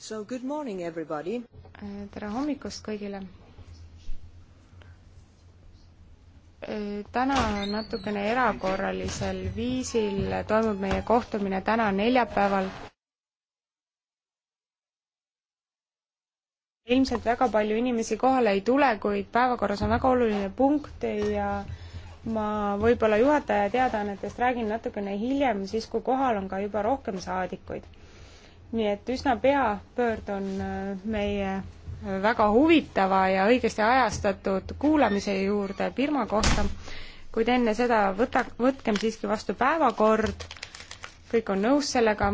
So good morning everybody. tere hommikust kõigile. Äh, täna natukene erakorralisel viisil toimub meie kohtumine täna neljapäeval. ilmselt väga palju inimesi kohale ei tule, kuid päevakorras on väga oluline punkt ja ma võib-olla juhataja teadaannetest räägin natukene hiljem, siis kui kohal on ka juba rohkem saadikuid nii et üsna pea pöördun äh, meie äh, väga huvitava ja õigesti ajastatud kuulamise juurde Birma kohta, kuid enne seda võta, võtkem siiski vastu päevakord, kõik on nõus sellega.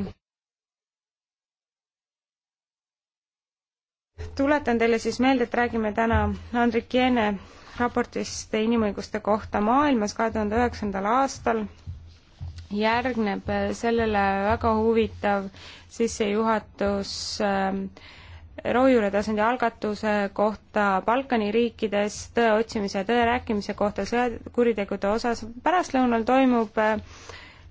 tuletan teile siis meelde, et räägime täna Andrik Jeene raportist inimõiguste kohta maailmas kahe tuhande üheksandal aastal järgneb äh, sellele väga huvitav sissejuhatus ähm, rohujuuretasandi algatuse kohta Balkani riikidest, otsimise ja tõe rääkimise kohta sõjakuritegude osas. pärastlõunal toimub äh,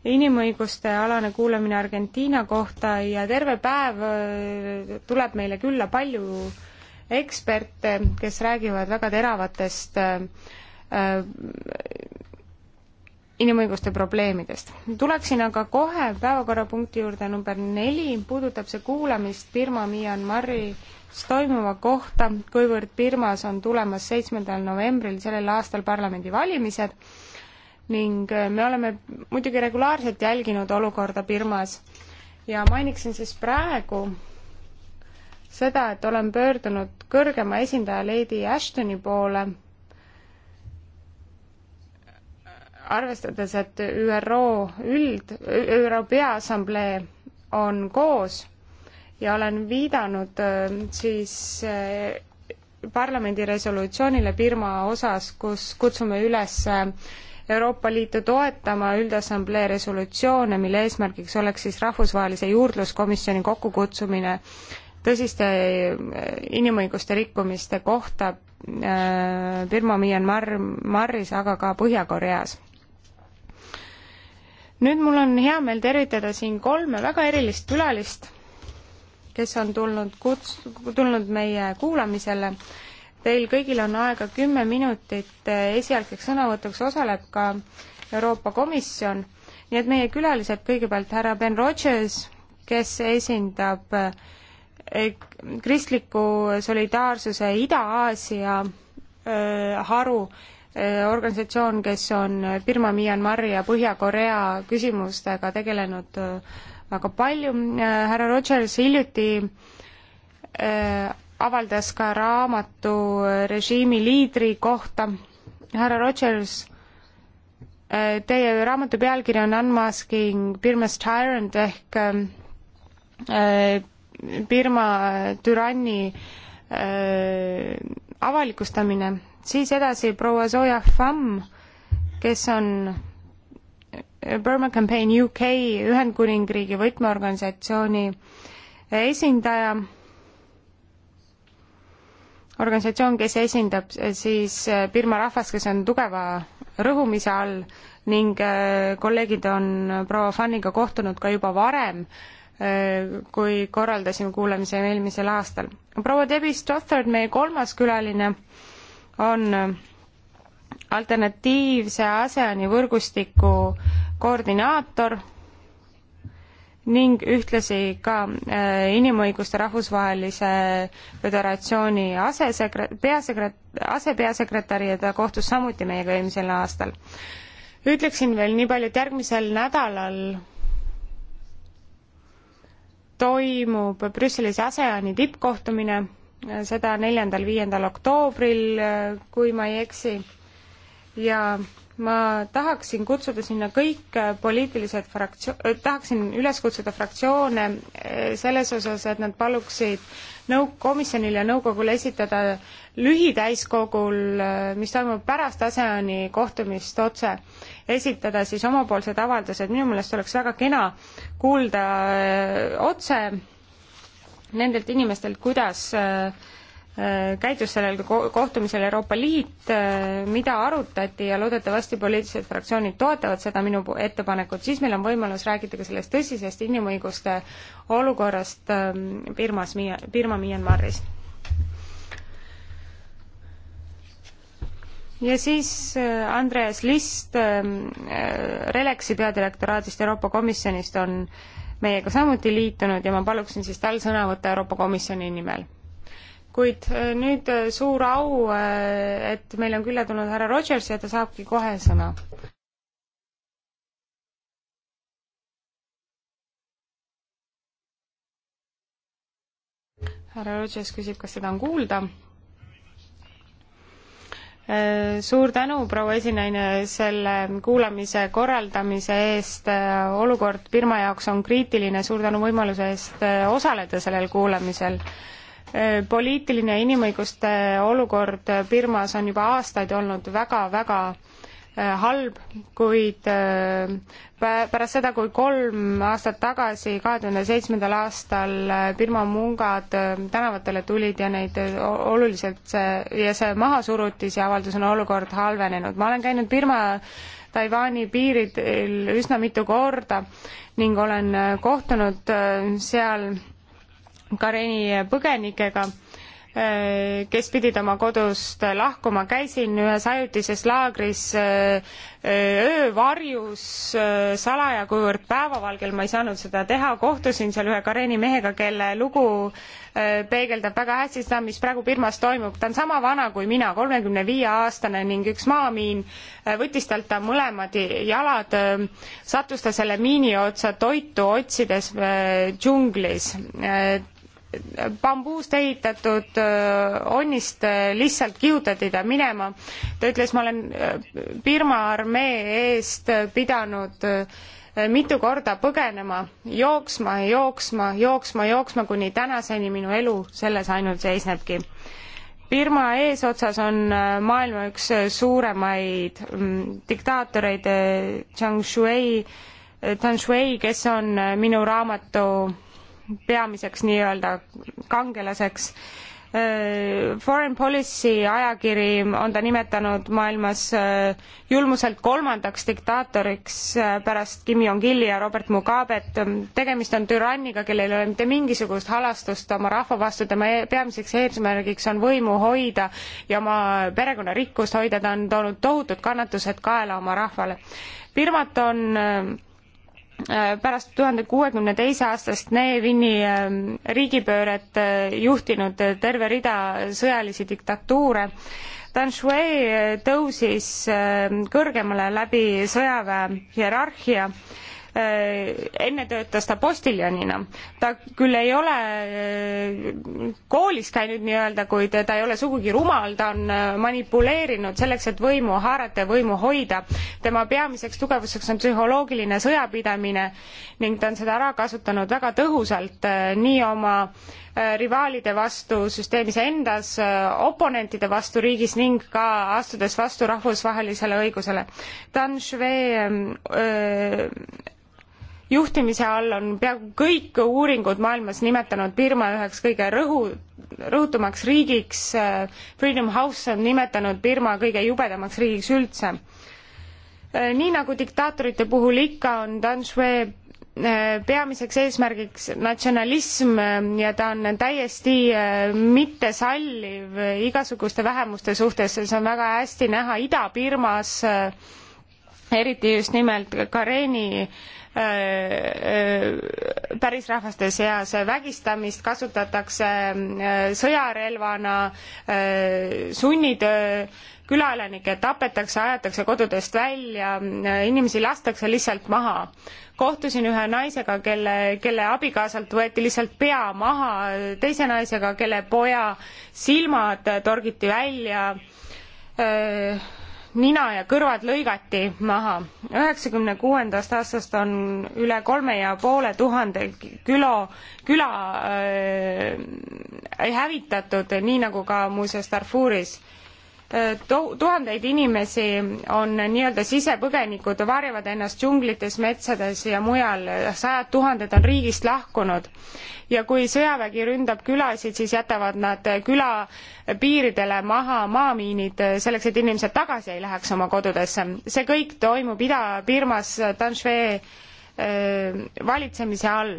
inimõiguste alane kuulamine Argentiina kohta ja terve päev äh, tuleb meile külla palju eksperte, kes räägivad väga teravatest inimõiguste probleemidest. tuleksin aga kohe päevakorrapunkti juurde number neli, puudutab see kuulamist Birma Myanmaris toimuva kohta, kuivõrd Birmas on tulemas seitsmendal novembril sellel aastal parlamendivalimised ning äh, me oleme muidugi regulaarselt jälginud olukorda Birmas ja mainiksin siis praegu seda, et olen pöördunud kõrgema esindaja Lady Ashtoni poole arvestades, et ÜRO üld, ÜRO Peaassamblee on koos ja olen viidanud äh, siis äh, parlamendi resolutsioonile Birma osas, kus kutsume üles äh, Euroopa Liitu toetama üldassamblee resolutsioone, mille eesmärgiks oleks siis rahvusvahelise juurdluskomisjoni kokkukutsumine tõsiste inimõiguste rikkumiste kohta Birma, Myanmar, Marris, aga ka Põhja-Koreas nüüd mul on hea meel tervitada siin kolme väga erilist külalist, kes on tulnud kuts-, tulnud meie kuulamisele. Teil kõigil on aega kümme minutit, esialgseks sõnavõtuks osaleb ka Euroopa Komisjon, nii et meie külalised kõigepealt härra Ben Rogers, kes esindab eh, kristliku solidaarsuse Ida-Aasia eh, haru Äh, organisatsioon, kes on Birma, Myanmari ja Põhja-Korea küsimustega tegelenud äh, väga palju. Äh, härra Rogers hiljuti avaldas ka raamatu režiimi liidri kohta. härra Rogers, teie raamatu pealkiri on Unmasking Birma's Tyrant ehk Birma türanni avalikustamine siis edasi proua Zoja Pham, kes on Burma Campaign UK Ühendkuningriigi võtmeorganisatsiooni esindaja, organisatsioon, kes esindab siis Birma rahvast, kes on tugeva rõhumise all ning äh, kolleegid on proua Fanniga kohtunud ka juba varem, äh, kui korraldasime kuulamise eelmisel aastal. proua Debbie Stothard, meie kolmas külaline, on alternatiivse ASEAN-i võrgustiku koordinaator ning ühtlasi ka äh, Inimõiguste Rahvusvahelise Föderatsiooni asesekre-, peasekret-, asepeasekretäri ja ta kohtus samuti meiega eelmisel aastal. ütleksin veel nii palju, et järgmisel nädalal toimub Brüsselis ASEAN-i tippkohtumine seda neljandal, viiendal oktoobril, kui ma ei eksi. ja ma tahaksin kutsuda sinna kõik poliitilised fraktsioon, äh, tahaksin üles kutsuda fraktsioone äh, selles osas, et nad paluksid nõu-, komisjonile ja nõukogule esitada lühitäiskogul, äh, mis toimub pärast ASEAN-i kohtumist otse, esitada siis omapoolsed avaldused, minu meelest oleks väga kena kuulda otse nendelt inimestelt, kuidas äh, äh, käitus sellel kohtumisel Euroopa Liit, äh, mida arutati ja loodetavasti poliitilised fraktsioonid toetavad seda minu ettepanekut, siis meil on võimalus rääkida ka sellest tõsisest inimõiguste olukorrast ähm, Birmas, Birma Myanmaris. ja siis Andreas List ähm, Relexi peadirektoraadist Euroopa Komisjonist on äh, meiega samuti liitunud ja ma paluksin siis tal sõna võtta Euroopa Komisjoni nimel. kuid äh, nüüd äh, suur au, äh, et meil on külla tulnud härra Rogers ja ta saabki kohe sõna. härra Rogers küsib, kas teda on kuulda Äh, suur tänu, proua esinaine, selle kuulamise korraldamise eest. Äh, olukord Birma jaoks on kriitiline, suur tänu võimaluse eest äh, osaleda sellel kuulamisel. poliitiline ja inimõiguste olukord Birmas on juba aastaid olnud väga-väga Äh, halb, kuid äh, pärast seda, kui kolm aastat tagasi, kahe tuhande seitsmendal aastal äh, Birma mungad tänavatele tulid ja neid oluliselt see ja see maha suruti, see avaldus on olukord halvenenud. ma olen käinud Birma Taiwan'i piiridel üsna mitu korda ning olen kohtunud seal Kareni põgenikega Äh, kes pidid oma kodust lahkuma, käisin ühes ajutises laagris äh, äh, öövarjus salaja, kuivõrd päevavalgel ma ei saanud seda teha, kohtusin seal ühe Kareeni mehega, kelle lugu peegeldab väga hästi seda, mis praegu Birmas toimub. ta on sama vana kui mina, kolmekümne viie aastane ning üks maamiin võttis talt ta mõlemad jalad, sattus ta selle miini otsa toitu otsides džunglis bambuust ehitatud äh, onnist äh, lihtsalt kihutati ta minema. ta ütles, ma olen äh, Birma armee eest pidanud mitu korda põgenema, jooksma, jooksma, jooksma, jooksma, kuni tänaseni minu elu selles ainult seisnebki. Birma eesotsas on maailma üks suuremaid mm, diktaatoreid, Chiang Shui, Tan Shui, kes on minu raamatu peamiseks nii-öelda kangelaseks. Äh, Foreign Policy ajakiri on ta nimetanud maailmas äh, julmuselt kolmandaks diktaatoriks äh, pärast Kim Jong-ili ja Robert Mugabet. tegemist on türanniga, kellel ei ole mitte mingisugust halastust oma rahva vastu, tema e-, peamiseks eesmärgiks on võimu hoida ja oma perekonna rikkust hoida, ta on toonud tohutud kannatused kaela oma rahvale. Birmat on Äh, pärast tuhande kuuekümne teise aastast Nevini ähm, riigipööret äh, juhtinud äh, terve rida sõjalisi diktatuure. Dan Shui tõusis kõrgemale läbi sõjaväe hierarhia Äh, enne töötas ta postiljonina. ta küll ei ole äh, koolis käinud nii-öelda, kuid ta ei ole sugugi rumal, ta on äh, manipuleerinud selleks, et võimu haarata ja võimu hoida. tema peamiseks tugevuseks on psühholoogiline sõjapidamine ning ta on seda ära kasutanud väga tõhusalt nii oma rivaalide vastu süsteemis endas, oponentide vastu riigis ning ka astudes vastu rahvusvahelisele õigusele. Dan Švee ähm, juhtimise all on peaaegu kõik uuringud maailmas nimetanud Birma üheks kõige rõhu, rõhutumaks riigiks. Äh, Freedom House on nimetanud Birma kõige jubedamaks riigiks üldse. Äh, nii nagu diktaatorite puhul ikka, on Dan Shwe äh, peamiseks eesmärgiks natsionalism ja ta on täiesti mittesalliv igasuguste vähemuste suhtes, see on väga hästi näha Ida-Birmas, eriti just nimelt Kareeni äh, Äh, äh, pärisrahvaste seas vägistamist kasutatakse äh, sõjarelvana, sunnitöö, külaelanikke tapetakse, aetakse kodudest välja, inimesi lastakse lihtsalt maha. kohtusin ühe naisega, kelle, kelle abikaasalt võeti lihtsalt pea maha, teise naisega, kelle poja silmad torgiti välja nina ja kõrvad lõigati maha. üheksakümne kuuendast aastast on üle kolme ja poole tuhande külo, küla äh, hävitatud, nii nagu ka muuseas Darfuris äh, Äh, tuhandeid inimesi on nii-öelda sisepõgenikud, varjavad ennast džunglites, metsades ja mujal, sajad tuhanded on riigist lahkunud. ja kui sõjavägi ründab külasid, siis jätavad nad küla piiridele maha maamiinid, äh, selleks et inimesed tagasi ei läheks oma kodudesse. see kõik toimub Ida-Birmas Tanšvee äh, valitsemise all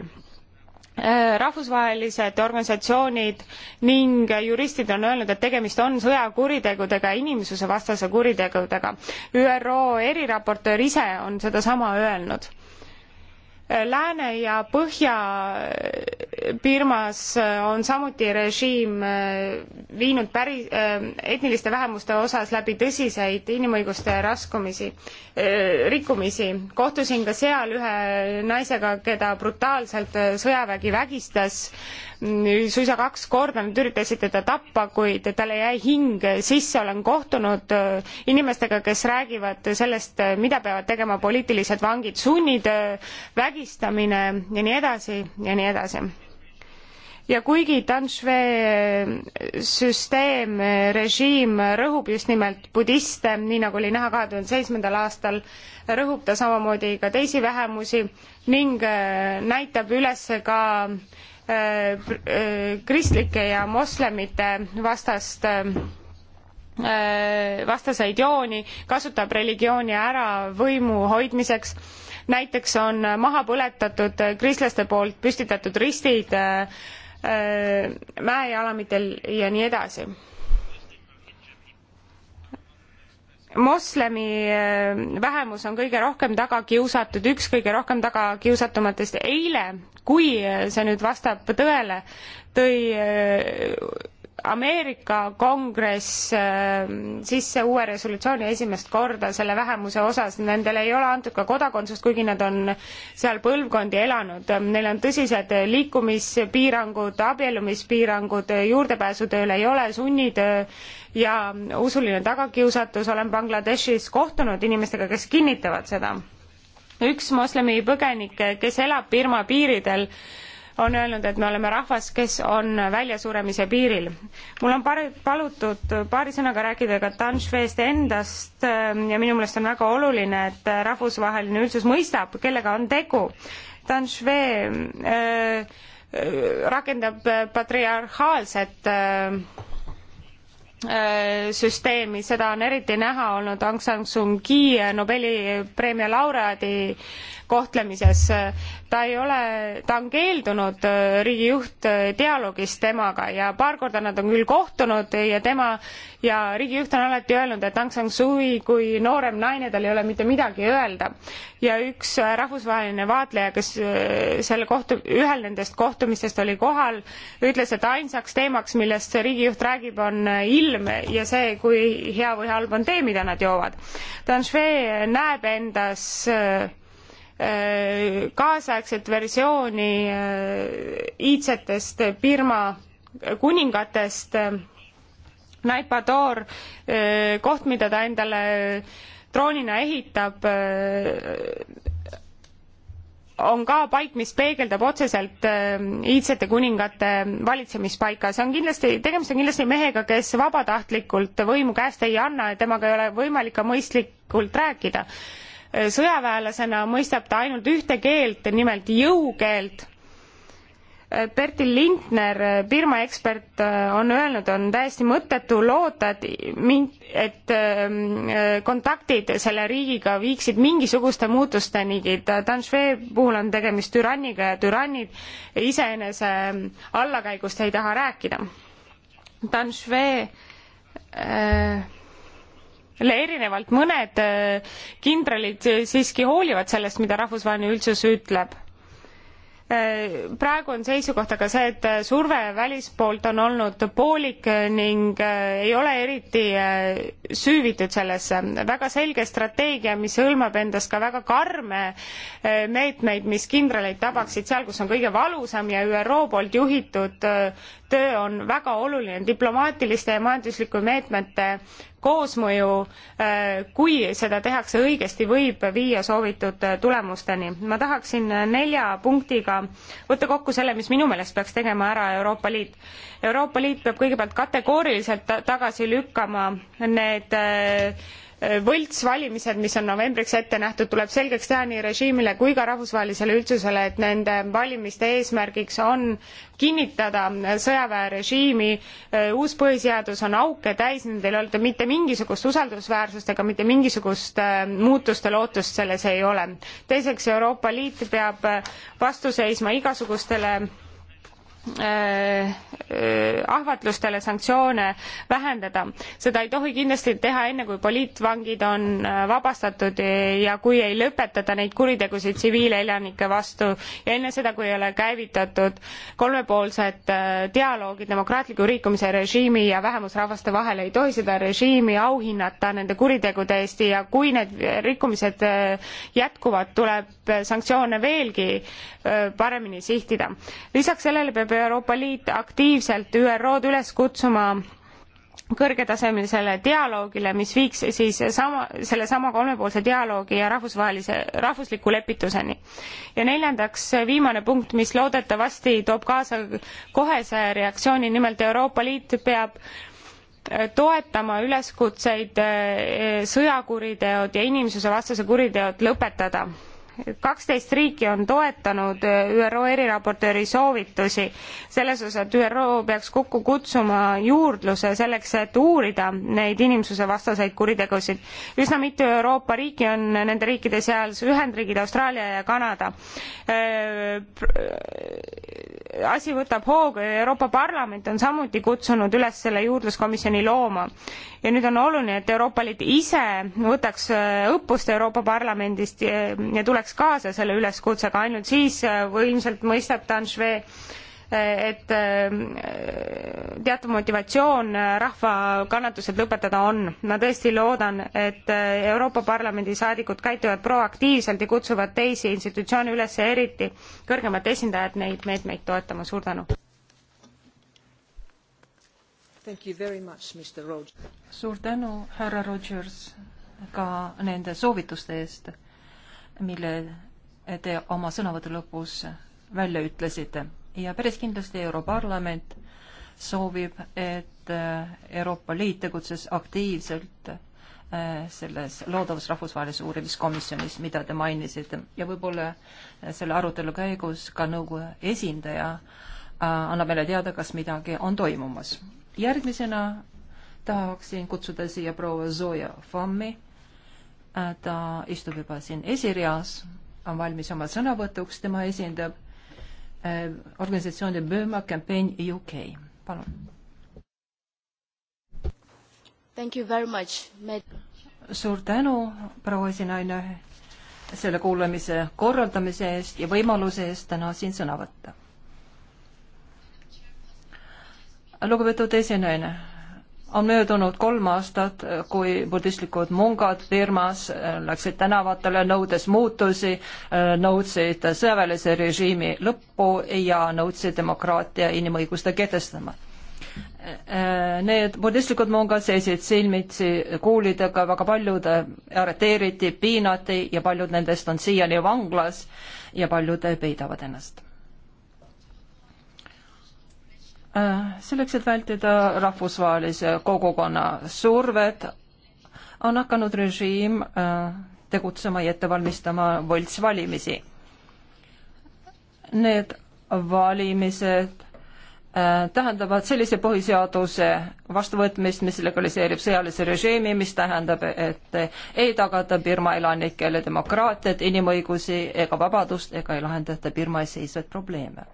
Äh, rahvusvahelised organisatsioonid ning juristid on öelnud, et tegemist on sõjakuritegudega, inimsusevastase kuritegudega. ÜRO eriraportöör ise on sedasama öelnud Lääne- ja Põhja-Birmas on samuti režiim äh, viinud päri-, äh, etniliste vähemuste osas läbi tõsiseid inimõiguste raskumisi, äh, rikkumisi. kohtusin ka seal ühe naisega, keda brutaalselt sõjavägi vägistas suisa kaks korda nad üritasid teda tappa, kuid talle jäi hing sisse, olen kohtunud äh, inimestega, kes räägivad sellest, äh, mida peavad tegema poliitilised vangid, sunnitöö, äh, vägistamine ja nii edasi ja nii edasi ja kuigi Tanšvee süsteem, režiim rõhub just nimelt budiste, nii nagu oli näha kahe tuhande seitsmendal aastal, rõhub ta samamoodi ka teisi vähemusi ning näitab üles ka äh, Äh, kristlike ja moslemite vastast äh, vastaseid jooni, kasutab religiooni ära võimu hoidmiseks. näiteks on maha põletatud kristlaste poolt püstitatud ristid äh, mäejalamitel ja nii edasi moslemi äh, vähemus on kõige rohkem taga kiusatud, üks kõige rohkem taga kiusatumatest. eile, kui see nüüd vastab tõele, tõi äh, Ameerika kongress äh, sisse uue resolutsiooni esimest korda selle vähemuse osas, nendele ei ole antud ka kodakondsust, kuigi nad on seal põlvkondi elanud. Neil on tõsised liikumispiirangud, abiellumispiirangud, juurdepääsu tööle ei ole, sunnitöö äh, ja usuline tagakiusatus. olen Bangladeshis kohtunud inimestega, kes kinnitavad seda. üks moslemi põgenik, kes elab Birma piiridel, on öelnud, et me oleme rahvas, kes on väljasuremise piiril. mul on par-, palutud paari sõnaga rääkida ka Tanšveest endast äh, ja minu meelest on väga oluline, et rahvusvaheline üldsus mõistab, kellega on tegu. Tanšvee äh, rakendab patriarhaalset äh, äh süsteemi, seda on eriti näha olnud Aung San Suu Kyi Nobeli preemia laureaadi kohtlemises ta ei ole, ta on keeldunud, äh, riigijuht, äh, dialoogist temaga ja paar korda nad on küll kohtunud ja tema ja riigijuht on alati öelnud, et Aung San Suu Kyi kui noorem naine, tal ei ole mitte midagi öelda. ja üks äh, rahvusvaheline vaatleja, kes selle kohtu, ühel nendest kohtumistest oli kohal, ütles, et ainsaks teemaks, millest riigijuht räägib, on ilm ja see, kui hea või halb on tee, mida nad joovad. Tanšvee näeb endas äh, kaasaegset versiooni äh, iidsetest Birma kuningatest, äh, Naipadoor, äh, koht, mida ta endale troonina ehitab, on ka paik, mis peegeldab otseselt iidsete kuningate valitsemispaika. see on kindlasti, tegemist on kindlasti mehega, kes vabatahtlikult võimu käest ei anna ja temaga ei ole võimalik ka mõistlikult rääkida. Äh, sõjaväelasena mõistab ta ainult ühte keelt, nimelt jõukeelt. Äh, Bertil Lintner, Birma äh, ekspert, on öelnud, on täiesti mõttetu loota, et, et ähm, kontaktid selle riigiga viiksid mingisuguste muutustenigi. Danšvee puhul on tegemist türanniga ja türannid iseenese ähm, allakäigust ei taha rääkida. Danšvee äh, erinevalt mõned äh, kindralid äh, siiski hoolivad sellest, mida rahvusvaheline üldsus ütleb. Äh, praegu on seisukoht aga see, et surve välispoolt on olnud poolik ning ei ole eriti süüvitud sellesse. väga selge strateegia, mis hõlmab endas ka väga karme meetmeid, mis kindraleid tabaksid seal, kus on kõige valusam ja ÜRO poolt juhitud töö on väga oluline diplomaatiliste ja majanduslike meetmete koosmõju, äh, kui seda tehakse õigesti, võib viia soovitud äh, tulemusteni. ma tahaksin äh, nelja punktiga võtta kokku selle, mis minu meelest peaks tegema ära Euroopa Liit. Euroopa Liit peab kõigepealt kategooriliselt tagasi lükkama need võltsvalimised, mis on novembriks ette nähtud, tuleb selgeks teha nii režiimile kui ka rahvusvahelisele üldsusele, et nende valimiste eesmärgiks on kinnitada sõjaväerežiimi, äh, uus põhiseadus on auke täis, nendel ei ole mitte mingisugust usaldusväärsust ega mitte mingisugust äh, muutuste lootust selles ei ole. teiseks, Euroopa Liit peab äh, vastu seisma igasugustele Äh, äh, ahvatlustele sanktsioone vähendada. seda ei tohi kindlasti teha enne, kui poliitvangid on äh, vabastatud ja kui ei lõpetata neid kuritegusid tsiviilelanike vastu ja enne seda, kui ei ole käivitatud kolmepoolset dialoogi demokraatliku liikumise režiimi ja vähemusrahvaste vahel, ei tohi seda režiimi auhinnata nende kuritegude eest ja kui need rikkumised jätkuvad, tuleb sanktsioone veelgi paremini sihtida. lisaks sellele peab Euroopa Liit aktiivselt ÜRO-d üles kutsuma kõrgetasemelisele dialoogile, mis viiks siis sama, sellesama kolmepoolse dialoogi ja rahvusvahelise, rahvusliku lepituseni. ja neljandaks, viimane punkt, mis loodetavasti toob kaasa kohese reaktsiooni, nimelt Euroopa Liit peab toetama üleskutseid eh, sõjakuriteod ja inimsusevastase kuriteod lõpetada kaksteist riiki on toetanud eh, ÜRO eriraportööri soovitusi. selles osas ÜRO peaks kokku kutsuma juurdluse selleks, et uurida neid inimsusevastaseid kuritegusid. üsna mitu Euroopa riiki on nende riikide seas Ühendriigid, Austraalia ja Kanada. Eh, asi võtab hoogu ja Euroopa Parlament on samuti kutsunud üles selle juurdluskomisjoni looma. ja nüüd on oluline, et Euroopa Liit ise võtaks eh, õppust Euroopa Parlamendist ja tuleks tuleks kaasa selle üleskutsega, ainult siis äh, või ilmselt mõistab Tanšve, äh, et äh, teatav motivatsioon rahva kannatused lõpetada on. ma tõesti loodan, et Euroopa Parlamendi saadikud käituvad proaktiivselt ja kutsuvad teisi institutsioone üles, eriti kõrgemat esindajat, neid meetmeid toetama. suur tänu! suur tänu, härra Rogers, ka nende soovituste eest mille te oma sõnavõtu lõpus välja ütlesite. ja päris kindlasti Europarlament soovib, et Euroopa Liit tegutses aktiivselt äh, selles loodavas rahvusvahelises uurimiskomisjonis, mida te mainisite ja võib-olla selle arutelu käigus ka nõukogu esindaja äh, annab meile teada, kas midagi on toimumas. järgmisena tahaksin kutsuda siia proua Zoja Fammi ta istub juba siin esireas, on valmis oma sõnavõtuks, tema esindab äh, organisatsiooni Burma Campaign UK, palun. Thank you very much, Med-. suur tänu, proua esinaine, selle kuulamise korraldamise eest ja võimaluse eest täna siin sõna võtta. lugupeetud esinaine on möödunud kolm aastat, eh, kui budistlikud mungad Birmas eh, läksid tänavatele, nõudes muutusi, eh, nõudsid sõjaväelise režiimi lõppu ja nõudsid demokraatia inimõiguste kehtestama. Need budistlikud mungad seisid silmitsi kuulidega, väga paljud arreteeriti, piinati ja paljud nendest on siiani vanglas ja paljud peidavad ennast Äh, selleks, et vältida rahvusvahelise kogukonna survet, on hakanud režiim äh, tegutsema ja ette valmistama võltsvalimisi. Need valimised äh, tähendavad sellise põhiseaduse vastuvõtmist, mis legaliseerib sõjalise režiimi, mis tähendab, et ei tagata Birma elanikele demokraatiat, inimõigusi ega vabadust ega ei lahendata Birma ees seisvaid probleeme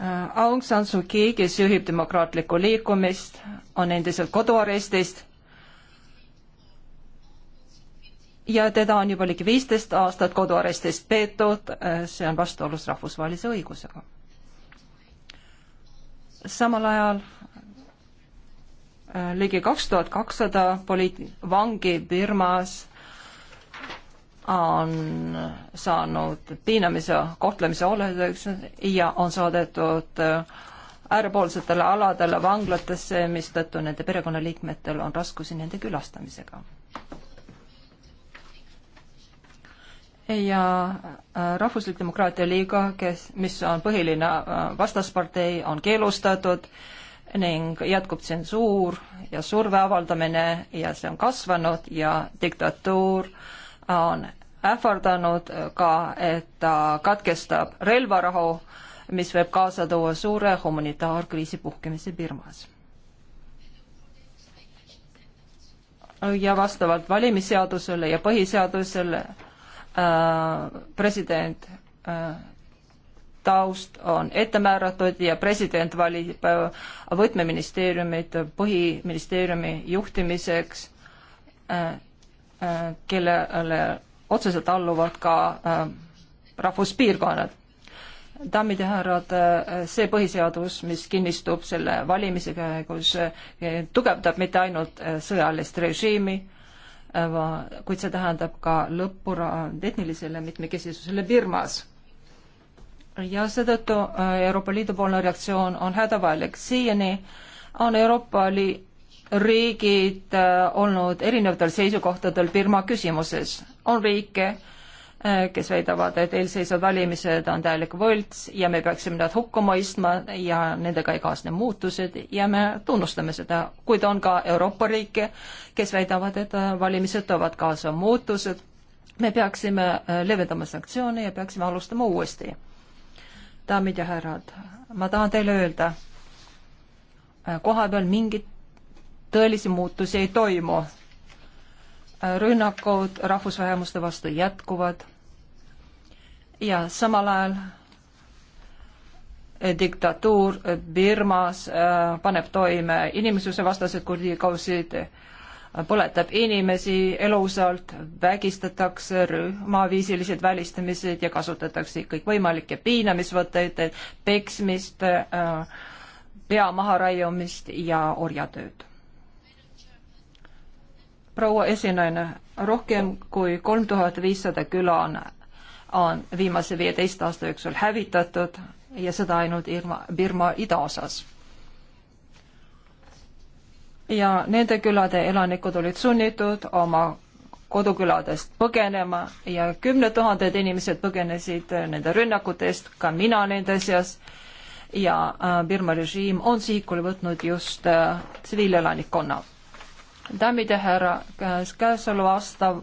Äh, Aung San Suu Kyi, kes juhib demokraatlikku liikumist, on endiselt koduarestist. ja teda on juba ligi viisteist aastat koduarestist peetud, äh, see on vastuolus rahvusvahelise õigusega. samal ajal äh, ligi kaks tuhat kakssada poliit-, vangi Birmas on saanud piinamise kohtlemise oledeks ja on saadetud äh, äärepoolsetele aladele vanglatesse, mistõttu nende perekonnaliikmetel on raskusi nende külastamisega. ja äh, Rahvuslik Demokraatia Liiga, kes, mis on põhiline äh, vastaspartei, on keelustatud ning jätkub tsensuur ja surve avaldamine ja see on kasvanud ja diktatuur äh, on ähvardanud ka, et ta katkestab relvarahu, mis võib kaasa tuua suure humanitaarkriisi puhkemise Birmas ja vastavalt valimisseadusele ja põhiseadusele äh, president äh, taust on ette määratud ja president valib äh, võtmeministeeriumid põhiministeeriumi juhtimiseks äh, Äh, kellele otseselt alluvad ka äh, rahvuspiirkonnad. daamid ja härrad, äh, see põhiseadus, mis kinnistub selle valimise käigus, tugevdab mitte ainult sõjalist režiimi, kuid see tähendab ka lõppu etnilisele mitmekesisusele Birmas ja seetõttu Euroopa Liidu poolne reaktsioon on hädavajalik. siiani on Euroopa Liit riigid äh, olnud erinevatel seisukohtadel Birma küsimuses. on riike, äh, kes väidavad, et eelseisvad valimised on täielik võlts ja me peaksime nad hukka mõistma ja nendega ei kaasne muutused ja me tunnustame seda, kuid on ka Euroopa riike, kes väidavad, et äh, valimised toovad kaasa muutused. me peaksime leevendama sanktsioone ja peaksime alustama uuesti. daamid ja härrad, ma tahan teile öelda, koha peal mingit tõelisi muutusi ei toimu. rünnakud rahvusvähemuste vastu jätkuvad ja samal ajal diktatuur Birmas äh, paneb toime inimsuse vastased kurdikausid, põletab inimesi elusalt, vägistatakse rühmaviisilised välistamised ja kasutatakse kõikvõimalikke piinamisvõtteid, peksmist, äh, pea maharaiumist ja orjatööd proua esinaine, rohkem kui kolm tuhat viissada küla on, on viimase viieteist aasta jooksul hävitatud ja seda ainult Irma, Birma idaosas. ja nende külade elanikud olid sunnitud oma koduküladest põgenema ja kümned tuhanded inimesed põgenesid nende rünnakute eest, ka mina nende seas, ja äh, Birma režiim on sihikule võtnud just äh, tsiviilelanikkonna äh, daamid ja härrad, käesoleva aasta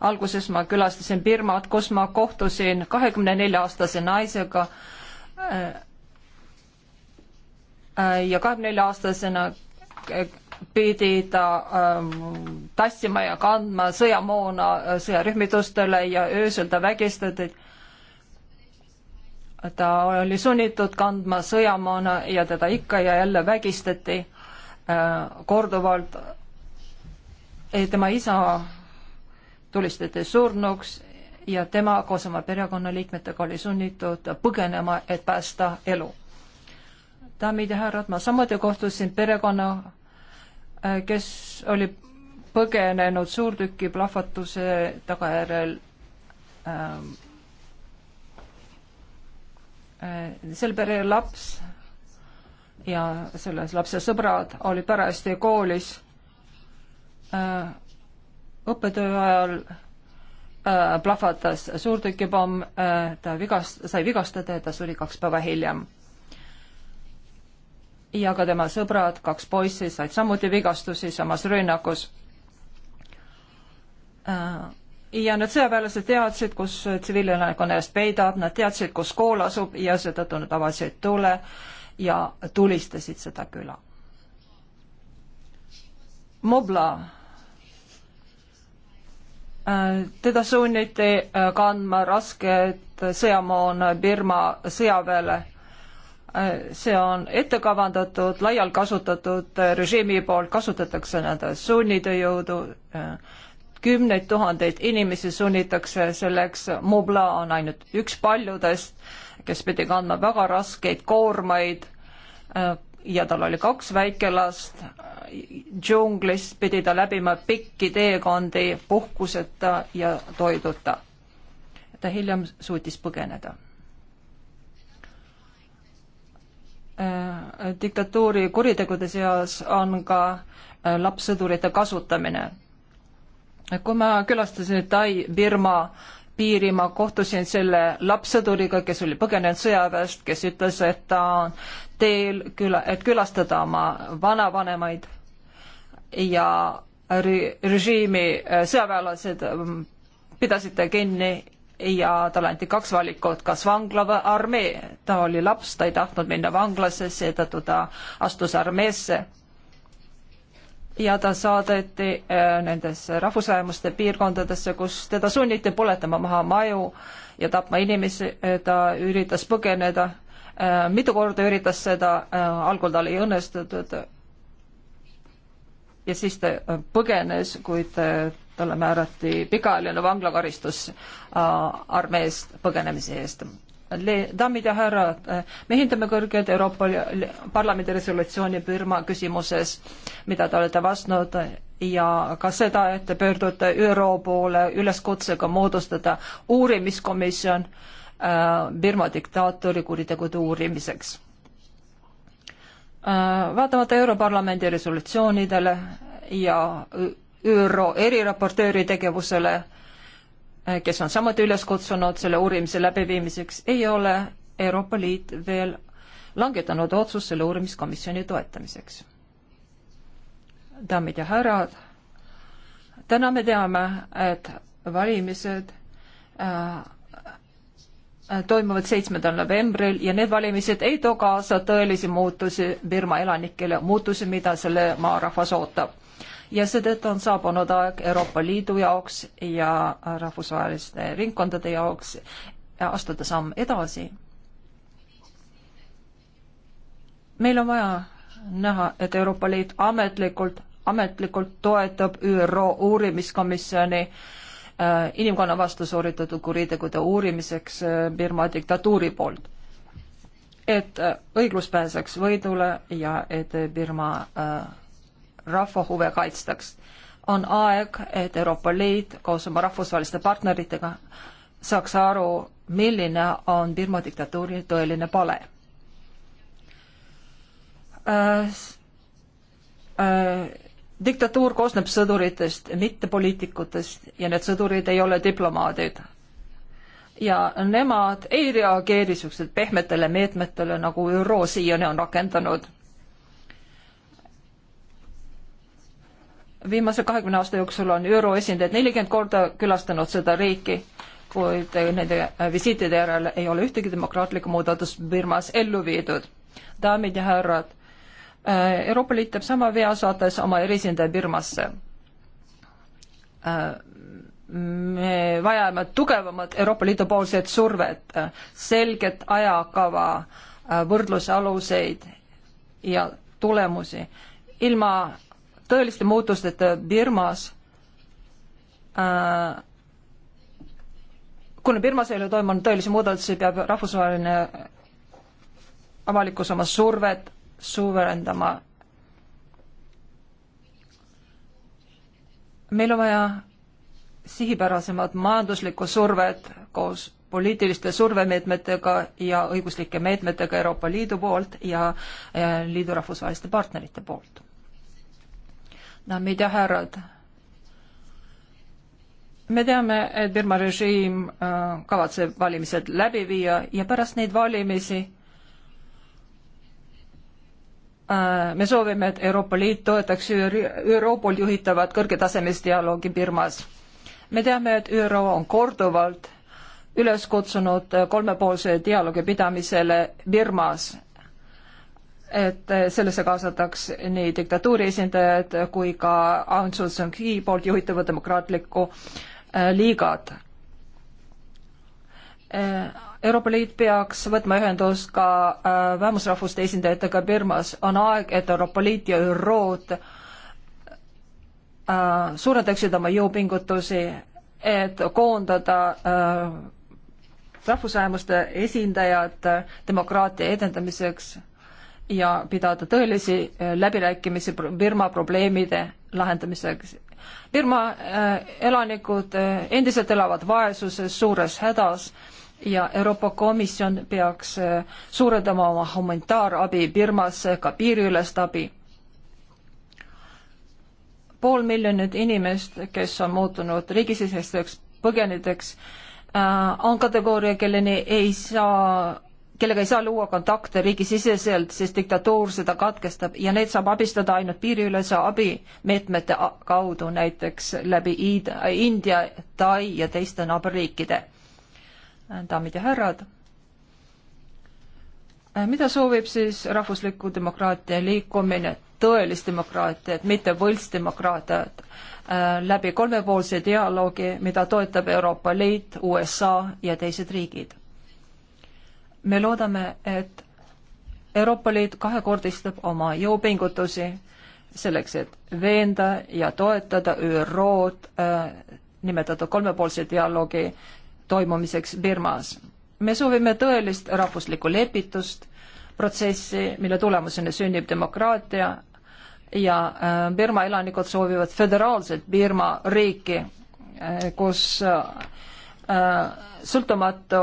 alguses ma külastasin Birmat, kus ma kohtusin kahekümne nelja aastase naisega äh, äh, ja kahekümne nelja aastasena äh, pidi ta ähm, tassima ja kandma sõjamoona sõjarühmitustele ja öösel ta vägistati. ta oli sunnitud kandma sõjamoona ja teda ikka ja jälle vägistati äh, korduvalt Eh, tema isa tulistati surnuks ja tema koos oma perekonnaliikmetega oli sunnitud põgenema, et päästa elu. daamid ja härrad, ma samuti kohtusin perekonna, eh, kes oli põgenenud suurtüki plahvatuse tagajärjel ähm, sel pere laps ja selles lapse sõbrad olid parajasti koolis Äh, õppetöö ajal äh, plahvatas suurtükipomm, äh, ta vigast-, sai vigastada ja ta suri kaks päeva hiljem. ja ka tema sõbrad, kaks poissi, said samuti vigastusi samas rünnakus. ja need sõjaväelased teadsid, kus tsiviilelanikkonna eest peidab, nad teadsid, kus kool asub ja seetõttu nad avasid tule ja tulistasid seda küla. Mobla Äh, teda sunniti äh, kandma rasket sõjamoona Birma sõjaväele. Äh, see on ette kavandatud, laialt kasutatud, režiimi poolt kasutatakse nende sunnitööjõudu, kümneid tuhandeid inimesi sunnitakse selleks, Mubla on ainult üks paljudest, kes pidi kandma väga raskeid koormaid, ja tal oli kaks väikelast. džunglis pidi ta läbima pikki teekondi puhkuseta ja toiduta. ta hiljem suutis põgeneda äh, diktatuuri kuritegude seas on ka äh, lapssõdurite kasutamine. kui ma külastasin Tai-Birma piiri, ma kohtusin selle lapssõduriga, kes oli põgenenud sõjaväest, kes ütles, et ta on teel küla, et külastada oma vanavanemaid ja režiimi äh, sõjaväelased ähm, pidasid ta kinni ja talle anti kaks valikut, kas vangla või armee. ta oli laps, ta ei tahtnud minna vanglasse, seetõttu ta astus armeesse. ja ta saadeti äh, nendesse rahvusvähemuste piirkondadesse, kus teda sunniti põletama maha maju ja tapma inimesi, äh, ta üritas põgeneda Äh, mitu korda üritas seda, äh, algul tal ei õnnestunud. ja siis ta äh, põgenes, kuid talle määrati pikaajaline vanglakaristus armeest põgenemise eest. daamid ja härrad, me hindame kõrgelt Euroopa Parlamendi resolutsiooni Birma küsimuses, mida te olete vastanud ja ka seda, et te pöördute ÜRO poole üleskutsega moodustada uurimiskomisjon äh, Äh, Birma diktaatori kuritegude uurimiseks. Äh, vaatamata Europarlamendi resolutsioonidele ja ÜRO eriraportööri tegevusele, äh, kes on samuti üles kutsunud selle uurimise läbiviimiseks, ei ole Euroopa Liit veel langetanud otsust selle uurimiskomisjoni toetamiseks. daamid ja härrad, täna me teame, et valimised äh, toimuvad seitsmendal novembril ja need valimised ei too kaasa tõelisi muutusi Birma elanikele, muutusi, mida selle maa rahvas ootab. ja seetõttu on saabunud aeg Euroopa Liidu jaoks ja rahvusvaheliste ringkondade jaoks ja astuda samm edasi. meil on vaja näha, et Euroopa Liit ametlikult, ametlikult toetab ÜRO uurimiskomisjoni äh, Äh, inimkonna vastu sooritatud kuritegude uurimiseks äh, Birma diktatuuri poolt. et äh, õiglus pääseks võidule ja et Birma rahva huve kaitstaks. on aeg, et Euroopa Liit koos oma rahvusvaheliste partneritega saaks aru, milline on Birma diktatuuri tõeline pale äh,. Äh, diktatuur koosneb sõduritest, mitte poliitikutest ja need sõdurid ei ole diplomaadid. ja nemad ei reageeri niisugustele pehmetele meetmetele, nagu ÜRO siiani on rakendanud. viimase kahekümne aasta jooksul on ÜRO esindajad nelikümmend korda külastanud seda riiki, kuid nende visiitide järel ei ole ühtegi demokraatlikku muudatust Birmas ellu viidud. daamid ja härrad Äh, Euroopa Liit teeb sama vea, saates oma eriesindaja Birmasse. Äh, me vajame tugevamat Euroopa Liidu poolset survet, äh, selget ajakava, võrdlusaluseid ja tulemusi. ilma tõeliste muutusteta Birmas äh, kuna Birmas ei ole toimunud tõelisi muudatusi, peab rahvusvaheline avalikkus oma survet suurendama. meil on vaja sihipärasemat majanduslikku survet koos poliitiliste survemeetmetega ja õiguslike meetmetega Euroopa Liidu poolt ja liidu rahvusvaheliste partnerite poolt. daamid ja härrad, me teame, et Birma režiim äh, kavatseb valimised läbi viia ja pärast neid valimisi Äh, me soovime, et Euroopa Liit toetaks ÜRO poolt juhitavat kõrgetasemelist dialoogi Birmas. me teame, et ÜRO on korduvalt üles kutsunud kolmepoolse dialoogi pidamisele Birmas, et sellesse kaasataks nii diktatuuri esindajad kui ka Aung San Suu Kyi poolt juhitava demokraatliku äh, liigad Äh, Euroopa Liit peaks võtma ühendust ka äh, vähemusrahvuste esindajatega Birmas. on aeg, et Euroopa Liit ja ÜRO-d äh, suurendaksid oma jõupingutusi, et koondada rahvusvähemuste esindajad demokraatia edendamiseks ja pidada tõelisi läbirääkimisi Birma probleemide lahendamiseks. Birma elanikud endiselt elavad vaesuses, suures hädas ja Euroopa Komisjon peaks äh, suurendama oma humanitaarabi Birmas, äh, ka piiriülest abi. pool miljonit inimest, kes on muutunud riigisisesteks põgenideks, äh, on kategooria, kelleni ei saa, kellega ei saa luua kontakte riigisiseselt, sest diktatuur seda katkestab ja neid saab abistada ainult piiriülese abimeetmete kaudu, näiteks läbi Iida, India, Tai ja teiste naaberriikide daamid ja härrad. Äh, mida soovib siis rahvusliku demokraatia liikumine, tõelist demokraatiat, mitte võltsdemokraatiat, äh, läbi kolmepoolse dialoogi, mida toetab Euroopa Liit, USA ja teised riigid? me loodame, et Euroopa Liit kahekordistab oma jõupingutusi selleks, et veenda ja toetada ÜRO-d äh, nimetatud kolmepoolse dialoogi toimumiseks Birmas. me soovime tõelist rahvuslikku lepitust, protsessi, mille tulemusena sünnib demokraatia ja äh, Birma elanikud soovivad föderaalset Birma riiki, äh, kus äh, sõltumatu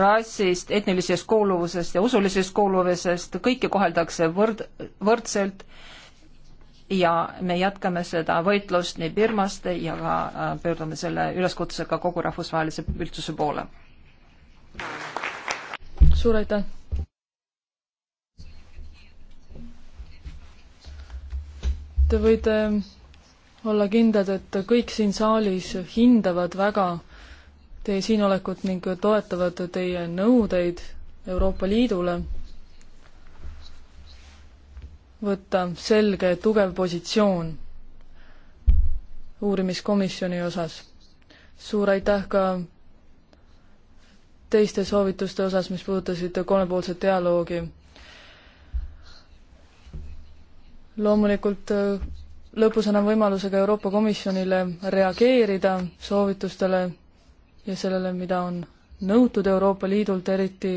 rassist, etnilisest kuuluvusest ja usulisest kuuluvusest, kõiki koheldakse võrd-, võrdselt ja me jätkame seda võitlust nii Birmast ja ka äh, pöördume selle üleskutsega kogu rahvusvahelise üldsuse poole. suur aitäh! Te võite ähm, olla kindlad, et kõik siin saalis hindavad väga teie siinolekut ning toetavad teie nõudeid Euroopa Liidule võtta selge tugev positsioon uurimiskomisjoni osas. suur aitäh ka teiste soovituste osas, mis puudutasid kolmepoolset dialoogi. loomulikult äh, lõpus annan võimaluse ka Euroopa Komisjonile reageerida soovitustele ja sellele, mida on nõutud Euroopa Liidult, eriti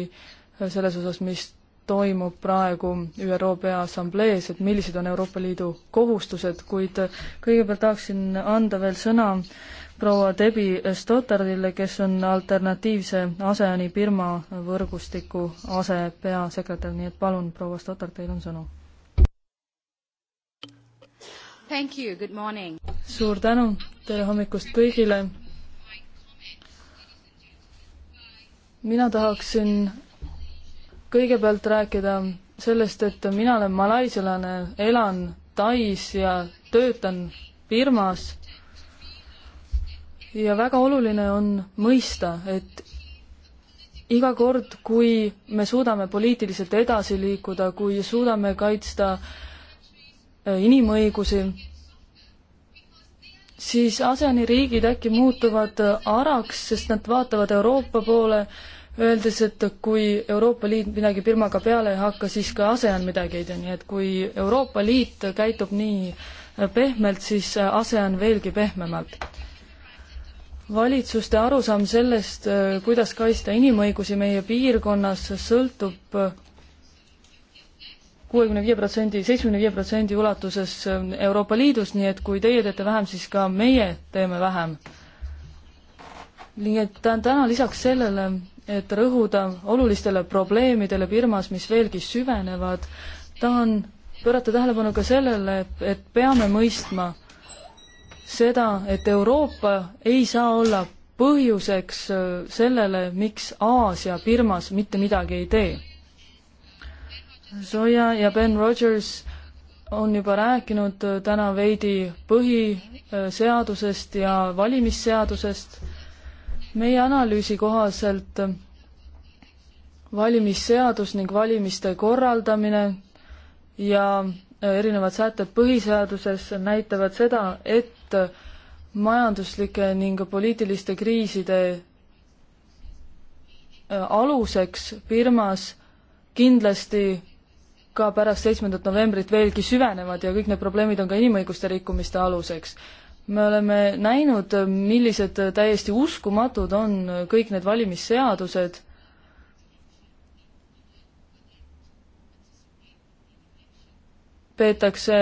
äh, selles osas, mis toimub praegu ÜRO Peaassamblees, et millised on Euroopa Liidu kohustused, kuid kõigepealt tahaksin anda veel sõna proua Debi Stottardile, kes on alternatiivse ASEAN-i Birma võrgustiku asepeasekretär, nii et palun, proua Stottard, teil on sõna. suur tänu, tere hommikust kõigile. mina tahaksin kõigepealt rääkida sellest, et mina olen malaisialane, elan Tais ja töötan firmas. ja väga oluline on mõista, et iga kord, kui me suudame poliitiliselt edasi liikuda, kui suudame kaitsta äh, inimõigusi, siis ASEAN-i riigid äkki muutuvad äh, araks, sest nad vaatavad Euroopa poole, öeldes, et kui Euroopa Liit midagi Birmaga peale ei hakka, siis ka ASEAN midagi ei tee, nii et kui Euroopa Liit käitub nii pehmelt, siis ASEAN veelgi pehmemalt. valitsuste arusaam sellest, kuidas kaitsta inimõigusi meie piirkonnas, sõltub kuuekümne viie protsendi, seitsmekümne viie protsendi ulatuses Euroopa Liidus, nii et kui teie teete vähem, siis ka meie teeme vähem. nii et täna lisaks sellele et rõhuda olulistele probleemidele Birmas, mis veelgi süvenevad. tahan pöörata tähelepanu ka sellele, et peame mõistma seda, et Euroopa ei saa olla põhjuseks äh, sellele, miks Aasia Birmas mitte midagi ei tee. Zoya ja Ben Rogers on juba rääkinud äh, täna veidi põhiseadusest ja valimisseadusest meie analüüsi kohaselt valimisseadus ning valimiste korraldamine ja äh, erinevad sätted põhiseaduses näitavad seda, et majanduslike ning poliitiliste kriiside äh, aluseks Birmas kindlasti ka pärast seitsmendat novembrit veelgi süvenevad ja kõik need probleemid on ka inimõiguste rikkumiste aluseks me oleme näinud, millised täiesti uskumatud on kõik need valimisseadused. peetakse,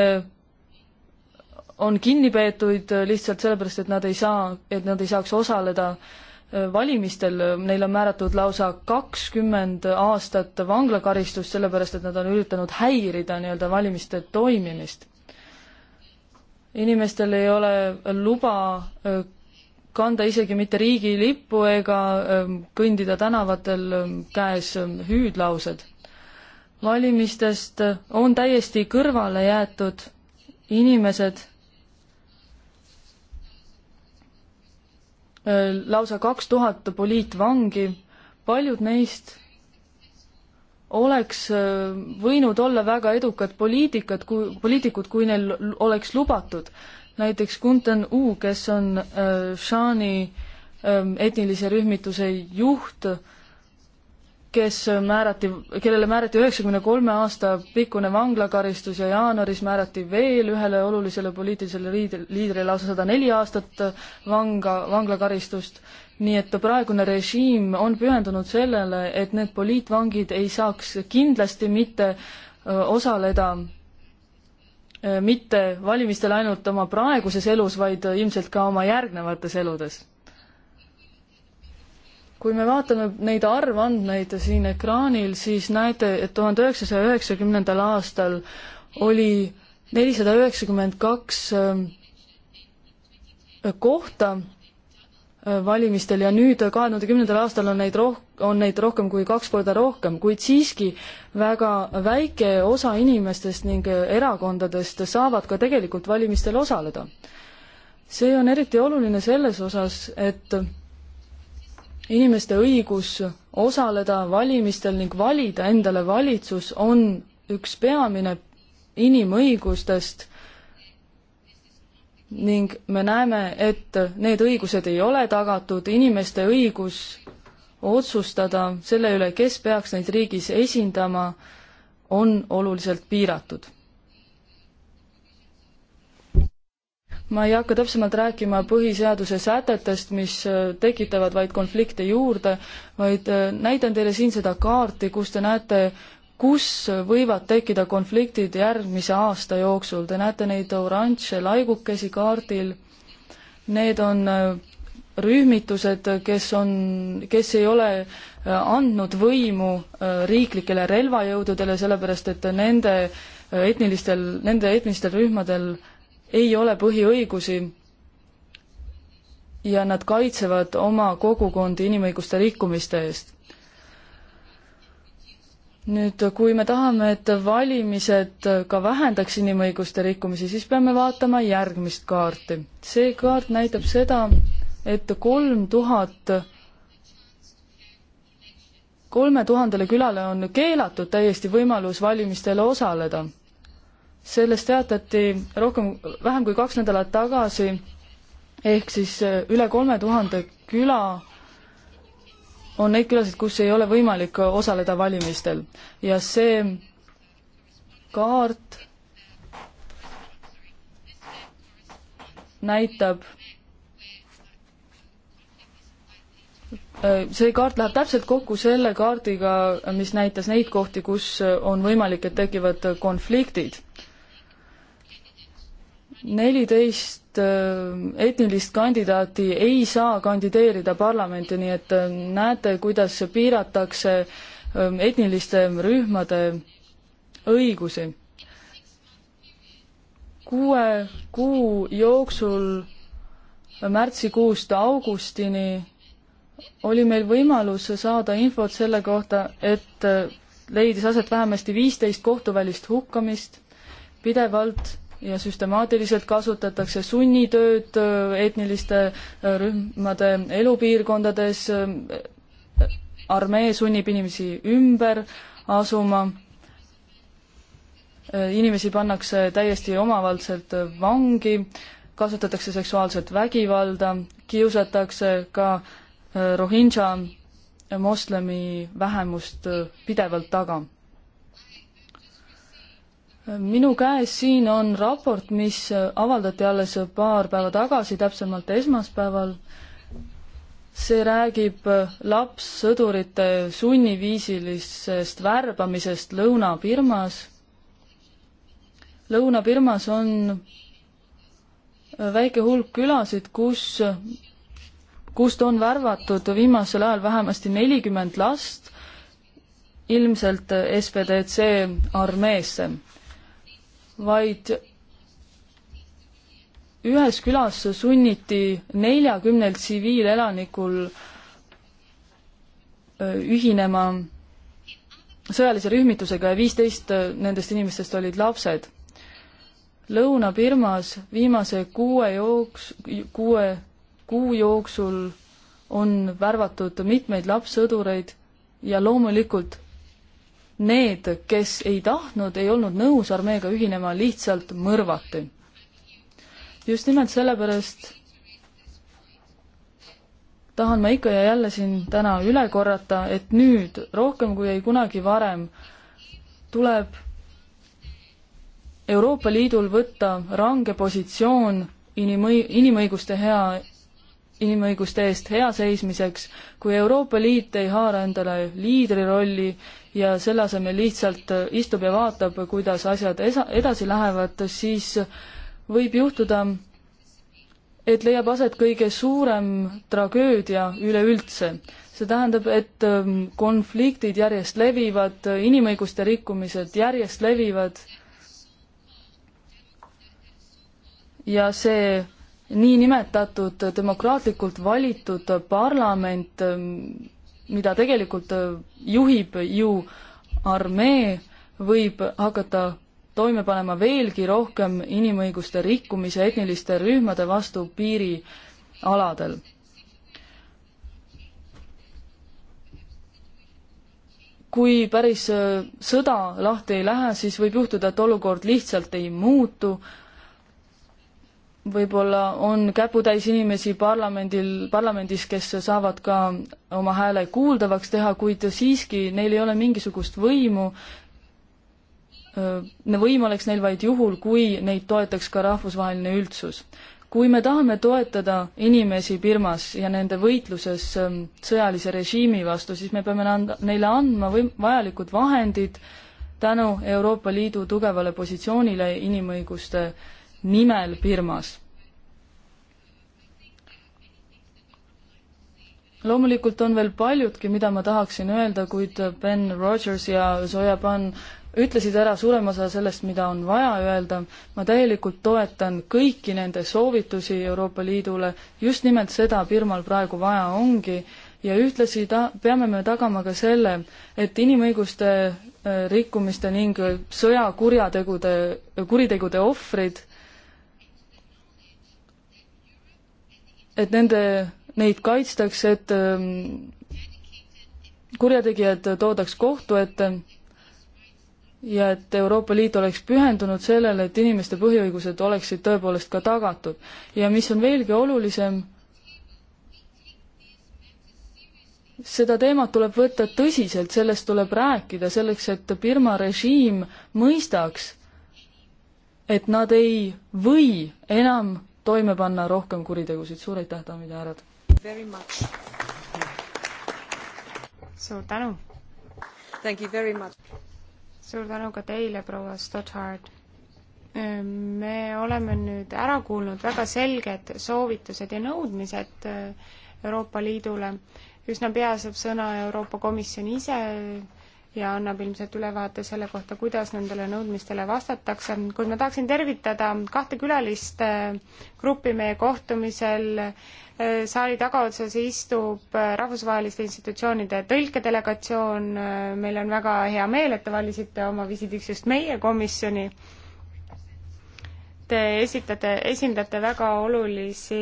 on kinnipeetuid lihtsalt sellepärast, et nad ei saa, et nad ei saaks osaleda valimistel, neil on määratud lausa kakskümmend aastat vanglakaristust, sellepärast et nad on üritanud häirida nii-öelda valimiste toimimist inimestel ei ole luba äh, kanda isegi mitte riigilippu ega ähm, kõndida tänavatel ähm, käes ähm, hüüdlaused. valimistest äh, on täiesti kõrvale jäetud inimesed, äh, lausa kaks tuhat poliitvangi, paljud neist oleks äh, võinud olla väga edukad poliitikad, kui, poliitikud, kui neil oleks lubatud. näiteks Kunten U, kes on äh, Shani äh, etnilise rühmituse juht, kes äh, määrati, kellele määrati üheksakümne kolme aasta pikkune vanglakaristus ja jaanuaris määrati veel ühele olulisele poliitilisele liidrile lausa sada neli aastat vanga, vanglakaristust nii et praegune režiim on pühendunud sellele, et need poliitvangid ei saaks kindlasti mitte osaleda mitte valimistel ainult oma praeguses elus, vaid ilmselt ka oma järgnevates eludes. kui me vaatame neid arvandmeid siin ekraanil, siis näete, et tuhande üheksasaja üheksakümnendal aastal oli nelisada üheksakümmend kaks kohta Äh, valimistel ja nüüd kahe tuhande kümnendal aastal on neid roh-, on neid rohkem kui kaks korda rohkem, kuid siiski väga väike osa inimestest ning äh, erakondadest saavad ka tegelikult valimistel osaleda. see on eriti oluline selles osas, et inimeste õigus osaleda valimistel ning valida endale valitsus on üks peamine inimõigustest ning me näeme, et need õigused ei ole tagatud, inimeste õigus otsustada selle üle, kes peaks neid riigis esindama, on oluliselt piiratud. ma ei hakka täpsemalt rääkima põhiseaduse sätetest, mis äh, tekitavad vaid konflikte juurde, vaid äh, näitan teile siin seda kaarti, kus te näete kus võivad tekkida konfliktid järgmise aasta jooksul, te näete neid oranže laigukesi kaardil, need on äh, rühmitused, kes on, kes ei ole äh, andnud võimu äh, riiklikele relvajõududele, sellepärast et nende etnilistel, nende etnilistel rühmadel ei ole põhiõigusi ja nad kaitsevad oma kogukondi inimõiguste rikkumiste eest nüüd, kui me tahame, et valimised ka vähendaks inimõiguste rikkumisi, siis peame vaatama järgmist kaarti. see kaart näitab seda, et kolm tuhat, kolme tuhandele külale on keelatud täiesti võimalus valimistel osaleda. sellest teatati rohkem, vähem kui kaks nädalat tagasi, ehk siis üle kolme tuhande küla on neid külasid, kus ei ole võimalik osaleda valimistel ja see kaart näitab, äh, see kaart läheb täpselt kokku selle kaardiga, mis näitas neid kohti, kus äh, on võimalik, et tekivad konfliktid. neliteist et äh, etnilist kandidaati ei saa kandideerida parlamenti, nii et äh, näete, kuidas piiratakse ähm, etniliste rühmade õigusi. kuue kuu jooksul äh, märtsikuust augustini oli meil võimalus saada infot selle kohta, et leidis aset vähemasti viisteist kohtuvälist hukkamist, pidevalt ja süstemaatiliselt kasutatakse sunnitööd äh, etniliste äh, rühmade elupiirkondades, äh, armee sunnib inimesi ümber asuma, inimesi pannakse täiesti omavaldselt vangi, kasutatakse seksuaalset vägivalda, kiusatakse ka Rohingja moslemi vähemust pidevalt taga minu käes siin on raport, mis avaldati alles paar päeva tagasi, täpsemalt esmaspäeval. see räägib lapssõdurite sunniviisilisest värbamisest Lõuna-Birmas. Lõuna-Birmas on väike hulk külasid, kus, kust on värvatud viimasel ajal vähemasti nelikümmend last ilmselt SPDC armeesse vaid ühes külas sunniti neljakümnel tsiviilelanikul ühinema sõjalise rühmitusega ja viisteist nendest inimestest olid lapsed. Lõuna-Birmas viimase kuue jooks-, kuue kuu jooksul on värvatud mitmeid lapssõdureid ja loomulikult need, kes ei tahtnud, ei olnud nõus armeega ühinema, lihtsalt mõrvati. just nimelt sellepärast tahan ma ikka ja jälle siin täna üle korrata, et nüüd rohkem kui ei kunagi varem tuleb Euroopa Liidul võtta range positsioon inimõi-, inimõiguste hea, inimõiguste eest hea seismiseks, kui Euroopa Liit ei haara endale liidrirolli ja selle asemel lihtsalt äh, istub ja vaatab, kuidas asjad esa-, edasi lähevad, siis võib juhtuda, et leiab aset kõige suurem tragöödia üleüldse. see tähendab, et ähm, konfliktid järjest levivad, inimõiguste rikkumised järjest levivad ja see niinimetatud demokraatlikult valitud parlament ähm, mida tegelikult äh, juhib ju armee, võib hakata toime panema veelgi rohkem inimõiguste rikkumise etniliste rühmade vastu piirialadel. kui päris äh, sõda lahti ei lähe, siis võib juhtuda, et olukord lihtsalt ei muutu, võib-olla on käputäis inimesi parlamendil, parlamendis, kes saavad ka oma hääle kuuldavaks teha, kuid siiski neil ei ole mingisugust võimu. võim oleks neil vaid juhul, kui neid toetaks ka rahvusvaheline üldsus. kui me tahame toetada inimesi Birmas ja nende võitluses sõjalise režiimi vastu, siis me peame anda, neile andma või vajalikud vahendid tänu Euroopa Liidu tugevale positsioonile inimõiguste nimel Birmas. loomulikult on veel paljudki, mida ma tahaksin öelda, kuid Ben Rogers ja Zoya Pan ütlesid ära suurema osa sellest, mida on vaja öelda. ma täielikult toetan kõiki nende soovitusi Euroopa Liidule, just nimelt seda Birmal praegu vaja ongi ja ühtlasi ta-, peame me tagama ka selle, et inimõiguste äh, rikkumiste ning sõjakurjategude, kuritegude ohvrid et nende, neid kaitstakse, et ähm, kurjategijad toodaks kohtu ette ja et Euroopa Liit oleks pühendunud sellele, et inimeste põhiõigused oleksid tõepoolest ka tagatud. ja mis on veelgi olulisem, seda teemat tuleb võtta tõsiselt, sellest tuleb rääkida, selleks et Birma režiim mõistaks, et nad ei või enam toime panna rohkem kuritegusid. suur aitäh, daamid ja härrad! suur tänu! suur tänu ka teile, proua Stothard! Ehm, me oleme nüüd ära kuulnud väga selged soovitused ja nõudmised eh, Euroopa Liidule. üsna pea saab sõna Euroopa Komisjon ise ja annab ilmselt ülevaate selle kohta, kuidas nendele nõudmistele vastatakse, kuid ma tahaksin tervitada kahte külalist eh, gruppi meie kohtumisel. Eh, saali tagaotsas istub eh, rahvusvaheliste institutsioonide tõlkedelegatsioon, meil on väga hea meel, et te valisite oma visiidiks just meie komisjoni Te esitate, esindate väga olulisi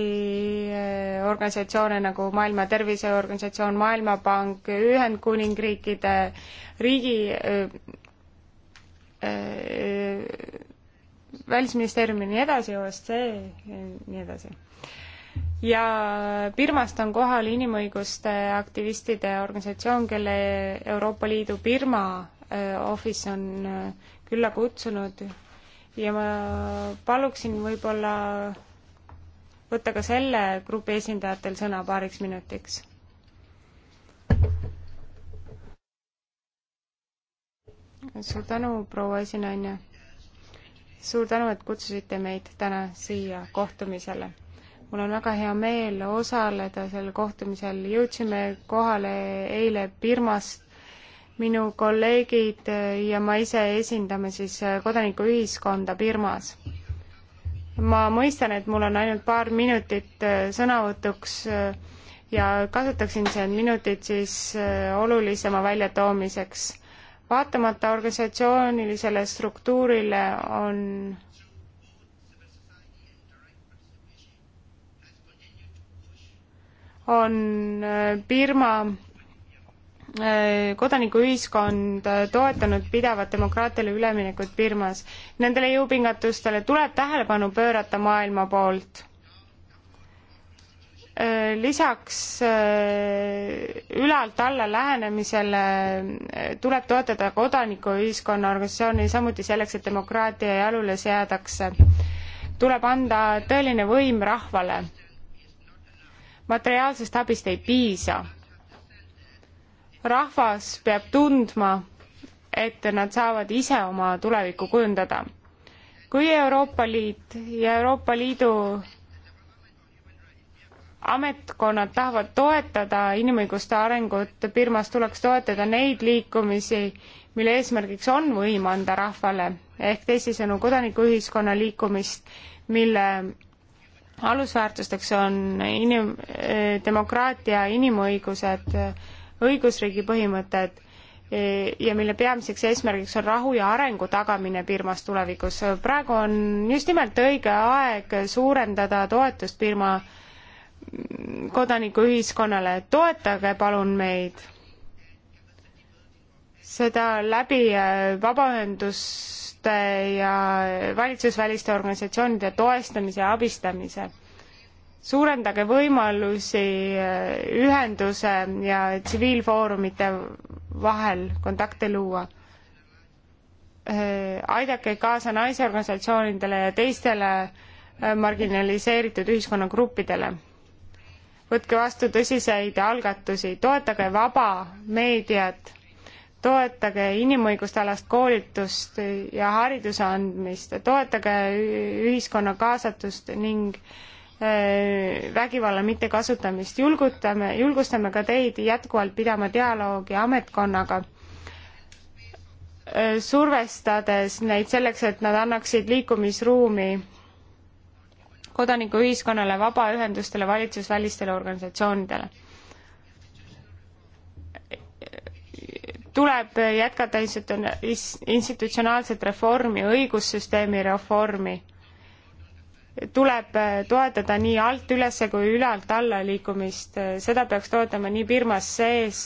eh, organisatsioone nagu Maailma Terviseorganisatsioon, Maailmapank, Ühendkuningriikide riigi eh, eh, välisministeerium ja nii edasi, OSCE ja nii edasi. ja Birmast on kohal inimõiguste aktivistide organisatsioon, kelle Euroopa Liidu Birma office on külla kutsunud ja ma paluksin võib-olla võtta ka selle grupi esindajatel sõna paariks minutiks. suur tänu, proua esinaine. suur tänu, et kutsusite meid täna siia kohtumisele mul on väga hea meel osaleda sellel kohtumisel, jõudsime kohale eile Birmast minu kolleegid äh, ja ma ise esindame siis äh, kodanikuühiskonda Birmas. ma mõistan, et mul on ainult paar minutit äh, sõnavõtuks ja kasutaksin see minutid siis olulisema väljatoomiseks. vaatamata organisatsioonilisele struktuurile on on Birma Äh, kodanikuühiskond äh, toetanud pidevat demokraatiale üleminekut Birmas. Nendele jõupingatustele tuleb tähelepanu pöörata maailma poolt. Äh, lisaks ülalt alla lähenemisele tuleb toetada kodanikuühiskonna organisatsiooni samuti selleks, et demokraatia jalule seadakse. tuleb anda tõeline võim rahvale. materiaalsest abist ei piisa rahvas peab tundma, et nad saavad ise oma tulevikku kujundada. kui Euroopa Liit ja Euroopa Liidu ametkonnad tahavad toetada inimõiguste arengut Birmas, tuleks toetada neid liikumisi, mille eesmärgiks on võim anda rahvale, ehk teisisõnu kodanikuühiskonna liikumist, mille alusväärtusteks on inim-, demokraatia, inimõigused äh,, õigusriigi põhimõtted e, ja mille peamiseks eesmärgiks on rahu ja arengu tagamine Birmas tulevikus. praegu on just nimelt õige aeg suurendada toetust Birma kodanikuühiskonnale, toetage palun meid. seda läbi e, vabaühenduste ja valitsusväliste organisatsioonide toestamise ja abistamise suurendage võimalusi äh, ühenduse ja tsiviilfoorumite vahel kontakte luua. Äh, aidake kaasa naisorganisatsioonidele ja teistele äh, marginaliseeritud ühiskonnagruppidele võtke vastu tõsiseid algatusi, toetage vaba meediat, toetage inimõiguste alast koolitust ja hariduse andmist, toetage ühiskonna kaasatust ning äh, Äh, vägivalla mittekasutamist. julgutame, julgustame ka teid jätkuvalt pidama dialoogi ametkonnaga, äh, survestades neid selleks, et nad annaksid liikumisruumi kodanikuühiskonnale, vabaühendustele, valitsusvälistele organisatsioonidele. tuleb jätkata institutsionaalset reformi, õigussüsteemi reformi tuleb äh, toetada nii alt üles kui ülalt alla liikumist, äh, seda peaks toetama nii Birmas sees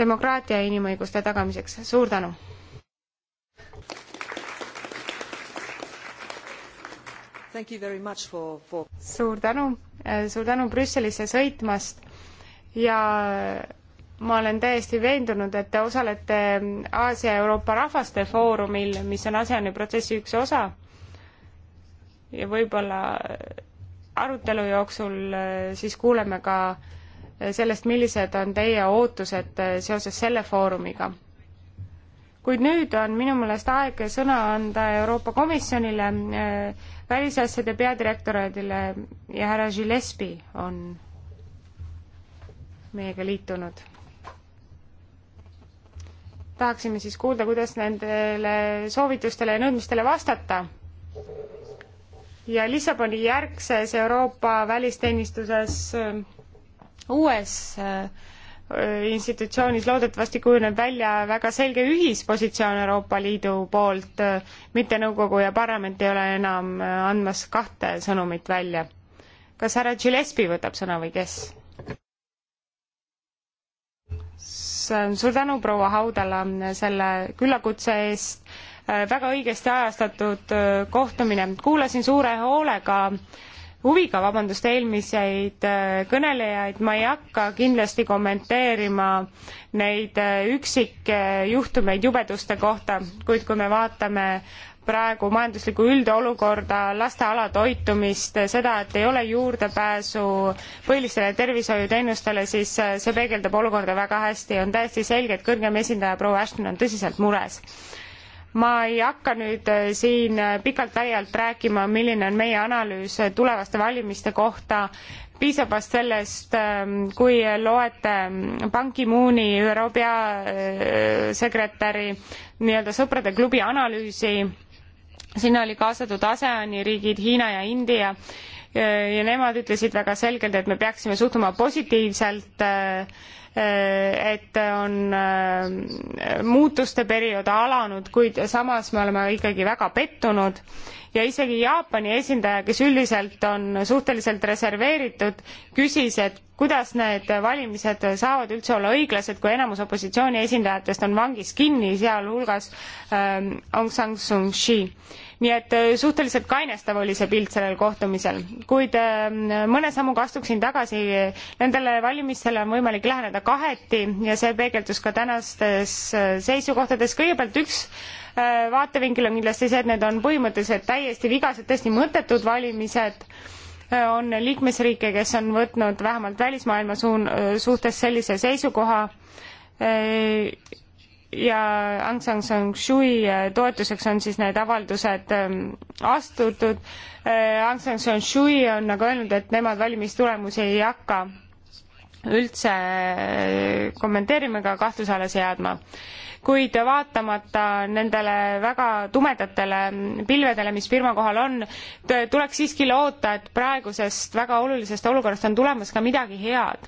demokraatia ja inimõiguste tagamiseks, suur tänu! For, for... suur tänu, äh, suur tänu Brüsselisse sõitmast ja ma olen täiesti veendunud, et te osalete Aasia-Euroopa Rahvaste Foorumil, mis on ASEAN-i protsessi üks osa ja võib-olla arutelu jooksul äh, siis kuuleme ka äh, sellest, millised on teie ootused äh, seoses selle foorumiga. kuid nüüd on minu meelest aeg sõna anda Euroopa Komisjonile, välisasjade peadirektoraadile ja härra Gillespie on meiega liitunud. tahaksime siis kuulda, kuidas nendele soovitustele ja nõudmistele vastata ja Lissaboni järgses Euroopa välisteenistuses äh, uues äh, institutsioonis loodetavasti kujuneb välja väga selge ühispositsioon Euroopa Liidu poolt, äh, mitte nõukogu ja parlament ei ole enam andmas kahte sõnumit välja. kas härra Gillespie võtab sõna või kes? suur tänu, proua Haudala, selle küllakutse eest Äh, väga õigesti ajastatud äh, kohtumine. kuulasin suure hoolega huviga, vabandust, eelmiseid äh, kõnelejaid, ma ei hakka kindlasti kommenteerima neid üksikjuhtumeid jubeduste kohta, kuid kui me vaatame praegu majanduslikku üldolukorda, laste alatoitumist, seda, et ei ole juurdepääsu põhilistele tervishoiuteenustele, siis see peegeldab olukorda väga hästi. on täiesti selge, et kõrgem esindaja proua Ashton on tõsiselt mures ma ei hakka nüüd äh, siin äh, pikalt-laialt rääkima, milline on meie analüüs äh, tulevaste valimiste kohta, piisab vast sellest, ähm, kui loete mm, Ban Ki-mooni, ÜRO peasekretäri nii-öelda sõprade klubi analüüsi, sinna oli kaasatud ASEAN-i riigid Hiina ja India ja nemad ütlesid väga selgelt, et me peaksime suhtuma positiivselt äh, Äh, et on äh, muutuste periood alanud, kuid samas me oleme ikkagi väga pettunud ja isegi Jaapani esindaja, kes üldiselt on suhteliselt reserveeritud, küsis, et kuidas need valimised saavad üldse olla õiglased, kui enamus opositsiooni esindajatest on vangis kinni, sealhulgas ähm, Aung San Suu Kyi nii et äh, suhteliselt kainestav oli see pilt sellel kohtumisel. kuid äh, mõne sammuga astuksin tagasi, nendele valimistele on võimalik läheneda kaheti ja see peegeldus ka tänastes äh, seisukohtades. kõigepealt üks vaatevinkel on kindlasti see, et need on põhimõtteliselt täiesti vigased, täiesti mõttetud valimised on liikmesriike, kes on võtnud vähemalt välismaailma suun-, suhtes sellise seisukoha ja Aung San Suu Kyi äh, toetuseks on siis need avaldused ähm, astutud. Äh, Aung San Suu Kyi on aga nagu öelnud, et nemad valimistulemusi ei hakka üldse äh, kommenteerima ega kahtluse alla seadma. kuid vaatamata nendele väga tumedatele pilvedele, mis firma kohal on, tuleks siiski loota, et praegusest väga olulisest olukorrast on tulemas ka midagi head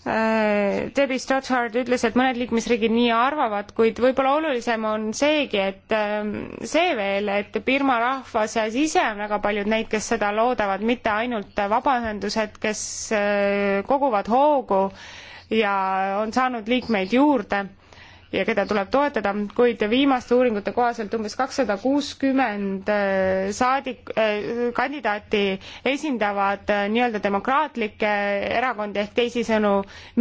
Debbie Stothard ütles, et mõned liikmesriigid nii arvavad, kuid võib-olla olulisem on seegi, et ähm, see veel, et Birma rahva seas ise on väga paljud neid, kes seda loodavad, mitte ainult vabaühendused, kes äh, koguvad hoogu ja on saanud liikmeid juurde ja keda tuleb toetada, kuid viimaste uuringute kohaselt umbes kakssada kuuskümmend äh, saadik, äh, kandidaati esindavad äh, nii-öelda demokraatlikke erakondi ehk teisisõnu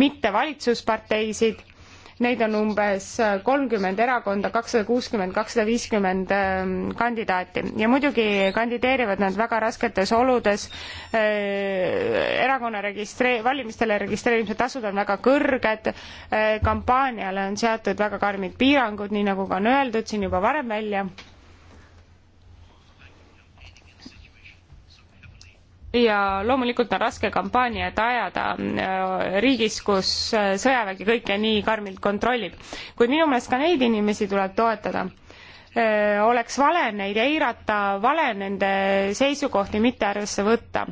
mitte valitsusparteisid Neid on umbes kolmkümmend erakonda, kakssada kuuskümmend, kakssada viiskümmend ähm, kandidaati ja muidugi kandideerivad nad väga rasketes oludes. Äh, erakonna registre-, valimistele registreerimise tasud on väga kõrged, äh, kampaaniale on seatud väga karmid piirangud, nii nagu ka on öeldud siin juba varem välja ja loomulikult on raske kampaaniat ajada äh, riigis, kus äh, sõjavägi kõike nii karmilt kontrollib. kuid minu meelest ka neid inimesi tuleb toetada. Äh, oleks vale neid eirata, vale nende seisukohti mitte arvesse võtta.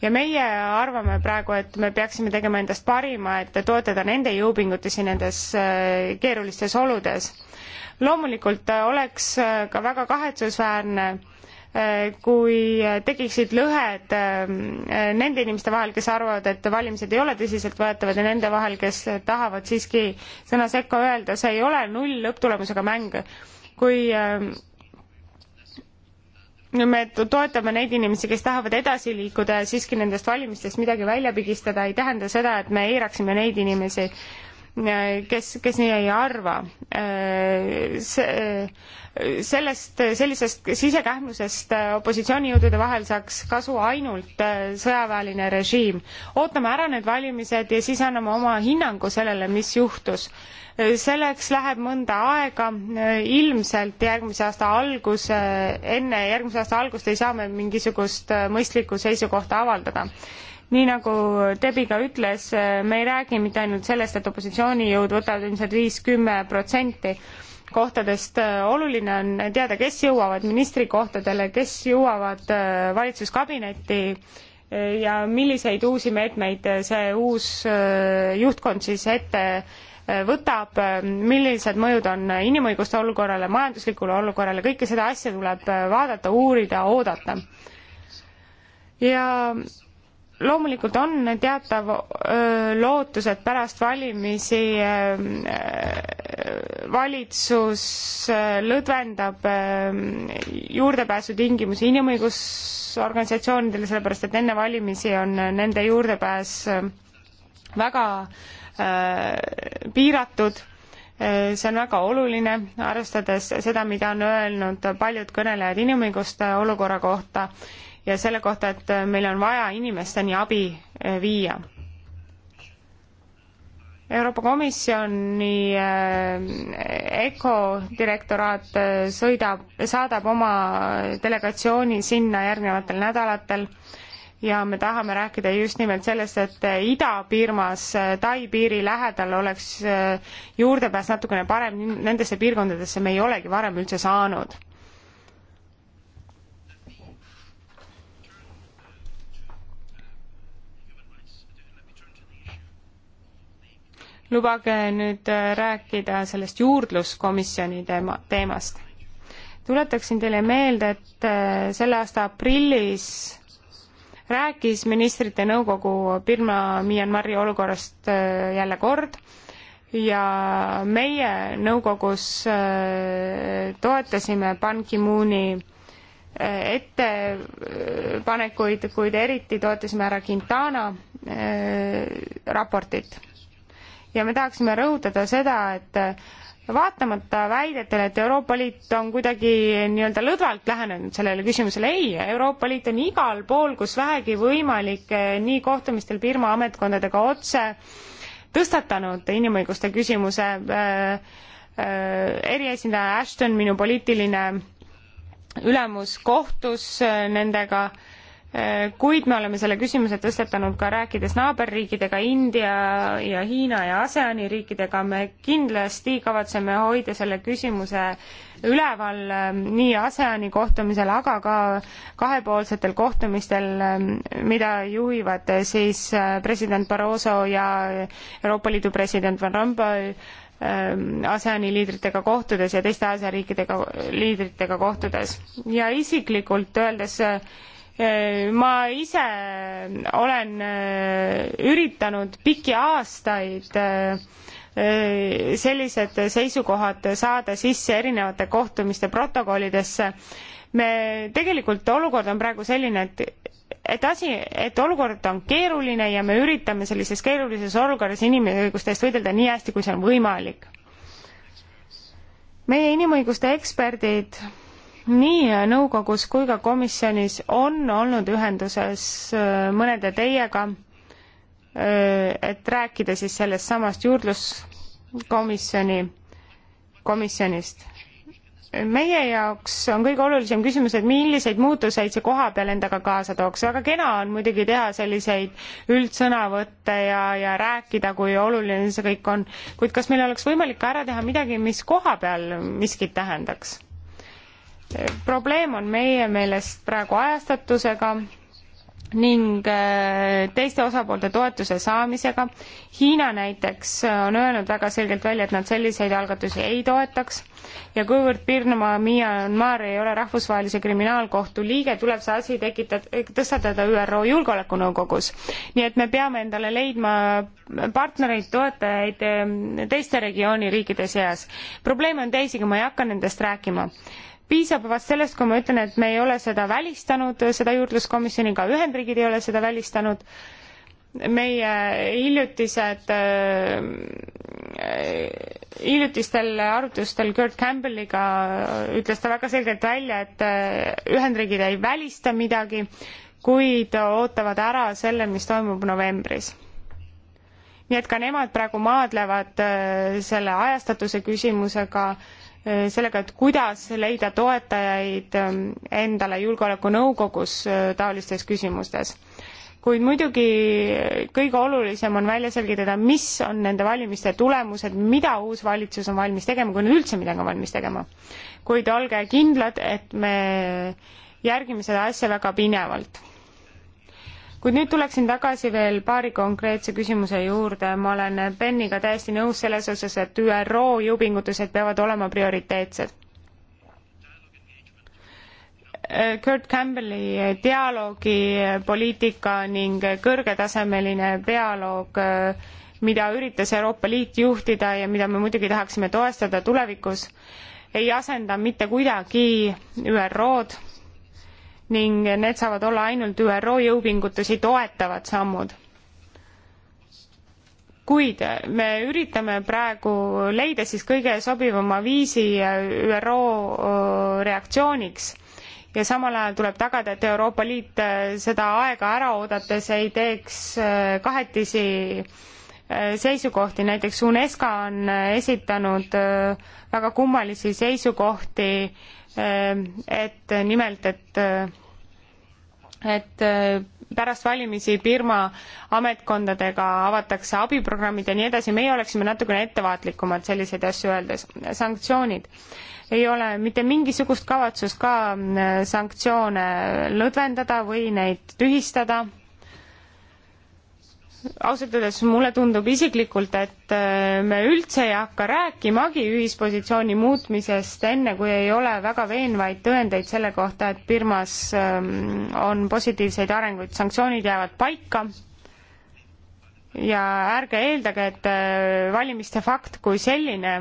ja meie arvame praegu, et me peaksime tegema endast parima, et toetada nende jõupingutusi nendes keerulistes oludes. loomulikult oleks ka väga kahetsusväärne Äh, kui tekiksid lõhed äh, nende inimeste vahel, kes arvavad, et valimised ei ole tõsiseltvõetavad ja nende vahel, kes tahavad siiski sõna sekka öelda, see ei ole null lõpptulemusega mäng. kui äh, me toetame neid inimesi, kes tahavad edasi liikuda ja siiski nendest valimistest midagi välja pigistada, ei tähenda seda, et me eiraksime neid inimesi kes, kes nii ei arva. see, sellest, sellisest sisekähmlusest opositsioonijõudude vahel saaks kasu ainult sõjaväeline režiim. ootame ära need valimised ja siis anname oma hinnangu sellele, mis juhtus. selleks läheb mõnda aega, ilmselt järgmise aasta algus, enne järgmise aasta algust ei saa me mingisugust mõistlikku seisukohta avaldada nii nagu Debi ka ütles, eh, me ei räägi mitte ainult sellest, et opositsioonijõud võtavad ilmselt viis, kümme protsenti kohtadest, eh, oluline on teada, kes jõuavad ministrikohtadele, kes jõuavad eh, valitsuskabinetti ja milliseid uusi meetmeid see uus juhtkond siis ette võtab, millised mõjud on inimõiguste olukorrale, majanduslikule olukorrale, kõike seda asja tuleb vaadata, uurida, oodata. ja loomulikult on teatav lootus, et pärast valimisi valitsus lõdvendab juurdepääsutingimusi inimõigusorganisatsioonidele, sellepärast et enne valimisi on nende juurdepääs väga piiratud see on väga oluline, arvestades seda, mida on öelnud paljud kõnelejad inimõiguste olukorra kohta ja selle kohta, et meil on vaja inimesteni abi eh, viia. Euroopa Komisjoni eh, ECO direktoraat eh, sõidab, saadab oma delegatsiooni sinna järgnevatel nädalatel ja me tahame rääkida just nimelt sellest, et Ida-Birmas Tai piiri lähedal oleks juurdepääs natukene parem, nendesse piirkondadesse me ei olegi varem üldse saanud. lubage nüüd äh, rääkida sellest juurdluskomisjoni teema, teemast. tuletaksin teile meelde, et äh, selle aasta aprillis rääkis ministrite nõukogu Birma Myanmari olukorrast äh, jälle kord ja meie nõukogus toetasime Ban Ki-mooni ettepanekuid, kuid eriti toetasime härra Quintana raportit ja me tahaksime rõhutada seda, et äh, vaatamata väidetele, et Euroopa Liit on kuidagi nii-öelda lõdvalt lähenenud sellele küsimusele, ei, Euroopa Liit on igal pool, kus vähegi võimalik, äh, nii kohtumistel Birma ametkondadega otse, tõstatanud inimõiguste küsimuse äh, äh, eriesindaja Ashton, minu poliitiline ülemus kohtus äh, nendega äh, Äh, kuid me oleme selle küsimuse tõstetanud ka rääkides naaberriikidega, India ja Hiina ja ASEAN-i riikidega, me kindlasti kavatseme hoida selle küsimuse üleval ähm, nii ASEAN-i kohtumisel, aga ka kahepoolsetel kohtumistel, ähm, mida juhivad äh, siis äh, president Barroso ja Euroopa Liidu president Van Rompuy ähm, ASEAN-i liidritega kohtudes ja teiste Aasia riikidega, liidritega kohtudes. ja isiklikult öeldes Äh, ma ise olen äh, üritanud pikki aastaid äh, sellised seisukohad saada sisse erinevate kohtumiste protokollidesse. me tegelikult olukord on praegu selline, et et asi, et olukord on keeruline ja me üritame sellises keerulises olukorras inimõiguste eest võidelda nii hästi, kui see on võimalik. meie inimõiguste eksperdid nii nõukogus kui ka komisjonis on olnud ühenduses äh, mõnede teiega, äh, et rääkida siis sellest samast juurdluskomisjoni, komisjonist. meie jaoks on kõige olulisem küsimus, et milliseid muutuseid see koha peal endaga kaasa tooks. väga kena on muidugi teha selliseid üldsõnavõtte ja, ja rääkida, kui oluline see kõik on, kuid kas meil oleks võimalik ka ära teha midagi, mis koha peal miskit tähendaks? probleem on meie meelest praegu ajastatusega ning äh, teiste osapoolte toetuse saamisega. Hiina näiteks äh, on öelnud väga selgelt välja, et nad selliseid algatusi ei toetaks ja kuivõrd Birma Myanmar ei ole rahvusvahelise kriminaalkohtu liige, tuleb see asi tekitada, tõstatada ÜRO Julgeolekunõukogus. nii et me peame endale leidma partnereid, toetajaid äh, teiste regiooni riikide seas. probleeme on teisigi, ma ei hakka nendest rääkima piisab vast sellest, kui ma ütlen, et me ei ole seda välistanud, seda juurdluskomisjoni, ka Ühendriigid ei ole seda välistanud. meie hiljutised äh,, hiljutistel arutlustel Gerd Campbelliga ütles ta väga selgelt välja, et äh, Ühendriigid ei välista midagi, kuid ootavad ära selle, mis toimub novembris nii et ka nemad praegu maadlevad äh, selle ajastatuse küsimusega äh, Äh, sellega, et kuidas leida toetajaid ähm, endale julgeolekunõukogus äh, taolistes küsimustes. kuid muidugi äh, kõige olulisem on välja selgitada, mis on nende valimiste tulemused, mida uus valitsus on valmis tegema, kui nad üldse midagi on valmis tegema. kuid olge kindlad, et me järgime seda asja väga pinevalt kuid nüüd tuleksin tagasi veel paari konkreetse küsimuse juurde, ma olen Beniga täiesti nõus selles osas, et ÜRO jõupingutused peavad olema prioriteetsed. Kurt Campbelli dialoogi poliitika ning kõrgetasemeline dialoog, mida üritas Euroopa Liit juhtida ja mida me muidugi tahaksime toestada tulevikus, ei asenda mitte kuidagi ÜRO-d ning need saavad olla ainult ÜRO jõupingutusi toetavad sammud. kuid me üritame praegu leida siis kõige sobivama viisi ÜRO reaktsiooniks ja samal ajal tuleb tagada, et Euroopa Liit seda aega ära oodates ei teeks kahetisi seisukohti, näiteks UNESCO on esitanud väga kummalisi seisukohti äh, Ehm, et nimelt, et et äh, pärast valimisi Birma ametkondadega avatakse abiprogrammid ja nii edasi, meie oleksime natukene ettevaatlikumad selliseid asju öeldes. sanktsioonid. ei ole mitte mingisugust kavatsust ka äh, sanktsioone lõdvendada või neid tühistada ausalt öeldes mulle tundub isiklikult, et äh, me üldse ei hakka rääkimagi ühispositsiooni muutmisest, enne kui ei ole väga veenvaid tõendeid selle kohta, et Birmas ähm, on positiivseid arenguid, sanktsioonid jäävad paika ja ärge eeldage, et äh, valimiste fakt kui selline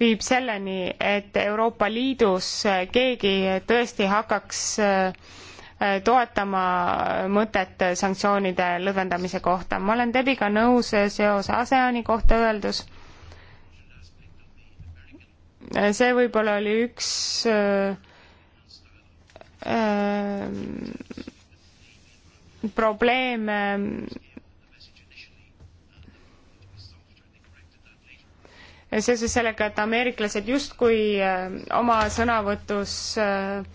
viib selleni, et Euroopa Liidus äh, keegi tõesti hakkaks äh, Äh, toetama mõtet sanktsioonide lõdvendamise kohta. ma olen Debiga nõus seos ASEAN-i kohta öeldus. see võib-olla oli üks äh, äh, probleeme äh, seoses sellega, et ameeriklased justkui äh, oma sõnavõtus äh,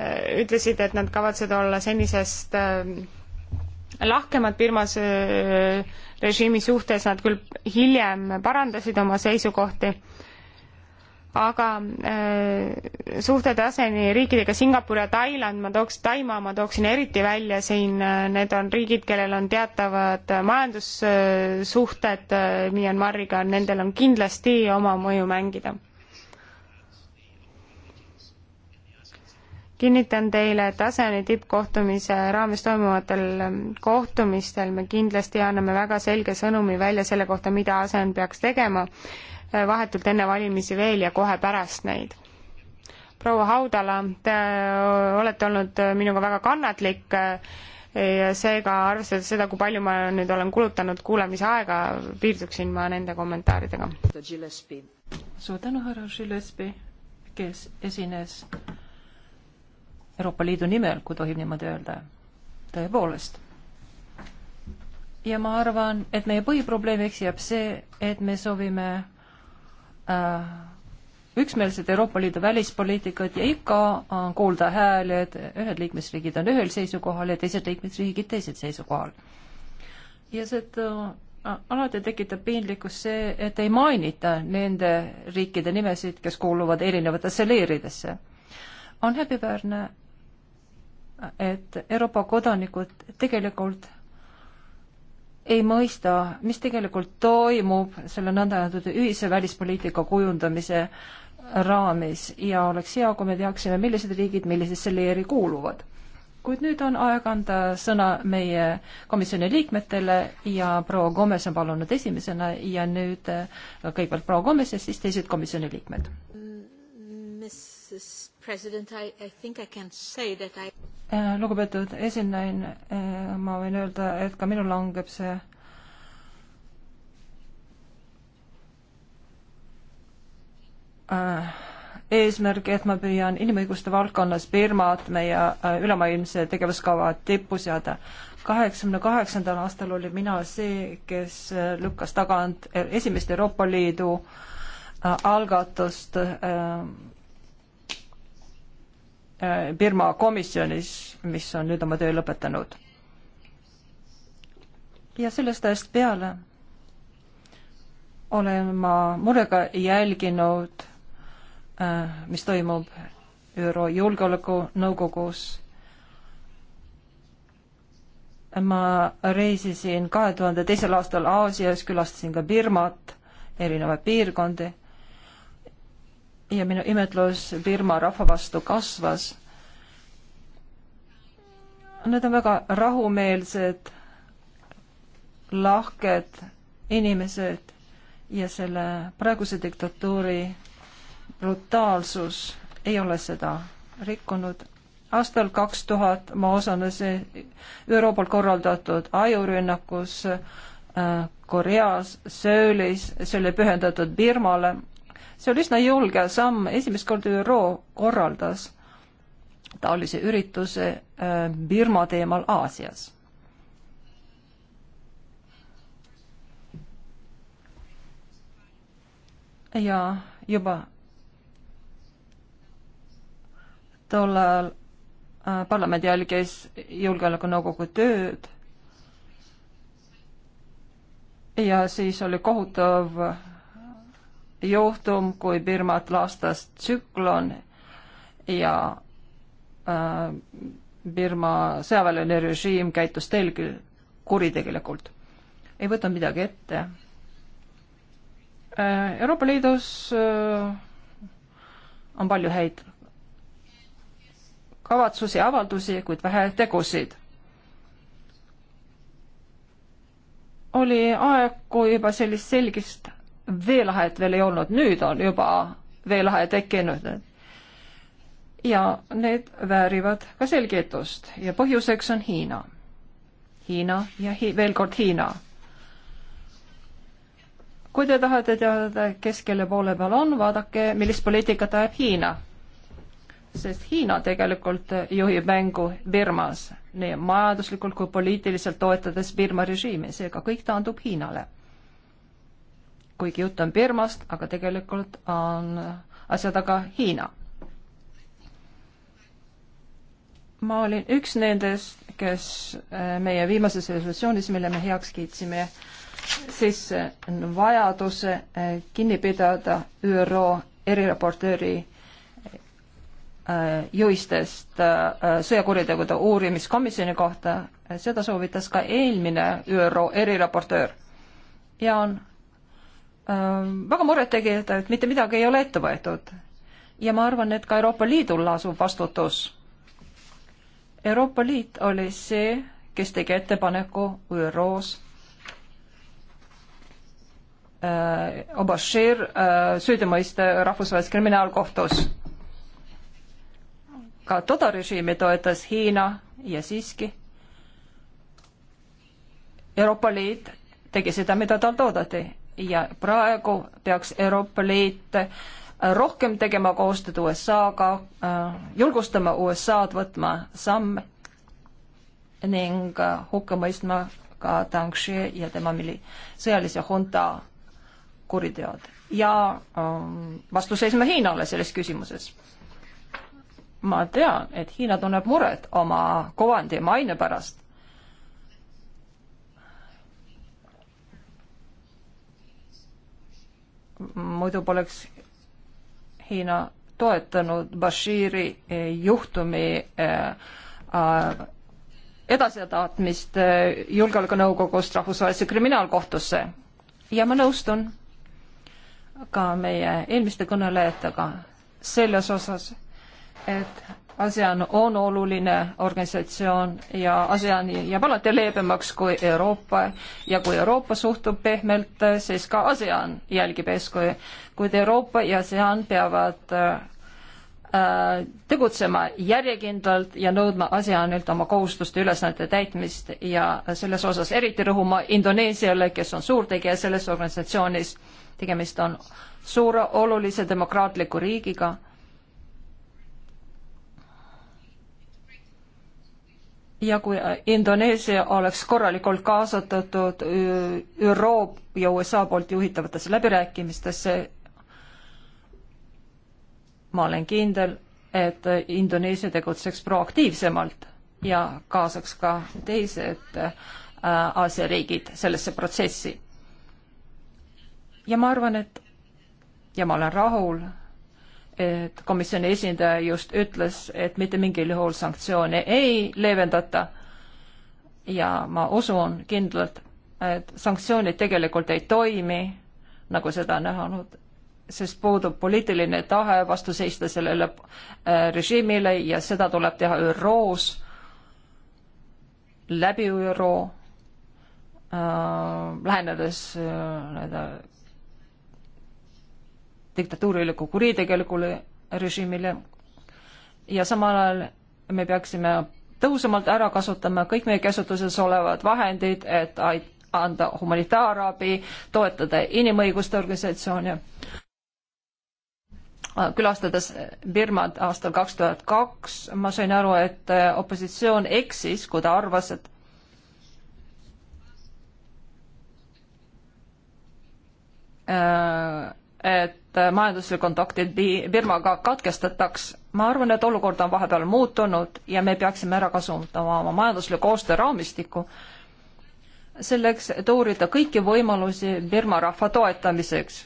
Äh, ütlesid, et nad kavatsevad olla senisest äh, lahkemad Birmas äh, režiimi suhtes, nad küll hiljem parandasid oma seisukohti, aga suhte taseni riikidega Singapur ja Tailand, ma tooks, Taimaa ma tooksin eriti välja siin, need on riigid, kellel on teatavad majandussuhted Myanmariga, nendel on kindlasti oma mõju mängida kinnitan teile, et ASEAN-i tippkohtumise raames toimuvatel ähm, kohtumistel me kindlasti anname väga selge sõnumi välja selle kohta, mida ASEAN peaks tegema äh, vahetult enne valimisi veel ja kohe pärast neid. proua Haudala, te äh, olete olnud äh, minuga väga kannatlik ja seega arvestades seda, kui palju ma nüüd olen kulutanud kuulamise aega, piirduksin ma nende kommentaaridega. suur tänu, härra Žilespi, kes esines Euroopa Liidu nimel, kui tohib niimoodi öelda. tõepoolest. ja ma arvan, et meie põhiprobleemiks jääb see, et me soovime äh, üksmeelset Euroopa Liidu välispoliitikat ja ikka on kuulda hääli, et ühed liikmesriigid on ühel seisukohal ja teised liikmesriigid teisel seisukohal. ja seda äh, alati tekitab piinlikkus see, et ei mainita nende riikide nimesid, kes kuuluvad erinevatesse leeridesse. on häbiväärne, et Euroopa kodanikud tegelikult ei mõista, mis tegelikult toimub selle nõndanimetatud ühise välispoliitika kujundamise raames ja oleks hea, kui me teaksime, millised riigid millisesse leeri kuuluvad. kuid nüüd on aeg anda sõna meie komisjoni liikmetele ja proua Gomes on palunud esimesena ja nüüd kõigepealt proua Gomes ja siis teised komisjoni liikmed. Mrs President, I, I think I can say that I äh, lugupeetud esinaine, äh, ma võin öelda, et ka minul langeb see äh, eesmärk, et ma püüan inimõiguste valdkonnas Birmat, meie ülemaailmse tegevuskava tippu seada. kaheksakümne kaheksandal aastal olin mina see, kes lükkas tagant esimest Euroopa Liidu algatust äh, Äh, Birma komisjonis, mis on nüüd oma töö lõpetanud. ja sellest ajast peale olen ma murega jälginud, äh, mis toimub ÜRO Julgeolekunõukogus. ma reisisin kahe tuhande teisel aastal Aasias, külastasin ka Birmat, erinevaid piirkondi ja minu imetlus Birma rahva vastu kasvas. Need on väga rahumeelsed, lahked inimesed ja selle praeguse diktatuuri brutaalsus ei ole seda rikkunud. aastal kaks tuhat ma osalesin ÜRO poolt korraldatud ajurünnakus äh, Koreas, Söölis, see oli pühendatud Birmale see oli üsna julge samm, esimest korda ÜRO korraldas taolise ürituse äh, Birma teemal Aasias ja juba tol ajal äh, parlament jälgis Julgeolekunõukogu tööd ja siis oli kohutav juhtum, kui Birmat laastas tsüklon ja äh, Birma sõjaväeline režiim käitus telgi kuritegelikult. ei võtnud midagi ette äh,. Euroopa Liidus äh, on palju häid kavatsusi, avaldusi, kuid vähe tegusid. oli aeg, kui juba sellist selgist veelahet veel ei olnud, nüüd on juba veelahe tekkinud. ja need väärivad ka selgitust ja põhjuseks on Hiina. Hiina ja hi veel kord Hiina. kui te tahate teada, kes kelle poole peal on, vaadake, millist poliitikat ajab Hiina. sest Hiina tegelikult juhib mängu Birmas nii majanduslikult kui poliitiliselt toetades Birma režiimi, seega kõik taandub Hiinale kuigi jutt on Birmast, aga tegelikult on asja taga Hiina. ma olin üks nendest, kes äh, meie viimases resolutsioonis, mille me heaks kiitsime, sisse äh, vajaduse äh, kinni pidada ÜRO eriraportööri juhistest sõjakuritegude uurimiskomisjoni kohta, seda soovitas ka eelmine ÜRO eriraportöör ja on Äh, väga murettekitav, et mitte midagi ei ole ette võetud. ja ma arvan, et ka Euroopa Liidul lasub vastutus. Euroopa Liit oli see, kes tegi ettepaneku ÜRO-s äh, Obashir äh, süüdi mõista rahvusvahelises kriminaalkohtus. ka toda režiimi toetas Hiina ja siiski Euroopa Liit tegi seda, mida talt oodati ja praegu peaks Euroopa Liit äh, rohkem tegema koostööd USA-ga, äh, julgustama USA-d võtma samme ning äh, hukka mõistma ka Tangshi ja tema mili-, sõjalise hunta kuriteod ja vastu seisma Hiinale selles küsimuses. ma tean, et Hiina tunneb muret oma kuvandi ja maine pärast muidu poleks Hiina toetanud Bashiri eh, juhtumi eh, eh, edasitaatmist Julgeolekunõukogust Rahvusvahelisse Kriminaalkohtusse. ja ma nõustun ka meie eelmiste kõnelejatega selles osas, et ASEAN on oluline organisatsioon ja ASEAN jääb alati leebemaks kui Euroopa ja kui Euroopa suhtub pehmelt, siis ka ASEAN jälgib eeskuju, kuid Euroopa ja ASEAN peavad äh, tegutsema järjekindlalt ja nõudma ASEANilt oma kohustuste ülesannete täitmist ja selles osas eriti rõhuma Indoneesiale, kes on suurtegija selles organisatsioonis. tegemist on suure olulise demokraatliku riigiga ja kui Indoneesia oleks korralikult kaasatud ÜRO ja USA poolt juhitavatesse läbirääkimistesse, ma olen kindel, et Indoneesia tegutseks proaktiivsemalt ja kaasaks ka teised äh, Aasia riigid sellesse protsessi. ja ma arvan, et ja ma olen rahul et komisjoni esindaja just ütles, et mitte mingil juhul sanktsioone ei leevendata. ja ma usun kindlalt, et sanktsioonid tegelikult ei toimi, nagu seda on näha olnud, sest puudub poliitiline tahe vastu seista sellele äh, režiimile ja seda tuleb teha ÜRO-s, läbi ÜRO äh,, lähenedes äh, diktatuurile kui kuritegelikule režiimile. ja samal ajal me peaksime tõhusamalt ära kasutama kõik meie käsutuses olevad vahendid, et anda humanitaarabi, toetada inimõiguste organisatsioone. külastades Birmat aastal kaks tuhat kaks, ma sain aru, et äh, opositsioon eksis, kui ta arvas, et äh, et Äh, majanduskontaktid Birmaga katkestataks. ma arvan, et olukord on vahepeal muutunud ja me peaksime ära kasutama oma majandusliku koostöö raamistikku selleks, et uurida kõiki võimalusi Birma rahva toetamiseks.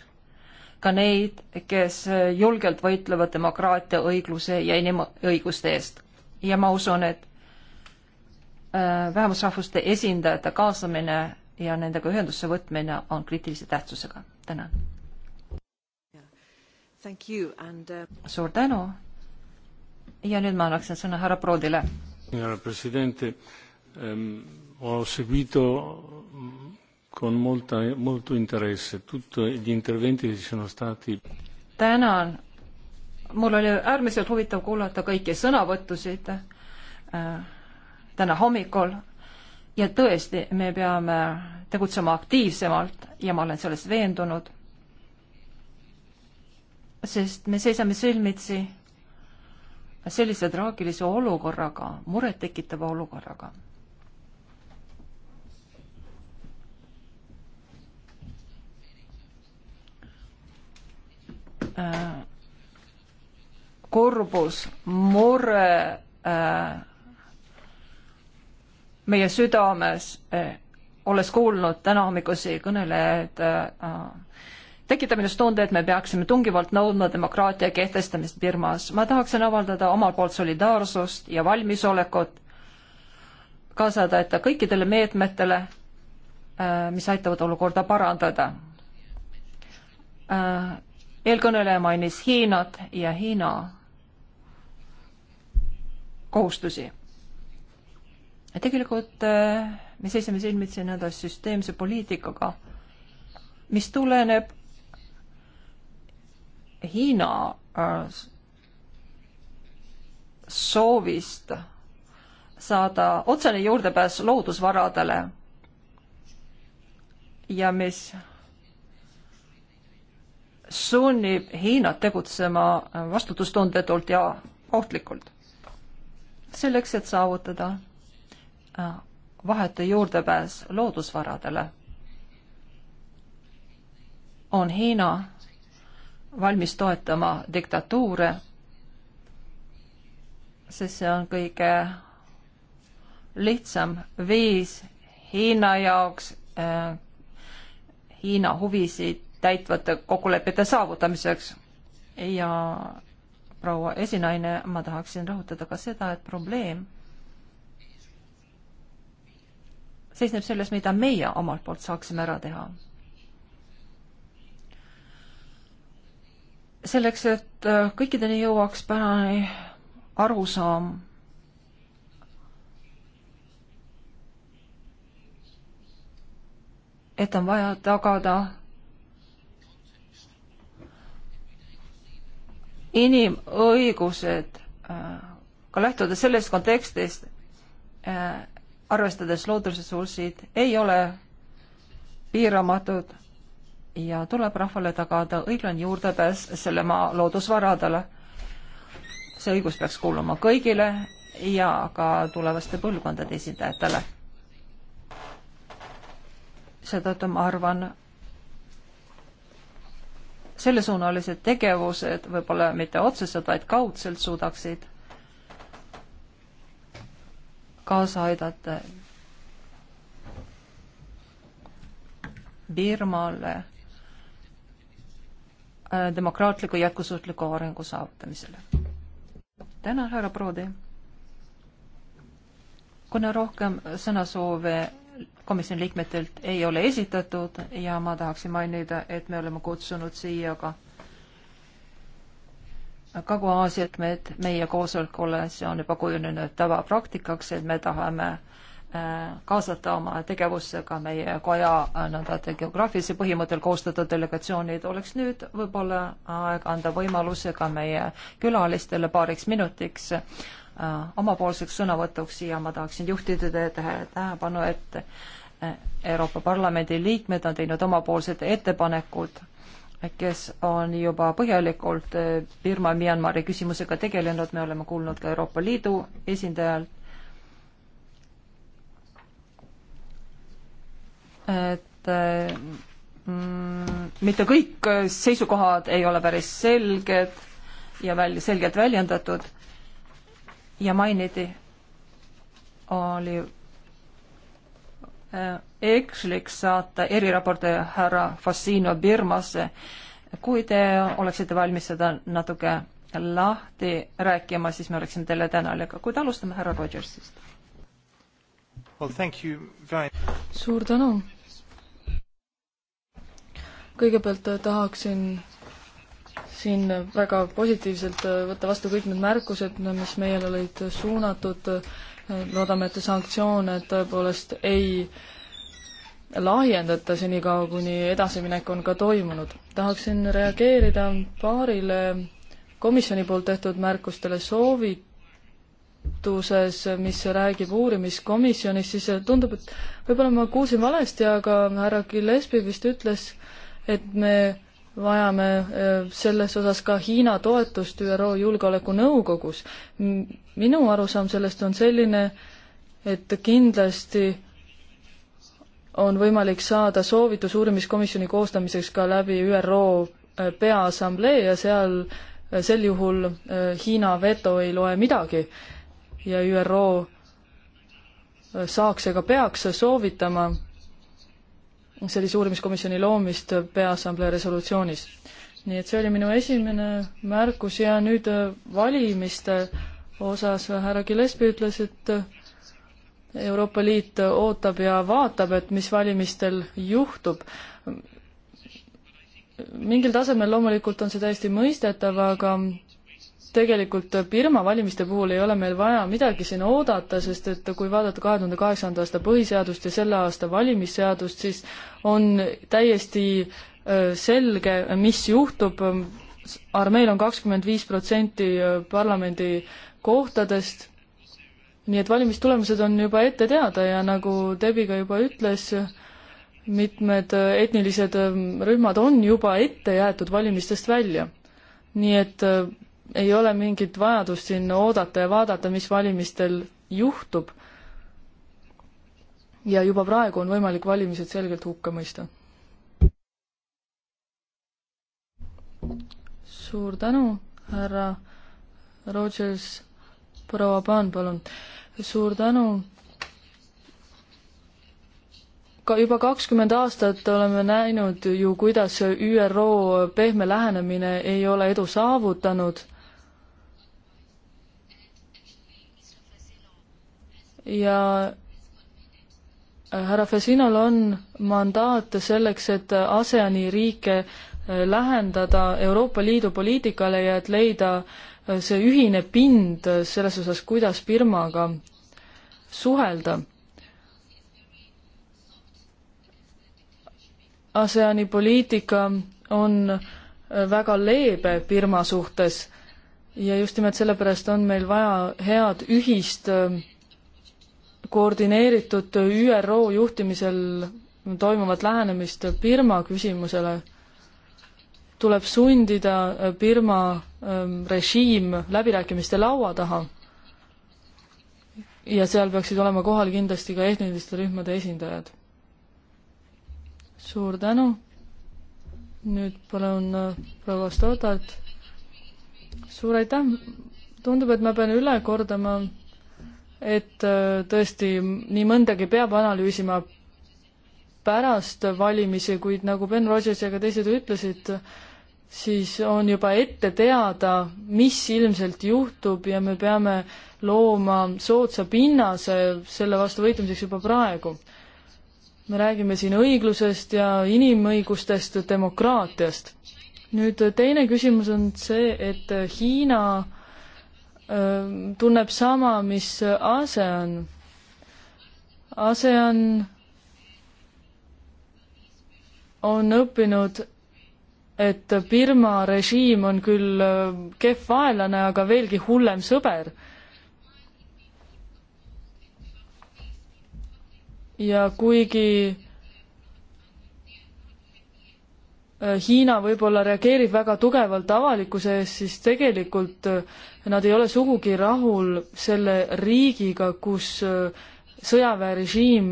ka neid, kes julgelt võitlevad demokraatia, õigluse ja inimõiguste eest. ja ma usun, et äh, vähemusrahvuste esindajate kaasamine ja nendega ühendusse võtmine on kriitilise tähtsusega. tänan And... Uh, suur tänu ja nüüd ma annaksin sõna härra Proodile. härra president ehm,, ho seguito mm, con molta, molto interesse tutto gli interventi che sono stati tänan, mul oli äärmiselt huvitav kuulata kõiki sõnavõttusid äh, täna hommikul ja tõesti, me peame tegutsema aktiivsemalt ja ma olen selles veendunud sest me seisame silmitsi sellise traagilise olukorraga, murettekitava olukorraga. Äh, kurbus, mure äh, meie südames, äh, olles kuulnud tänahommikusi kõnelejaid tekitab minus tunde, et me peaksime tungivalt nõudma demokraatia kehtestamist Birmas. ma tahaksin avaldada omalt poolt solidaarsust ja valmisolekut kaasa aidata kõikidele meetmetele, äh, mis aitavad olukorda parandada. Äh, eelkõneleja mainis Hiinat ja Hiina kohustusi. tegelikult äh, me seisame silmitsi nii-öelda süsteemse poliitikaga mis tuleneb Hiina äh, soovist saada otsene juurdepääs loodusvaradele ja mis sunnib Hiinat tegutsema vastutustundetult ja ohtlikult. selleks, et saavutada äh, vahetu juurdepääs loodusvaradele, on Hiina valmis toetama diktatuure, sest see on kõige lihtsam viis Hiina jaoks äh, Hiina huvisid täitvate kokkulepete saavutamiseks. ja proua esinaine, ma tahaksin rõhutada ka seda, et probleem seisneb selles, mida meie omalt poolt saaksime ära teha selleks, et äh, kõikideni jõuaks pärane arusaam et on vaja tagada inimõigused äh, ka lähtuda sellest kontekstist, äh, arvestades loodusressursid, ei ole piiramatud ja tuleb rahvale tagada õiglane juurdepääs selle maa loodusvaradele. see õigus peaks kuuluma kõigile ja ka tulevaste põlvkondade esindajatele. seetõttu ma arvan, sellesuunalised tegevused, võib-olla mitte otseselt, vaid kaudselt suudaksid kaasa aidata Birmale Äh, demokraatliku jätkusuutliku arengu saavutamisele. tänan, härra Proodi. kuna rohkem sõnasoove komisjoni liikmetelt ei ole esitatud ja ma tahaksin mainida, et me oleme kutsunud siia ka Kagu-Aasia liikmed meie koosolekule, see on juba kujunenud tavapraktikaks, et me tahame äh, kaasata oma tegevusse ka meie koja nõnda geograafilise põhimõttel koostatud delegatsioonid, oleks nüüd võib-olla aeg anda võimaluse ka meie külalistele paariks minutiks äh, omapoolseks sõnavõtuks ja ma tahaksin juhtida teie tähelepanu, et äh, Euroopa Parlamendi liikmed on teinud omapoolsed ettepanekud, kes on juba põhjalikult äh, Birma ja Myanmari küsimusega tegelenud, me oleme kuulnud ka Euroopa Liidu esindajalt et mm, mitte kõik seisukohad ei ole päris selged ja väl-, selgelt väljendatud ja mainiti, oli äh, ekslik saata eriraportöö härra Fassino Birmasse, kui te oleksite valmis seda natuke lahti rääkima, siis me oleksime teile tänulikud, kuid alustame härra Rogersist well, suur tänu. kõigepealt äh, tahaksin siin väga positiivselt äh, võtta vastu kõik need märkused, mis meile olid suunatud. Äh, loodame, et sanktsioone tõepoolest ei laiendata senikaua, kuni edasiminek on ka toimunud. tahaksin reageerida paarile komisjoni poolt tehtud märkustele, soovid juhatuses, mis räägib uurimiskomisjonist, siis tundub, et võib-olla ma kuulsin valesti, aga härra Gillespie vist ütles, et me vajame äh, selles osas ka Hiina toetust ÜRO Julgeolekunõukogus. minu arusaam sellest on selline, et kindlasti on võimalik saada soovitus uurimiskomisjoni koostamiseks ka läbi ÜRO äh, Peaassamblee ja seal äh, sel juhul Hiina veto ei loe midagi ja ÜRO äh, saaks ega peaks soovitama sellise uurimiskomisjoni loomist Peaassamblee resolutsioonis. nii et see oli minu esimene märkus ja nüüd äh, valimiste osas härra Gillespie ütles, et äh, Euroopa Liit ootab ja vaatab, et mis valimistel juhtub. mingil tasemel loomulikult on see täiesti mõistetav, aga tegelikult Birma valimiste puhul ei ole meil vaja midagi siin oodata, sest et kui vaadata kahe tuhande kaheksanda aasta põhiseadust ja selle aasta valimisseadust, siis on täiesti selge, mis juhtub, armeel on kakskümmend viis protsenti parlamendi kohtadest, nii et valimistulemused on juba ette teada ja nagu Debbie ka juba ütles, mitmed etnilised rühmad on juba ette jäetud valimistest välja nii et ei ole mingit vajadust siin oodata ja vaadata, mis valimistel juhtub. ja juba praegu on võimalik valimised selgelt hukka mõista. suur tänu, härra Rogers, proua Paan, palun. suur tänu ka juba kakskümmend aastat oleme näinud ju, kuidas ÜRO pehme lähenemine ei ole edu saavutanud. ja äh, härra Fesinal on mandaat selleks, et ASEAN-i riike äh, lähendada Euroopa Liidu poliitikale ja et leida äh, see ühine pind selles osas, kuidas Birmaga suhelda. ASEAN-i poliitika on väga leebe Birma suhtes ja just nimelt sellepärast on meil vaja head ühist äh, koordineeritud ÜRO juhtimisel toimuvat lähenemist Birma küsimusele tuleb sundida Birma ähm, režiim läbirääkimiste laua taha. ja seal peaksid olema kohal kindlasti ka etniliste rühmade esindajad. suur tänu. nüüd palun äh, proua Stodart. suur aitäh. tundub, et ma pean üle kordama et äh, tõesti nii mõndagi peab analüüsima pärast valimisi, kuid nagu Ben Rogers ja ka teised ütlesid, siis on juba ette teada, mis ilmselt juhtub ja me peame looma soodsa pinnase selle vastu võitlemiseks juba praegu. me räägime siin õiglusest ja inimõigustest, demokraatiast. nüüd teine küsimus on see, et Hiina Ähm, tunneb sama, mis ASEAN. ASEAN on õppinud, et Birma režiim on küll äh, kehv vaenlane, aga veelgi hullem sõber. ja kuigi Äh, Hiina võib-olla reageerib väga tugevalt avalikkuse ees, siis tegelikult äh, nad ei ole sugugi rahul selle riigiga, kus äh, sõjaväerežiim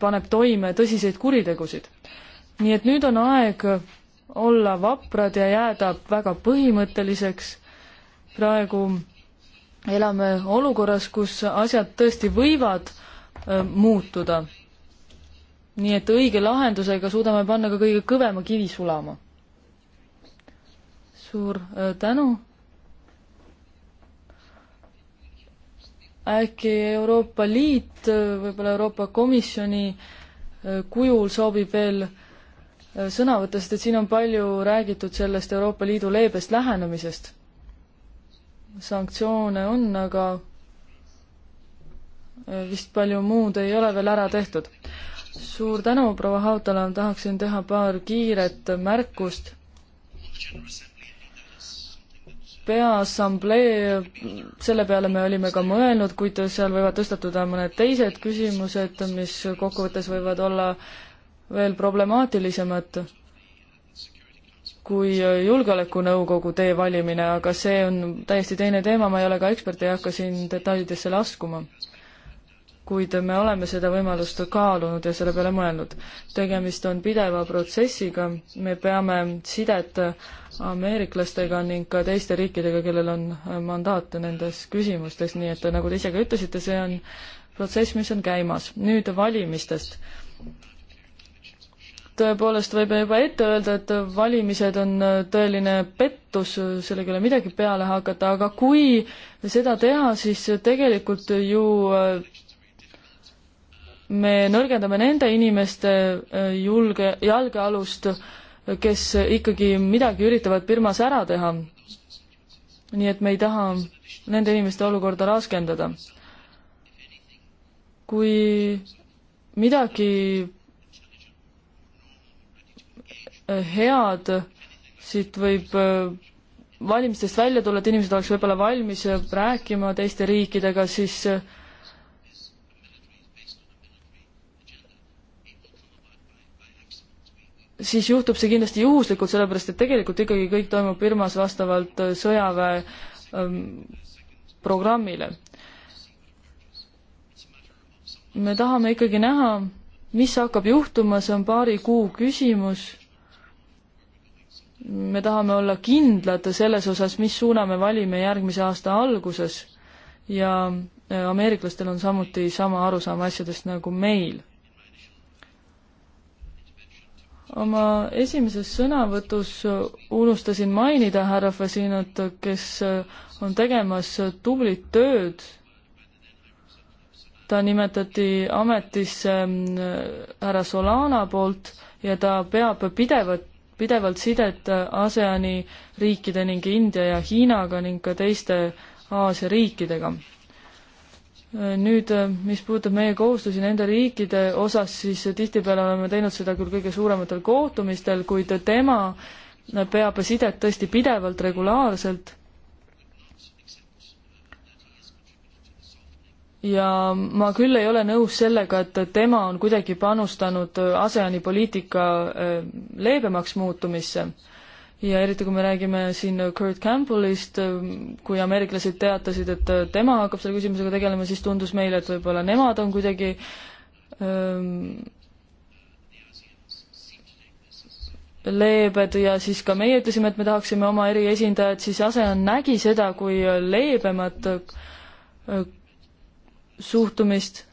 paneb toime tõsiseid kuritegusid. nii et nüüd on aeg olla vaprad ja jääda väga põhimõtteliseks. praegu elame olukorras, kus asjad tõesti võivad muutuda nii et õige lahendusega suudame panna ka kõige kõvema kivi sulama. suur äh, tänu. äkki Euroopa Liit, äh, võib-olla Euroopa Komisjoni äh, kujul soovib veel sõna võtta, sest et siin on palju räägitud sellest Euroopa Liidu leebest lähenemisest. sanktsioone on, aga vist palju muud ei ole veel ära tehtud suur tänu, proua Hautala, tahaksin teha paar kiiret märkust. peaassamblee, selle peale me olime ka mõelnud, kuid seal võivad tõstatuda mõned teised küsimused, mis kokkuvõttes võivad olla veel problemaatilisemad kui Julgeolekunõukogu tee valimine, aga see on täiesti teine teema, ma ei ole ka ekspert, ei hakka siin detailidesse laskuma kuid me oleme seda võimalust kaalunud ja selle peale mõelnud. tegemist on pideva protsessiga, me peame sidet ameeriklastega ning ka teiste riikidega, kellel on mandaate nendes küsimustes, nii et nagu te ise ka ütlesite, see on protsess, mis on käimas. nüüd valimistest. tõepoolest võib juba ette öelda, et valimised on tõeline pettus, sellega ei ole midagi peale hakata, aga kui seda teha, siis tegelikult ju me nõrgendame nende inimeste äh, julge, jalgealust, kes ikkagi midagi üritavad Birmas ära teha. nii et me ei taha nende inimeste olukorda raskendada. kui midagi äh, head siit võib äh, valimistest välja tulla, et inimesed oleks võib-olla valmis rääkima teiste riikidega, siis äh, siis juhtub see kindlasti juhuslikult, sellepärast et tegelikult ikkagi kõik toimub Birmas vastavalt äh, sõjaväe ähm, programmile. me tahame ikkagi näha, mis hakkab juhtuma, see on paari kuu küsimus. me tahame olla kindlad selles osas, mis suuna me valime järgmise aasta alguses ja äh, ameeriklastel on samuti sama arusaam asjadest nagu meil oma esimeses sõnavõtus unustasin mainida härra Fasinat, kes äh, on tegemas äh, tublit tööd. ta nimetati ametisse äh, härra Solana poolt ja ta peab pidevat, pidevalt sidet ASEAN-i riikide ning India ja Hiinaga ning ka teiste Aasia riikidega nüüd, äh, mis puudutab meie kohustusi nende riikide osas, siis äh, tihtipeale oleme teinud seda küll kõige suurematel kohtumistel, kuid tema äh, peab sidet tõesti pidevalt, regulaarselt. ja ma küll ei ole nõus sellega, et tema on kuidagi panustanud ASEAN-i poliitika leebemaks muutumisse ja eriti, kui me räägime siin Kurt Campbellist, ähm, kui ameeriklased teatasid, et äh, tema hakkab selle küsimusega tegelema, siis tundus meile, et võib-olla nemad on kuidagi ähm, leebed ja siis ka meie ütlesime, et me tahaksime oma eriesindajat, siis ASEAN nägi seda kui leebemat äh, suhtumist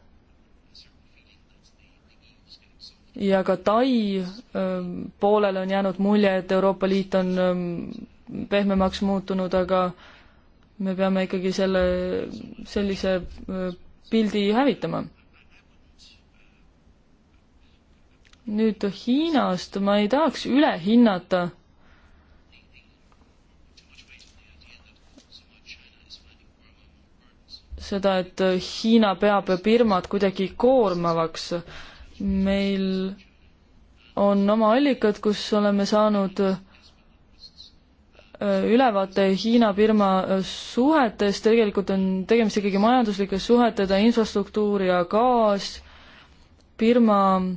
ja ka Tai ähm, poolele on jäänud mulje, et Euroopa Liit on ähm, pehmemaks muutunud, aga me peame ikkagi selle, sellise äh, pildi hävitama. nüüd Hiinast ma ei tahaks üle hinnata seda, et Hiina peab Birmat kuidagi koormavaks meil on oma allikad, kus oleme saanud äh, ülevaate Hiina-Birma äh, suhetest, tegelikult on tegemist ikkagi majanduslike suhetega, infrastruktuur ja gaas, Birma äh,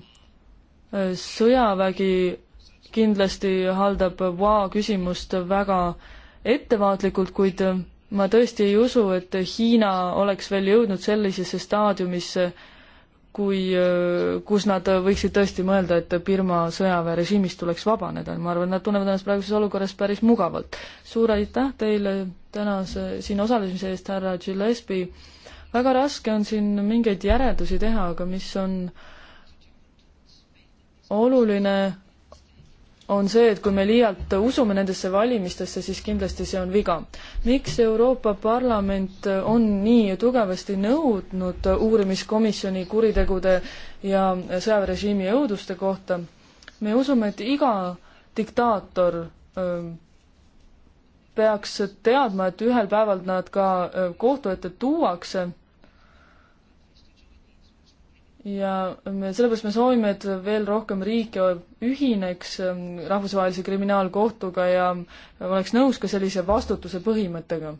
sõjavägi kindlasti haldab Waa küsimust väga ettevaatlikult, kuid ma tõesti ei usu, et Hiina oleks veel jõudnud sellisesse staadiumisse, kui, äh, kus nad võiksid tõesti mõelda, et Birma sõjaväerežiimist tuleks vabaneda, ma arvan, nad tunnevad ennast praeguses olukorras päris mugavalt. suur aitäh teile tänase siin osalemise eest, härra Gillespie. väga raske on siin mingeid järeldusi teha, aga mis on oluline on see, et kui me liialt usume nendesse valimistesse, siis kindlasti see on viga. miks Euroopa Parlament on nii tugevasti nõudnud uurimiskomisjoni kuritegude ja sõjaväerežiimi õuduste kohta? me usume, et iga diktaator öö, peaks teadma, et ühel päeval nad ka kohtu ette tuuakse ja me, sellepärast me soovime, et veel rohkem riike ühineks ähm, Rahvusvahelise Kriminaalkohtuga ja oleks nõus ka sellise vastutuse põhimõttega.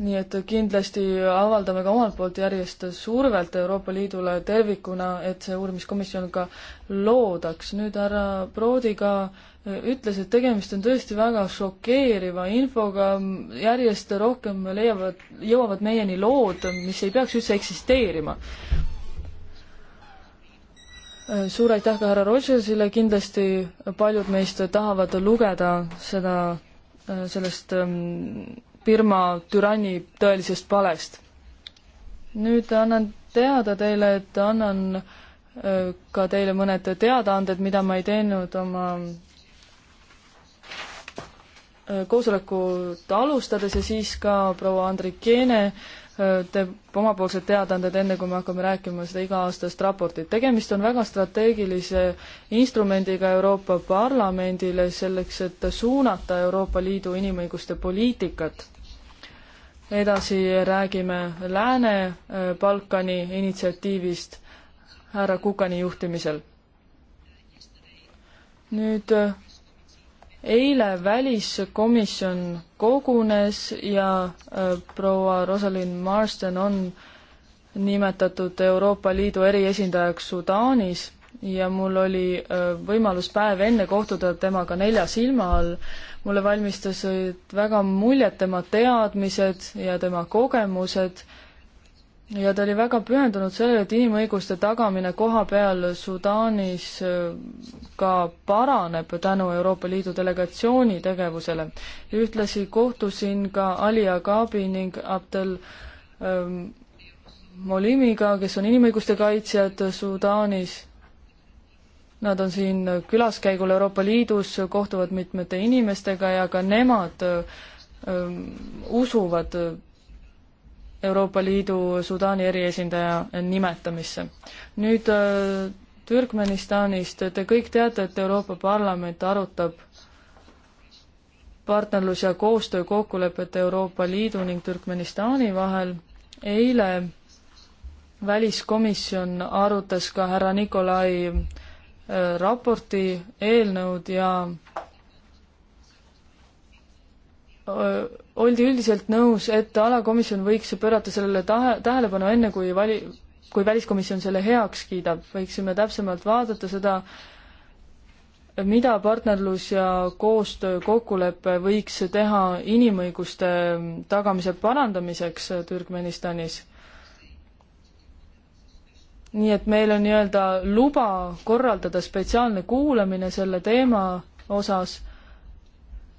nii et kindlasti avaldame ka omalt poolt järjest survelt Euroopa Liidule tervikuna, et see uurimiskomisjon ka loodaks. nüüd härra Proodiga äh, ütles, et tegemist on tõesti väga šokeeriva infoga, järjest rohkem leiavad, jõuavad meieni lood, mis ei peaks üldse eksisteerima. suur aitäh ka härra Rogersile, kindlasti paljud meist tahavad lugeda seda, sellest ähm, Birma türanni tõelisest palest. nüüd annan teada teile, et annan äh, ka teile mõned teadaanded, mida ma ei teinud oma koosolekut alustades ja siis ka proua Andrikene äh, teeb omapoolsed teadanded, enne kui me hakkame rääkima seda iga-aastast raportit. tegemist on väga strateegilise instrumendiga Euroopa Parlamendile selleks, et suunata Euroopa Liidu inimõiguste poliitikat. edasi räägime Lääne-Balkani äh, initsiatiivist härra Kukani juhtimisel. nüüd äh, eile väliskomisjon kogunes ja äh, proua Rosalind Marston on nimetatud Euroopa Liidu eriesindajaks Sudaanis ja mul oli äh, võimalus päev enne kohtuda temaga nelja silma all. mulle valmistasid väga muljet tema teadmised ja tema kogemused äh, ja ta oli väga pühendunud sellele, et inimõiguste tagamine koha peal Sudaanis äh, ka paraneb tänu Euroopa Liidu delegatsiooni tegevusele. ühtlasi kohtusin ka Ali Agabi ning Abdel ähm, Molimiga, kes on inimõiguste kaitsjad Sudaanis. Nad on siin külaskäigul Euroopa Liidus, kohtuvad mitmete inimestega ja ka nemad äh, ähm, usuvad Euroopa Liidu Sudaani eriesindaja nimetamisse. nüüd äh, Türkmenistanist, te kõik teate, et Euroopa Parlament arutab partnerlus- ja koostöökokkulepet Euroopa Liidu ning Türkmenistani vahel. eile väliskomisjon arutas ka härra Nikolai äh, raporti eelnõud ja äh, oldi üldiselt nõus, et alakomisjon võiks pöörata sellele tahe, tähelepanu enne, kui vali-, kui väliskomisjon selle heaks kiidab, võiksime täpsemalt vaadata seda, mida partnerlus ja koostöökokkulepe võiks teha inimõiguste tagamise parandamiseks Türkmenistanis. nii et meil on nii-öelda luba korraldada spetsiaalne kuulamine selle teema osas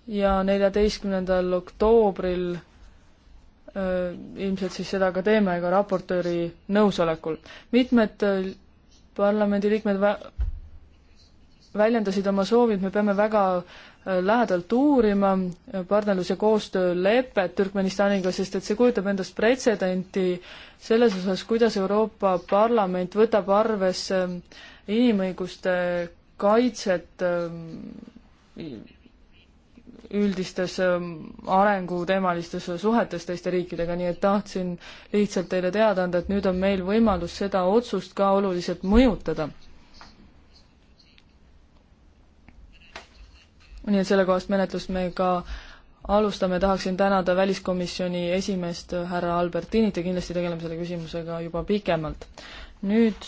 ja neljateistkümnendal oktoobril ilmselt siis seda ka teeme, ka raportööri nõusolekul. mitmed parlamendiliikmed väljendasid oma soovi, et me peame väga lähedalt uurima partnerlus- ja koostöölepet Türkmenistaniga, sest et see kujutab endast pretsedenti selles osas, kuidas Euroopa Parlament võtab arvesse inimõiguste kaitset üldistes ähm, arenguteemalistes suhetes teiste riikidega, nii et tahtsin lihtsalt teile teada anda, et nüüd on meil võimalus seda otsust ka oluliselt mõjutada. nii et sellekohast menetlust me ka alustame, tahaksin tänada väliskomisjoni esimeest härra Albertinit ja kindlasti tegeleme selle küsimusega juba pikemalt. nüüd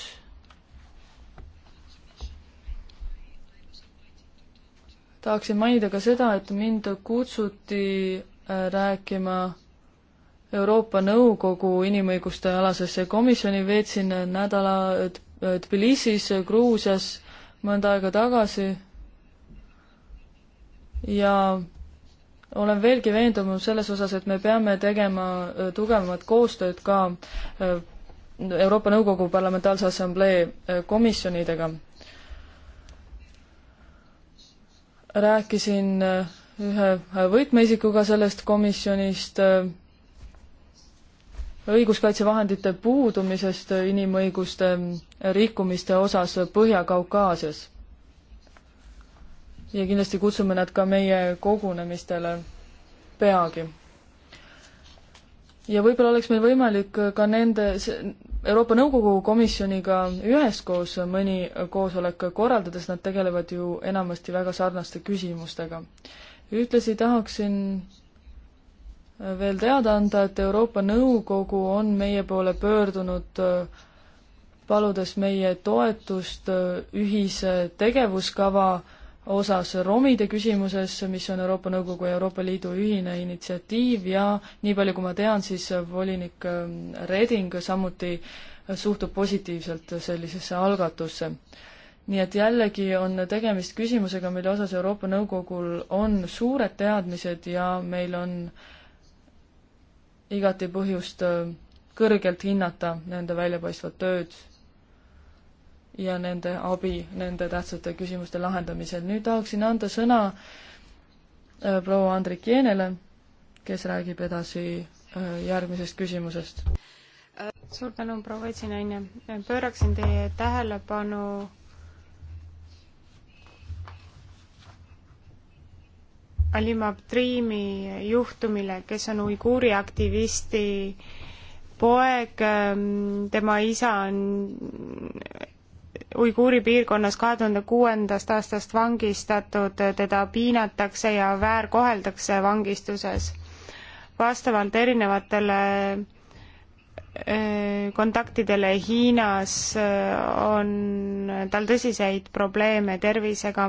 tahaksin mainida ka seda, et mind kutsuti äh, rääkima Euroopa Nõukogu inimõiguste alasesse komisjoni, veetsin nädala äh, äh, Tbilisis, Gruusias mõnda aega tagasi ja olen veelgi veendunud selles osas, et me peame tegema tugevamat koostööd ka Euroopa Nõukogu Parlamentaarse Assamblee komisjonidega. rääkisin äh, ühe võtmeisikuga sellest komisjonist, äh, õiguskaitsevahendite puudumisest äh, inimõiguste rikkumiste osas Põhja-Kaukaasias. ja kindlasti kutsume nad ka meie kogunemistele peagi ja võib-olla oleks meil võimalik ka nende, Euroopa Nõukogu komisjoniga üheskoos mõni koosolek korraldada, sest nad tegelevad ju enamasti väga sarnaste küsimustega. ühtlasi tahaksin veel teada anda, et Euroopa Nõukogu on meie poole pöördunud paludes meie toetust ühise tegevuskava osas romide küsimuses, mis on Euroopa Nõukogu ja Euroopa Liidu ühine initsiatiiv ja nii palju, kui ma tean, siis volinik ähm, Reding samuti suhtub positiivselt sellisesse algatusse. nii et jällegi on tegemist küsimusega, mille osas Euroopa Nõukogul on suured teadmised ja meil on igati põhjust äh, kõrgelt hinnata nende väljapaistvat tööd ja nende abi nende tähtsate küsimuste lahendamisel. nüüd tahaksin anda sõna äh, proua Andrik Jeenele, kes räägib edasi äh, järgmisest küsimusest. suur tänu, proua Otsinaine. pööraksin teie tähelepanu Alim Abdrimi juhtumile, kes on uiguuri aktivisti poeg, tema isa on uiguuri piirkonnas kahe tuhande kuuendast aastast vangistatud, teda piinatakse ja väärkoheldakse vangistuses. vastavalt erinevatele äh, kontaktidele Hiinas äh, on tal tõsiseid probleeme tervisega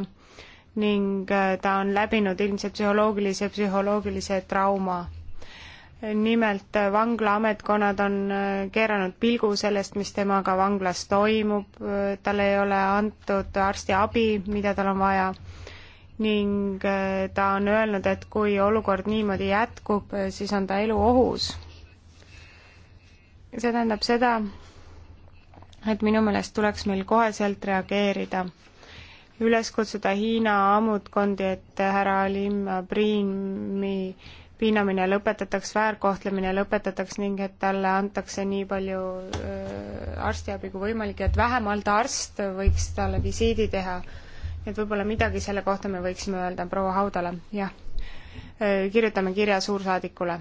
ning äh, ta on läbinud ilmselt psühholoogilise ja psühholoogilise trauma nimelt vanglaametkonnad on äh, keeranud pilgu sellest, mis temaga vanglas toimub, äh, talle ei ole antud arstiabi, mida tal on vaja ning äh, ta on öelnud, et kui olukord niimoodi jätkub, siis on ta elu ohus. see tähendab seda, et minu meelest tuleks meil koheselt reageerida üles kutsuda Hiina ammutkondi, et härra Lim Primi piinamine lõpetataks, väärkohtlemine lõpetataks ning et talle antakse nii palju äh, arstiabi kui võimalik ja et vähemalt arst võiks talle visiidi teha. et võib-olla midagi selle kohta me võiksime öelda proua Haudale, jah. Äh, kirjutame kirja suursaadikule.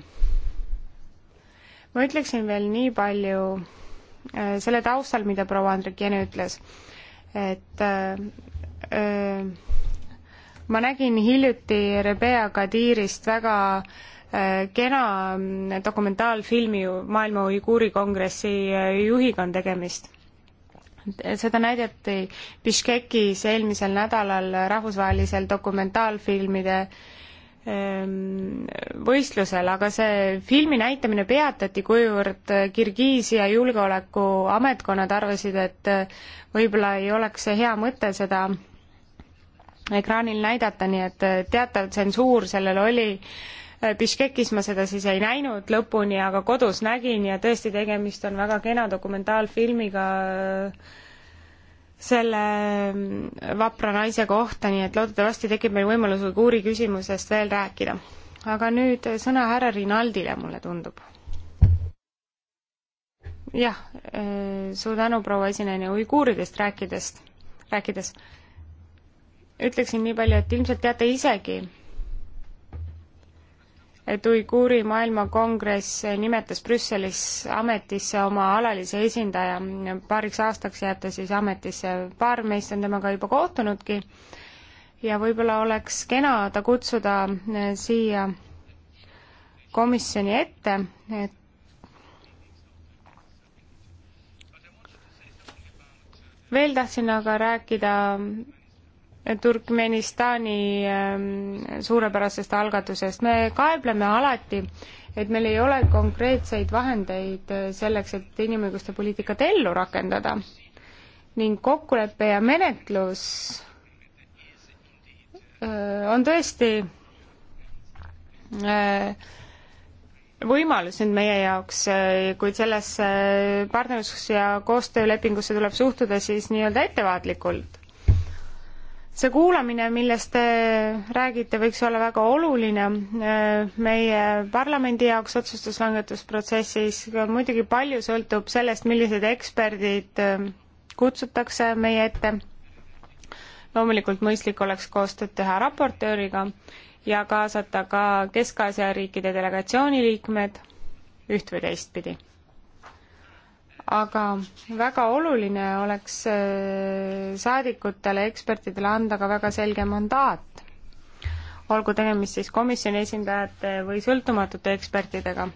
ma ütleksin veel nii palju äh, selle taustal, mida proua Andrikene ütles, et öö, ma nägin hiljuti Rebea Kadirist väga äh, kena mm, dokumentaalfilmi Maailma Uiguuri kongressi äh, juhiga on tegemist. seda näidati Biškekis eelmisel nädalal rahvusvahelisel dokumentaalfilmide ähm, võistlusel, aga see filmi näitamine peatati, kuivõrd Kirgiisia julgeolekuametkonnad arvasid, et äh, võib-olla ei oleks see hea mõte seda ekraanil näidata, nii et äh, teatav tsensuur sellel oli. Äh, Biškekis ma seda siis ei näinud lõpuni, aga kodus nägin ja tõesti, tegemist on väga kena dokumentaalfilmiga äh, selle mm, vapra naise kohta, nii et loodetavasti tekib meil võimalus uiguuri küsimusest veel rääkida. aga nüüd sõna härra Rinaldile, mulle tundub jah, suur tänu, proua esinaine, uiguuridest rääkidest, rääkides, rääkides ütleksin nii palju, et ilmselt teate isegi, et uiguuri maailmakongress nimetas Brüsselis ametisse oma alalise esindaja, paariks aastaks jääb ta siis ametisse, paar meist on temaga juba kohtunudki ja võib-olla oleks kena ta kutsuda eh, siia komisjoni ette, et veel tahtsin aga rääkida Turkmenistani ähm, suurepärasest algatusest. me kaebleme alati, et meil ei ole konkreetseid vahendeid äh, selleks, et inimõiguste poliitikat ellu rakendada ning kokkulepe ja menetlus äh, on tõesti äh, võimalus nüüd meie jaoks, kuid sellesse partnerlus- ja koostöölepingusse tuleb suhtuda siis nii-öelda ettevaatlikult see kuulamine, millest te räägite, võiks olla väga oluline äh, meie parlamendi jaoks otsustuslangetusprotsessis, muidugi palju sõltub sellest, millised eksperdid äh, kutsutakse meie ette. loomulikult mõistlik oleks koostööd teha raportööriga ja kaasata ka Kesk-Aasia riikide delegatsiooni liikmed üht või teistpidi aga väga oluline oleks äh, saadikutele, ekspertidele anda ka väga selge mandaat, olgu tegemist siis komisjoni esindajate või sõltumatute ekspertidega,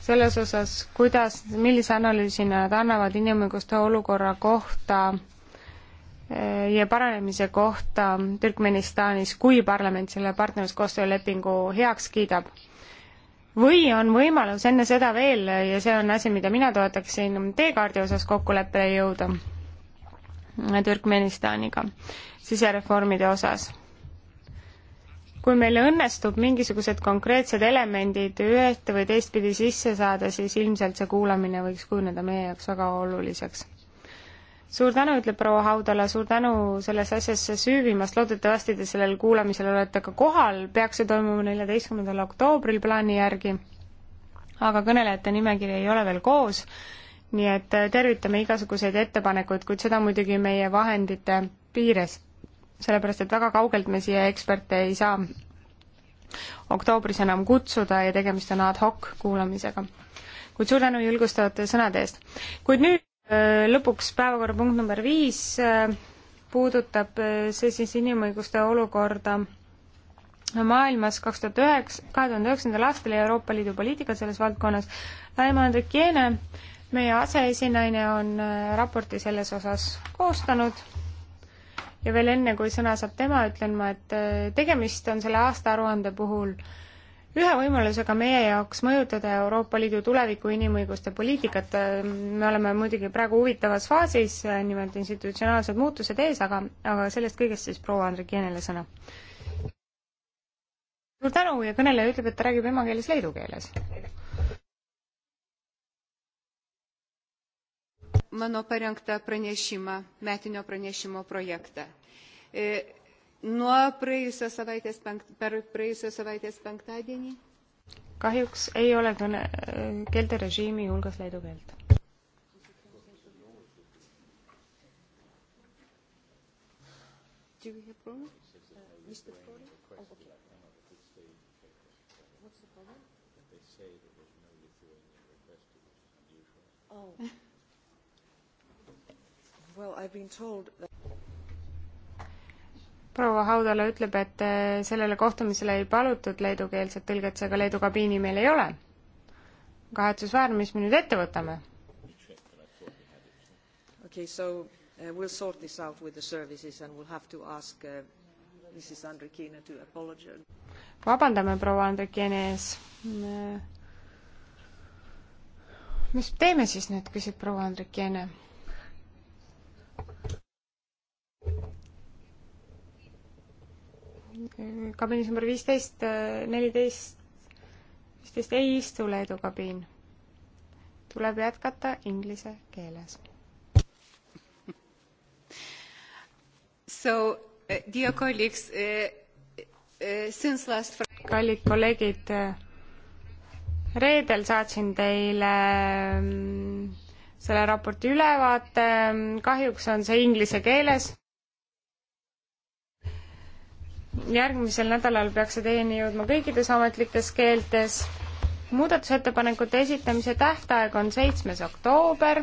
selles osas, kuidas, millise analüüsi nad annavad inimõiguste olukorra kohta äh, ja paranemise kohta Türkmenistanis, kui parlament selle partnerluskoostöölepingu heaks kiidab või on võimalus enne seda veel ja see on asi, mida mina toetaksin teekaardi osas kokkuleppele jõuda Türkmenistaniga sisereformide osas. kui meil õnnestub mingisugused konkreetsed elemendid ühte või teistpidi sisse saada, siis ilmselt see kuulamine võiks kujuneda meie jaoks väga oluliseks suur tänu, ütleb proua Haudala, suur tänu selles asjasse süüvimast, loodetavasti te sellel kuulamisel olete ka kohal, peaks see toimuma neljateistkümnendal oktoobril plaani järgi. aga kõnelejate nimekiri ei ole veel koos, nii et äh, tervitame igasuguseid ettepanekuid, kuid seda muidugi meie vahendite piires. sellepärast, et väga kaugelt me siia eksperte ei saa oktoobris enam kutsuda ja tegemist on ad hoc kuulamisega. kuid suur tänu julgustavate sõnade eest. kuid nüüd lõpuks päevakorrapunkt number viis puudutab see siis inimõiguste olukorda maailmas kaks tuhat üheksa, kahe tuhande üheksandal aastal ja Euroopa Liidu poliitika selles valdkonnas. Laima-Hendrik Jeene, meie aseesinaine, on raporti selles osas koostanud ja veel enne, kui sõna saab tema, ütlen ma, et tegemist on selle aastaaruande puhul äh, ühe võimalusega meie jaoks mõjutada Euroopa Liidu tuleviku inimõiguste poliitikat. me oleme muidugi praegu huvitavas faasis, nimelt institutsionaalsed muutused ees, aga, aga sellest kõigest siis proua Andrek Jänele sõna. suur tänu ja kõneleja ütleb, et ta räägib emakeeles leedu keeles. mano parengta pranešimą, metinio pranešimo projektą. E, nuo praėjusios savaitės penkt, per praėjusios savaitės penktadienį. kahjuks ei ole kõne, keelde režiimi hulgas leedu keelt. Do you have a problem? Uh, Mr. Crowley? Oh, okay. What's the problem? They say there was no Lithuanian request. It was unusual. Oh. well, I've been told that proua Haudala ütleb, et äh, sellele kohtumisele ei palutud leedukeelset tõlget, seega Leedu kabiini meil ei ole. kahetsusväärne, mis me nüüd ette võtame? Okay, so uh, we'll sort this out with the services and we'll have to ask uh, Mrs. Andrikina to apologize. vabandame proua Andrikini ees. Äh, mis teeme siis nüüd, küsib proua Andrikine kabiinis number viisteist, äh, neliteist, viisteist ei istu Leedu kabiin. tuleb jätkata inglise keeles. So uh, dear colleagues uh,, uh, since last kallid kolleegid, äh, reedel saatsin teile mm, selle raporti ülevaate, mm, kahjuks on see inglise keeles järgmisel nädalal peaks see teieni jõudma kõikides ametlikes keeltes. muudatusettepanekute esitamise tähtaeg on seitsmes oktoober,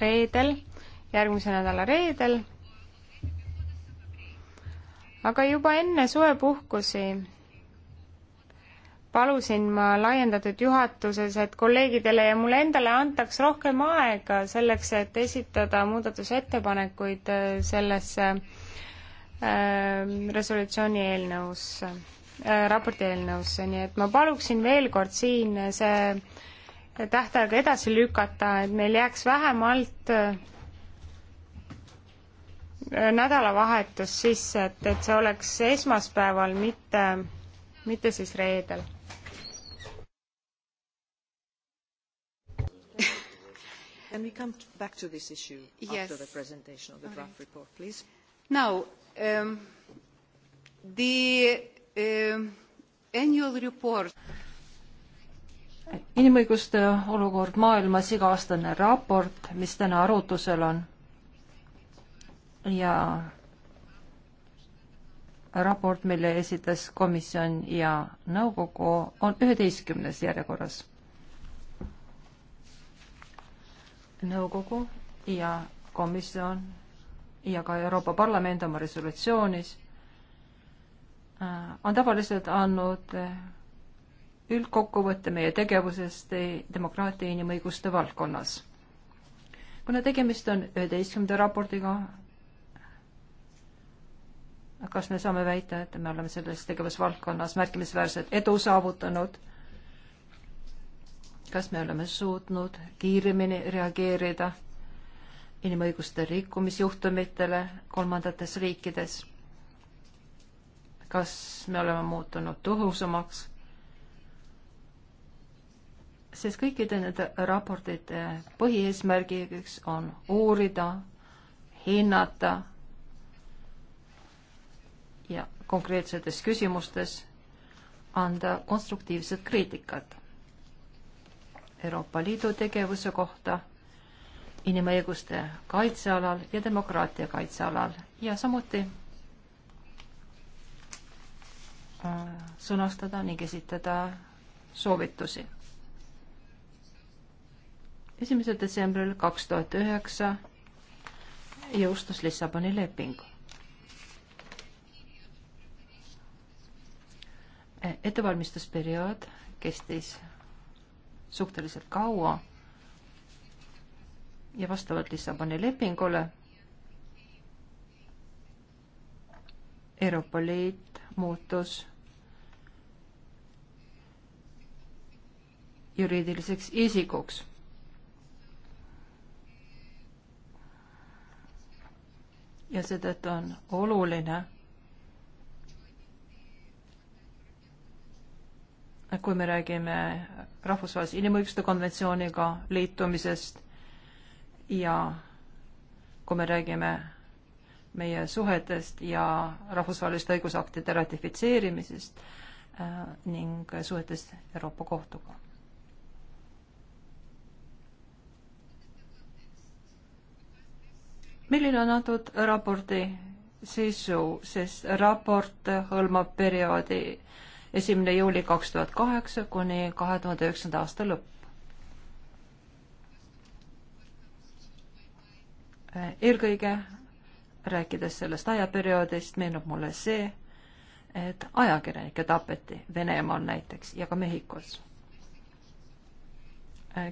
reedel, järgmise nädala reedel. aga juba enne suvepuhkusi palusin ma laiendatud juhatuses, et kolleegidele ja mulle endale antaks rohkem aega selleks, et esitada muudatusettepanekuid äh, sellesse Ähm, resolutsiooni eelnõusse, äh, raporti eelnõusse, nii et ma paluksin veel kord siin see tähtaega edasi lükata, et meil jääks vähemalt äh, nädalavahetus sisse, et, et see oleks esmaspäeval, mitte, mitte siis reedel. Can we come back to this issue yes. after the presentation of the draft report, please? Now, Um, the um, annual report inimõiguste olukord maailmas iga-aastane raport, mis täna arutusel on ja raport, mille esitas komisjon ja nõukogu, on üheteistkümnes järjekorras. nõukogu ja komisjon ja ka Euroopa Parlament oma resolutsioonis äh, on tavaliselt andnud äh, üldkokkuvõtte meie tegevusest äh, demokraatia ja inimõiguste valdkonnas. kuna tegemist on üheteistkümnenda raportiga, kas me saame väita, et me oleme selles tegevusvaldkonnas märkimisväärset edu saavutanud? kas me oleme suutnud kiiremini reageerida inimõiguste rikkumisjuhtumitele kolmandates riikides? kas me oleme muutunud tõhusamaks? sest kõikide nende raportite põhieesmärgiks on uurida, hinnata ja konkreetsetes küsimustes anda konstruktiivset kriitikat Euroopa Liidu tegevuse kohta inimõiguste kaitsealal ja demokraatia kaitsealal ja samuti äh, sõnastada ning esitada soovitusi. esimesel detsembril kaks tuhat üheksa jõustus Lissaboni leping. ettevalmistusperiood kestis suhteliselt kaua ja vastavalt Lissaboni lepingule Euroopa Liit muutus juriidiliseks isikuks. ja seetõttu on oluline, kui me räägime rahvusvahelise inimõiguste konventsiooniga liitumisest ja kui me räägime meie suhetest ja rahvusvaheliste õigusaktide ratifitseerimisest äh, ning suhetest Euroopa Kohtuga. milline on antud raporti sisu, sest raport hõlmab perioodi esimene juuli kaks tuhat kaheksa kuni kahe tuhande üheksanda aasta lõpp. eelkõige rääkides sellest ajaperioodist, meenub mulle see, et ajakirjanikke tapeti Venemaal näiteks ja ka Mehhikos.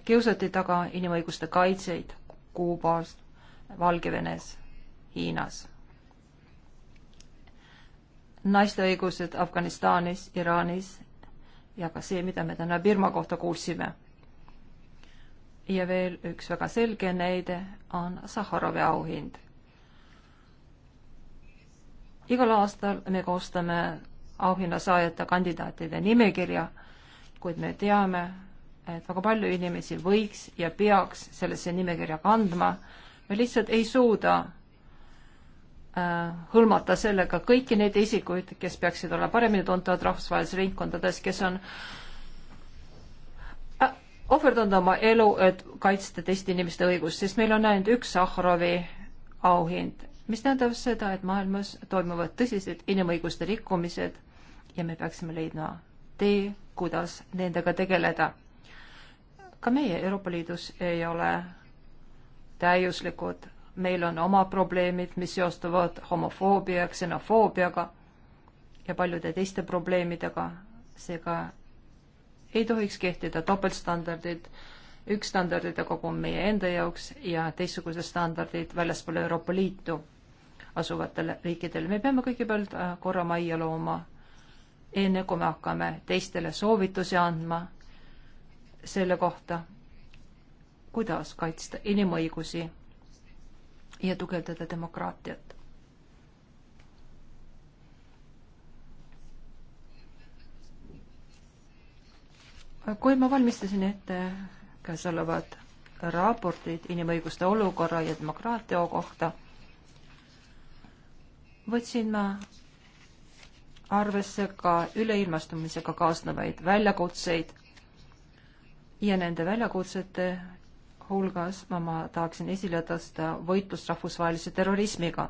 kiusati taga inimõiguste kaitsjaid Kuubas, Valgevenes, Hiinas. naiste õigused Afganistanis, Iraanis ja ka see, mida me täna Birma kohta kuulsime ja veel üks väga selge näide on Sahharovi auhind. igal aastal me koostame auhinna saajate kandidaatide nimekirja, kuid me teame, et väga palju inimesi võiks ja peaks sellesse nimekirja kandma. me lihtsalt ei suuda äh, hõlmata sellega kõiki neid isikuid, kes peaksid olema paremini tuntavad rahvusvahelises ringkondades, kes on äh, ohverdanud oma elu, et kaitsta teiste inimeste õigust, sest meil on ainult üks Sahhrovi auhind, mis tähendab seda, et maailmas toimuvad tõsised inimõiguste rikkumised ja me peaksime leidma tee, kuidas nendega tegeleda. ka meie Euroopa Liidus ei ole täiuslikud, meil on oma probleemid, mis seostuvad homofoobia, ksenofoobiaga ja paljude teiste probleemidega, seega ei tohiks kehtida topeltstandardid, üks standardite kogum meie enda jaoks ja teistsugused standardid väljaspool Euroopa Liitu asuvatele riikidele. me peame kõigepealt äh, korra majja looma, enne kui me hakkame teistele soovitusi andma selle kohta, kuidas kaitsta inimõigusi ja tugevdada demokraatiat. kui ma valmistasin ette käesolevad raportid inimõiguste olukorra ja demokraatia kohta, võtsin ma arvesse ka üleilmastumisega kaasnevaid väljakutseid ja nende väljakutsete hulgas ma, ma tahaksin esile tõsta võitlust rahvusvahelise terrorismiga.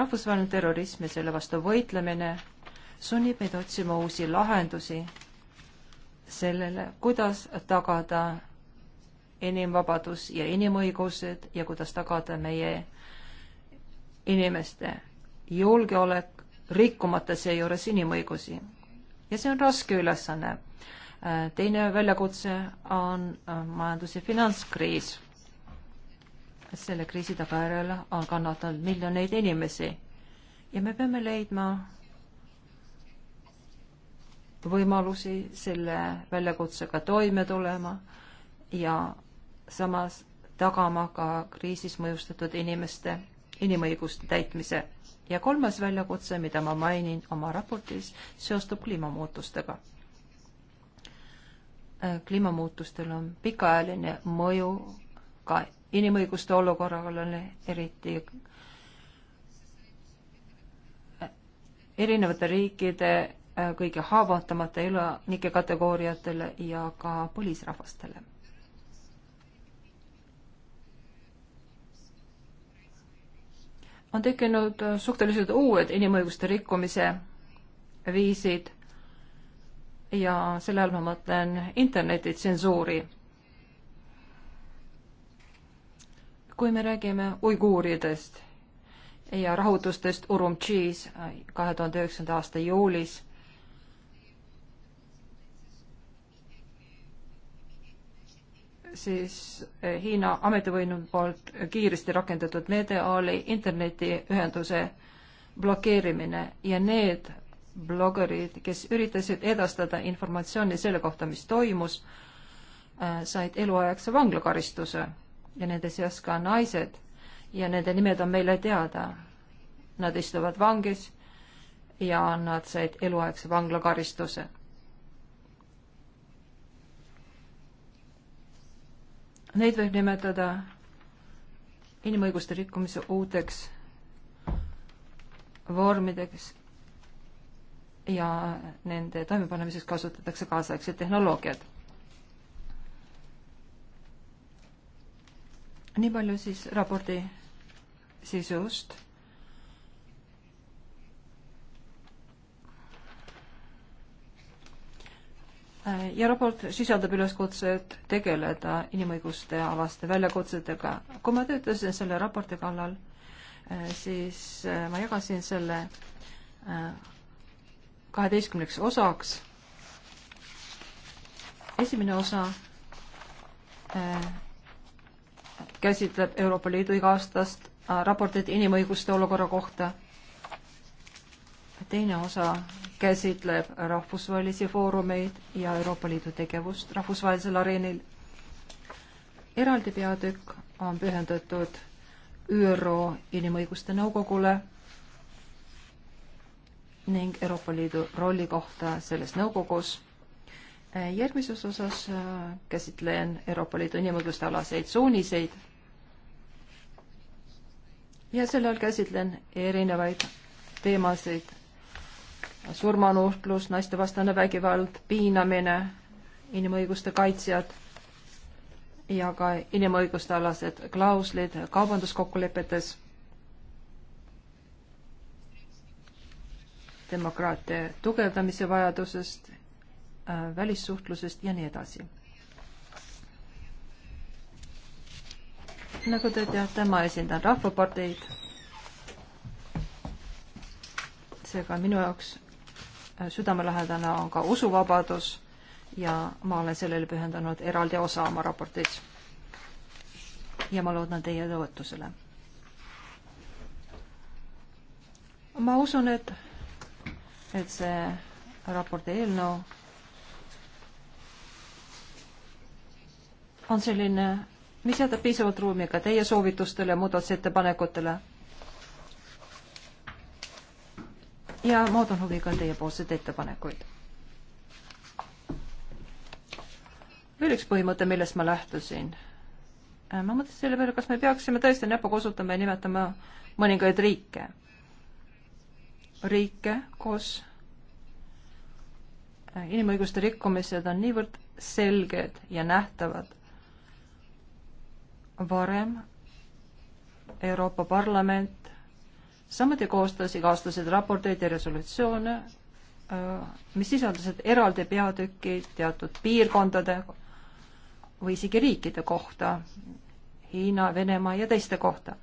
rahvusvaheline terrorism ja selle vastu võitlemine sunnib meid otsima uusi lahendusi sellele, kuidas tagada inimvabadus ja inimõigused ja kuidas tagada meie inimeste julgeolek, rikkumata seejuures inimõigusi. ja see on raske ülesanne. Äh, teine väljakutse on äh, majandus- ja finantskriis. selle kriisi tagajärjel on kannatanud miljoneid inimesi ja me peame leidma võimalusi selle väljakutsega toime tulema ja samas tagama ka kriisis mõjustatud inimeste inimõiguste täitmise. ja kolmas väljakutse, mida ma mainin oma raportis, seostub kliimamuutustega. Äh, kliimamuutustel on pikaajaline mõju ka inimõiguste olukorrale, eriti äh, erinevate riikide Äh, kõige haavatavamate elanike kategooriatele ja ka põlisrahvastele. on tekkinud äh, suhteliselt uued inimõiguste rikkumise viisid ja selle all ma mõtlen internetitsensuuri kui me räägime uiguuridest ja rahutustest Urumqis äh, kahe tuhande üheksanda aasta juulis, siis eh, Hiina ametivõimude poolt kiiresti rakendatud meede oli internetiühenduse blokeerimine ja need blogerid, kes üritasid edastada informatsiooni selle kohta, mis toimus, eh, said eluaegse vanglakaristuse ja nende seas ka naised ja nende nimed on meile teada. Nad istuvad vangis ja nad said eluaegse vanglakaristuse Neid võib nimetada inimõiguste rikkumise uuteks vormideks ja nende toimepanemiseks kasutatakse kaasaegset tehnoloogiat. nii palju siis raporti sisust ja raport sisaldab üleskutset tegeleda inimõiguste alaste väljakutsetega. kui ma töötasin selle raporti kallal, eh, siis eh, ma jagasin selle eh, kaheteistkümneks osaks. esimene osa käsitleb Euroopa Liidu iga-aastast raportit inimõiguste olukorra kohta. teine osa käsitleb rahvusvahelisi foorumeid ja Euroopa Liidu tegevust rahvusvahelisel areenil. eraldi peatükk on pühendatud ÜRO Inimõiguste Nõukogule ning Euroopa Liidu rolli kohta selles nõukogus. järgmises osas äh, käsitlen Euroopa Liidu inimõiguste alaseid suuniseid ja sellel käsitlen erinevaid teemasid surmanuhtlus, naistevastane vägivald, piinamine, inimõiguste kaitsjad ja ka inimõiguste alased klauslid kaubanduskokkulepetes, demokraatia tugevdamise vajadusest, äh, välissuhtlusest ja nii edasi. nagu te teate, ma esindan Rahvaparteid. seega minu jaoks südamelähedane on ka usuvabadus ja ma olen sellele pühendanud eraldi osa oma raportis. ja ma loodan teie toetusele. ma usun, et, et see raporti eelnõu on selline, mis jätab piisavalt ruumi ka teie soovitustele ja muudatusettepanekutele ja ma ootan huviga teiepoolseid ettepanekuid. veel üks põhimõte, millest ma lähtusin. Äh, ma mõtlesin selle peale, kas me peaksime tõesti näpuga osutama ja nimetama mõningaid riike. riike, kus äh, inimõiguste rikkumised on niivõrd selged ja nähtavad. varem Euroopa Parlament samuti koostas iga-aastaseid raporteid ja resolutsioone, äh, mis sisaldasid eraldi peatükki teatud piirkondade või isegi riikide kohta, Hiina, Venemaa ja teiste kohta.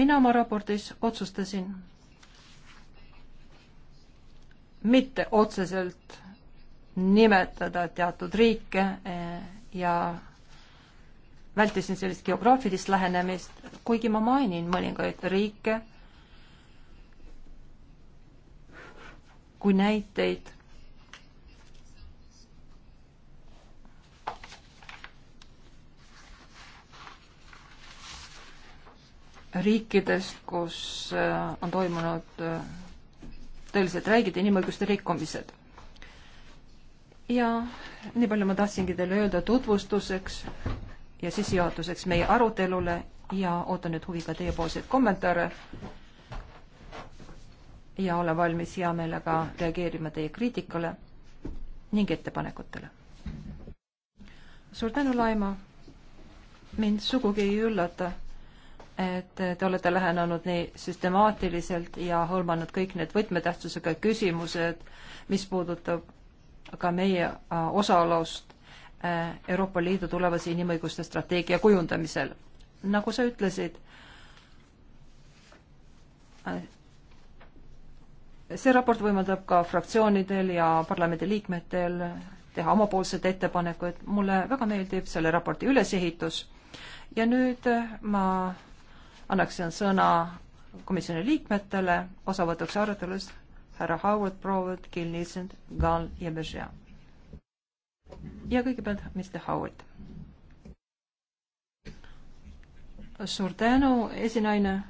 mina oma raportis otsustasin mitte otseselt nimetada teatud riike äh, ja vältisin sellist geograafilist lähenemist, kuigi ma mainin mõningaid riike kui näiteid. riikidest, kus äh, on toimunud äh, tõeliselt räiged inimõiguste rikkumised. ja nii palju ma tahtsingi teile öelda tutvustuseks ja sissejuhatuseks meie arutelule ja ootan nüüd huviga teiepoolseid kommentaare ja olen valmis hea meelega reageerima teie kriitikale ning ettepanekutele. suur tänu, Laima. mind sugugi ei üllata, et te olete lähenenud nii süstemaatiliselt ja hõlmanud kõik need võtmetähtsusega küsimused, mis puudutab ka meie äh, osalust äh, Euroopa Liidu tulevase inimõiguste strateegia kujundamisel. nagu sa ütlesid, äh, see raport võimaldab ka fraktsioonidel ja parlamendiliikmetel teha omapoolsed ettepanekud. mulle väga meeldib selle raporti ülesehitus. ja nüüd eh, ma annaksin sõna komisjoni liikmetele, osa võtaks arutelust härra Howard Broward, Gil Nielsen, Gal ja Berger. ja kõigepealt Mr Howard. suur tänu, esinaine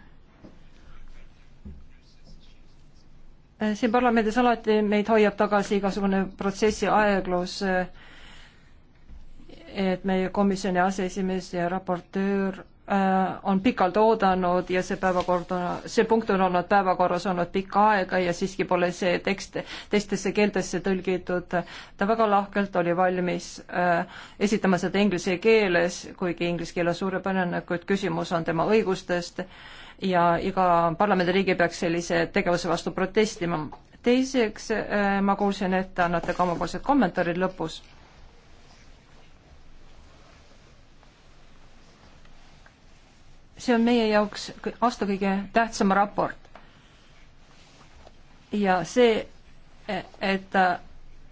siin parlamendis alati meid hoiab tagasi igasugune protsessi aeglus, et meie komisjoni aseesimees ja raportöör äh, on pikalt oodanud ja see päevakord on, see punkt on olnud päevakorras olnud pikka aega ja siiski pole see tekst teistesse keeltesse tõlgitud. ta väga lahkelt oli valmis äh, esitama seda inglise keeles, kuigi inglise keel on suurepärane, kuid küsimus on tema õigustest äh, ja iga parlamendiliige peaks sellise tegevuse vastu protestima. teiseks, äh, ma kuulsin, et te annate ka omapoolsed kommentaarid lõpus. see on meie jaoks aasta kõige tähtsam raport. ja see, e-, et äh,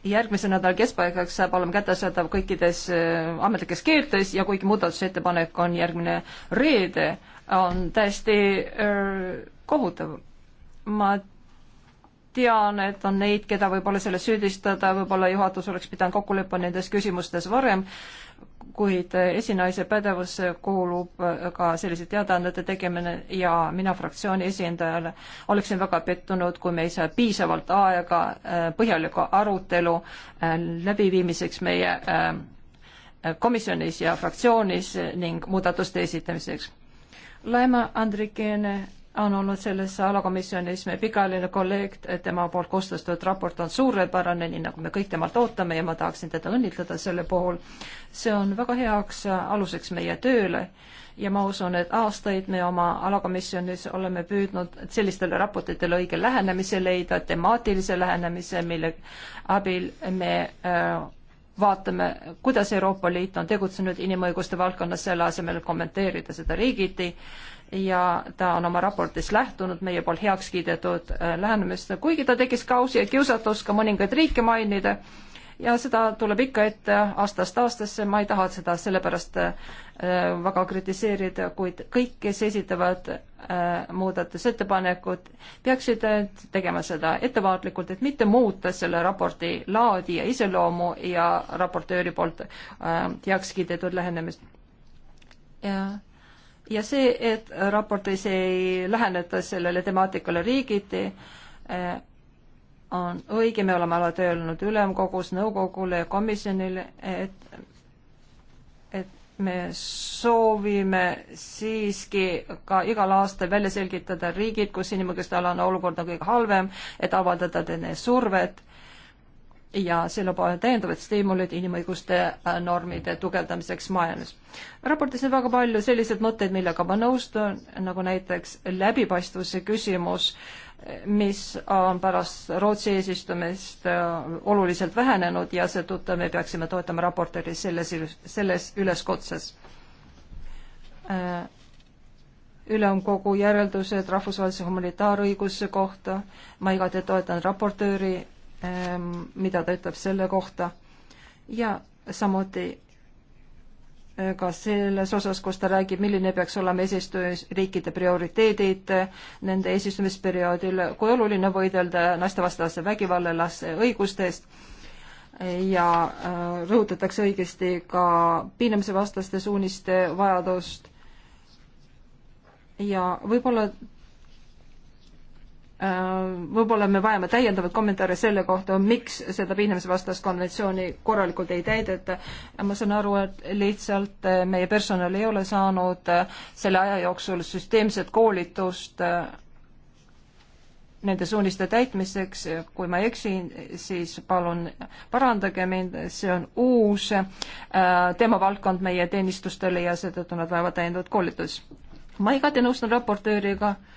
järgmise nädala keskpaigaks saab olema kättesaadav kõikides äh, ametlikes keeltes ja kuigi muudatusettepanek on järgmine reede, on täiesti kohutav. ma tean, et on neid, keda võib-olla selles süüdistada, võib-olla juhatus oleks pidanud kokku leppima nendes küsimustes varem, kuid äh, esinaise pädevusse kuulub äh, ka sellise teadaannete tegemine ja mina fraktsiooni esindajale oleksin väga pettunud, kui me ei saa piisavalt aega äh, põhjaliku arutelu läbiviimiseks meie komisjonis ja fraktsioonis ning muudatuste esitamiseks Laima Andrikene on olnud selles alakomisjonis meie pikaajaline kolleeg, tema poolt koostatud raport on suurepärane, nii nagu me kõik temalt ootame ja ma tahaksin teda õnnitleda selle puhul. see on väga heaks aluseks meie tööle ja ma usun, et aastaid me oma alakomisjonis oleme püüdnud sellistele raportitele õige lähenemise leida, temaatilise lähenemise, mille abil me äh, vaatame, kuidas Euroopa Liit on tegutsenud inimõiguste valdkonnas, selle asemel kommenteerida seda riigiti ja ta on oma raportis lähtunud meie poolt heaks kiidetud äh, lähenemist, kuigi ta tekkis kausi ja kiusatus ka mõningaid riike mainida ja seda tuleb ikka ette aastast aastasse, ma ei taha seda sellepärast äh, väga kritiseerida, kuid kõik, kes esitavad äh, muudatusettepanekud, peaksid äh, tegema seda ettevaatlikult, et mitte muuta selle raporti laadi ja iseloomu ja raportööri poolt heaks kiidetud lähenemist. ja ja see, et raportis ei läheneta sellele temaatikale riigiti, on õige, me oleme alati öelnud ülemkogus, nõukogule ja komisjonile, et, et me soovime siiski ka igal aastal välja selgitada riigid, kus inimõiguste alane olukord on kõige halvem, et avaldada teine survet ja selle poole täiendavad stiimulid inimõiguste normide tugevdamiseks maailmas. raportis on väga palju selliseid mõtteid, millega ma nõustun, nagu näiteks läbipaistvuse küsimus äh, mis on pärast Rootsi eesistumist äh, oluliselt vähenenud ja seetõttu me peaksime toetama raportööri selles, selles üleskutses. Äh, ülemkogu järeldused rahvusvahelise humanitaarõiguse kohta, ma igati toetan raportööri, ähm, mida ta ütleb selle kohta ja samuti ka selles osas, kus ta räägib, milline peaks olema eesistujariikide prioriteedid nende eesistumisperioodil, kui oluline võidelda naistevastase vägivalla laste õiguste eest ja äh, rõhutatakse õigesti ka piinamise vastaste suuniste vajadust ja võib-olla Äh, võib-olla me vajame täiendavaid kommentaare selle kohta, miks seda piinamisvastast konventsiooni korralikult ei täideta. ma saan aru, et lihtsalt äh, meie personal ei ole saanud äh, selle aja jooksul süsteemset koolitust nende suuniste täitmiseks, kui ma eksin, siis palun parandage mind, see on uus teemavaldkond meie teenistustele ja seetõttu nad vajavad täiendavat koolitust. ma igati nõustun raportööriga äh,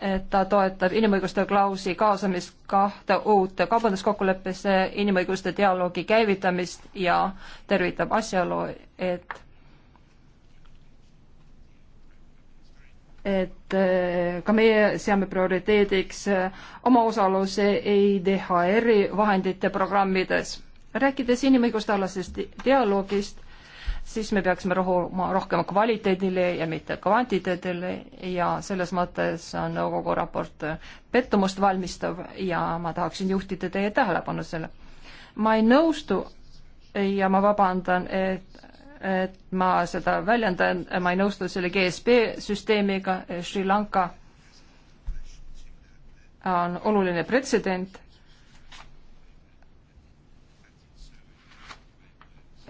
et ta toetab inimõiguste klausi kaasamist kahte uut kaubanduskokkuleppesse, inimõiguste dialoogi käivitamist ja tervitab asjaolu, et et äh, ka meie seame prioriteediks äh, omaosaluse EIDHR-i vahendite programmides. rääkides inimõiguste alasest dialoogist, siis me peaksime rõhuma rohkem kvaliteedile ja mitte kvantiteedile ja selles mõttes on nõukogu raport pettumust valmistav ja ma tahaksin juhtida teie tähelepanu selle. ma ei nõustu ja ma vabandan, et, et ma seda väljendan, ma ei nõustu selle GSP süsteemiga, Sri Lanka on oluline pretsedent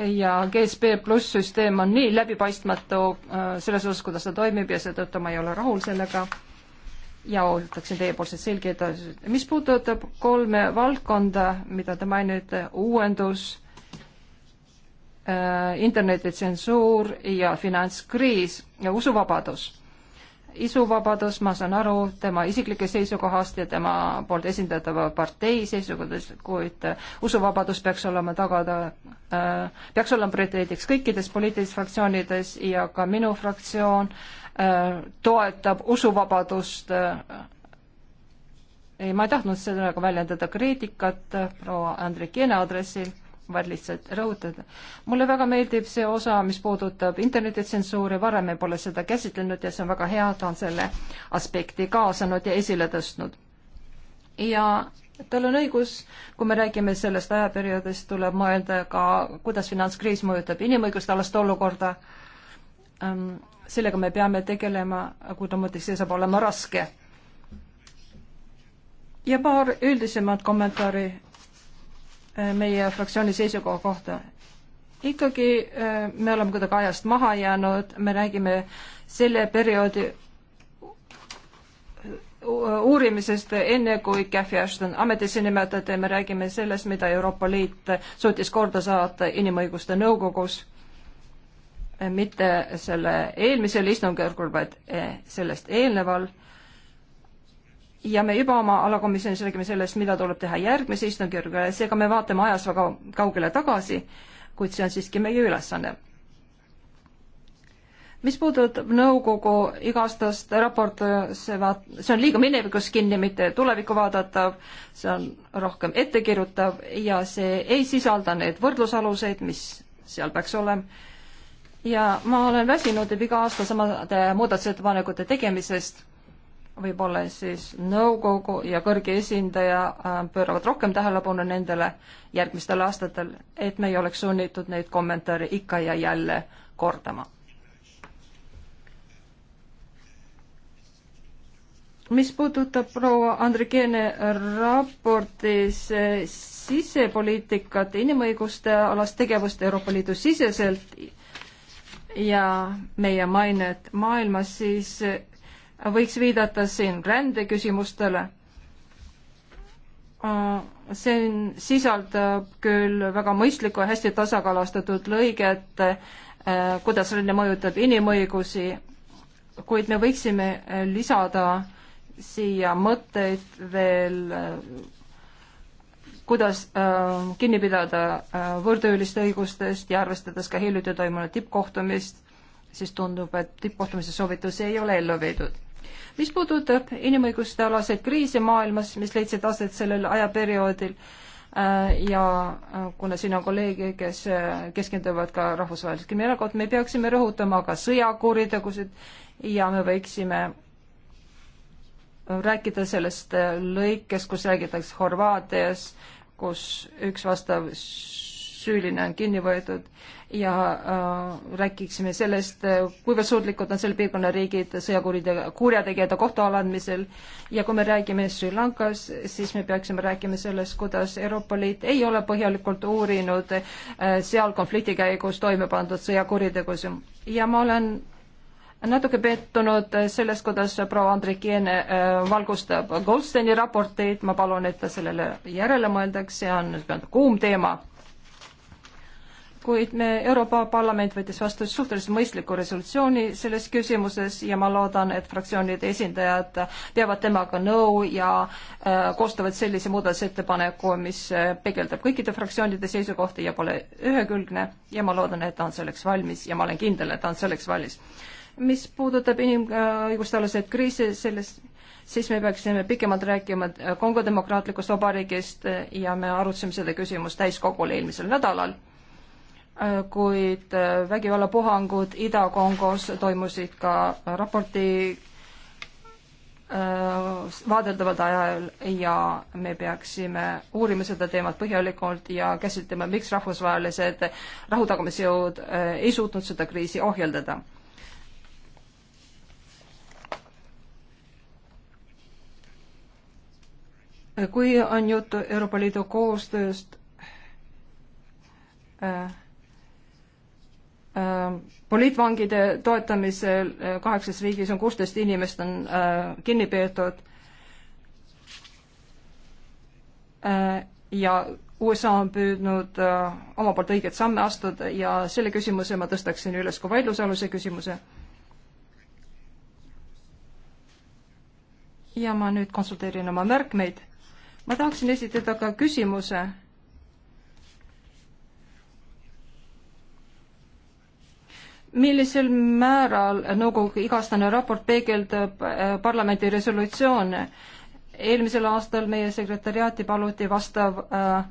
ja GSP pluss süsteem on nii läbipaistmatu äh, selles osas, kuidas ta toimib ja seetõttu ma ei ole rahul sellega ja ootaksin teiepoolseid selgitusi. mis puudutab kolme valdkonda, mida te mainite, uuendus, äh, internetitsensuur ja finantskriis ja usuvabadus isuvabadus, ma saan aru tema isiklikest seisukohast ja tema poolt esindatava partei seisukohtadest, kuid äh, usuvabadus peaks olema tagada, äh, peaks olema prioriteediks kõikides poliitilistes fraktsioonides ja ka minu fraktsioon äh, toetab usuvabadust. ei, ma ei tahtnud sellega väljendada kriitikat proua Andrikine aadressil vaid lihtsalt rõhutada. mulle väga meeldib see osa, mis puudutab internetitsensuuri, varem me pole seda käsitlenud ja see on väga hea, ta on selle aspekti kaasanud ja esile tõstnud. ja tal on õigus, kui me räägime sellest ajaperioodist, tuleb mõelda ka, kuidas finantskriis mõjutab inimõiguste alast olukorda. Ehm, sellega me peame tegelema, kuid ometi see saab olema raske ja paar üldisemat kommentaari Äh, meie fraktsiooni seisukoha kohta. ikkagi äh, me oleme kuidagi ajast maha jäänud, me räägime selle perioodi uurimisest enne, kui Cathy Ashton ametisse nimetati, me räägime sellest, mida Euroopa Liit suutis korda saata Inimõiguste Nõukogus, mitte selle eelmisel istungjärgul, vaid eh, sellest eelneval ja me juba oma alakomisjonis räägime sellest, mida tuleb teha järgmise istungjärguga ja seega me vaatame ajas väga kaugele tagasi, kuid see on siiski meie ülesanne. mis puudutab nõukogu iga-aastast raport, see vaat-, see on liiga minevikus kinni, mitte tulevikku vaadatav, see on rohkem ettekirjutav ja see ei sisalda neid võrdlusaluseid, mis seal peaks olema. ja ma olen väsinud iga aasta samade muudatusettepanekute tegemisest võib-olla siis nõukogu ja kõrge esindaja äh, pööravad rohkem tähelepanu nendele järgmistel aastatel, et me ei oleks sunnitud neid kommentaare ikka ja jälle kordama. mis puudutab proua Andrikeene raportis äh, sisepoliitikat, inimõiguste alast tegevust Euroopa Liidu siseselt ja meie mainet maailmas, siis võiks viidata siin rändeküsimustele. Äh, see sisaldab küll väga mõistlikku ja hästi tasakaalustatud lõiget, äh, kuidas ränne mõjutab inimõigusi, kuid me võiksime lisada siia mõtteid veel, äh, kuidas kinni pidada võõrtööliste õigustest ja arvestades ka hiljuti toimunud tippkohtumist, siis tundub, et tippkohtumise soovitusi ei ole ellu viidud mis puudutab inimõiguste alaseid kriise maailmas, mis leidsid aset sellel ajaperioodil äh, ja äh, kuna siin on kolleege, kes äh, keskenduvad ka rahvusvahelisele kriminaalkond, me peaksime rõhutama ka sõjakuritegusid ja me võiksime rääkida sellest lõikest, kus räägitakse Horvaatias, kus üks vastav süüline on kinni võetud ja äh, räägiksime sellest, kuivõrd suutlikud on selle piirkonna riigid sõjakuriteo, kurjategijate kohtuala andmisel ja kui me räägime Sri Lankas, siis me peaksime rääkima sellest, kuidas Euroopa Liit ei ole põhjalikult uurinud äh, seal konflikti käigus toime pandud sõjakuritegusid. ja ma olen natuke pettunud sellest, kuidas proua Andrikiene äh, valgustab Goldsteini raporteid, ma palun, et ta sellele järele mõeldaks, see on kuum teema kuid me, Euroopa Parlament võttis vastu suhteliselt mõistliku resolutsiooni selles küsimuses ja ma loodan, et fraktsioonide esindajad peavad temaga nõu ja äh, koostavad sellise muudatusettepaneku, mis äh, peegeldab kõikide fraktsioonide seisukohti ja pole ühekülgne ja ma loodan, et ta on selleks valmis ja ma olen kindel, et ta on selleks valmis. mis puudutab inimõiguste aluseid kriise, sellest siis me peaksime pikemalt rääkima äh, Kongo demokraatlikust vabariigist äh, ja me arutasime seda küsimust täiskogul eelmisel nädalal Äh, kuid äh, vägivallapuhangud Ida-Kongos toimusid ka raporti äh, vaadeldaval ajal ja me peaksime uurima seda teemat põhjalikult ja käsitlema, miks rahvusvahelised rahutagamisjõud ei suutnud seda kriisi ohjeldada kui on juttu Euroopa Liidu koostööst äh, Äh, poliitvangide toetamisel äh, kaheksas riigis on kuusteist inimest on äh, kinni peetud ja USA on püüdnud oma poolt õigeid samme astuda ja selle küsimuse ma tõstaksin üles kui vaidlusaluse küsimuse. ja ma nüüd konsulteerin oma märkmeid. ma tahaksin esitada ka küsimuse millisel määral nõukogu igastane raport peegeldab äh, parlamendi resolutsioone? eelmisel aastal meie sekretäriaati paluti vastav äh,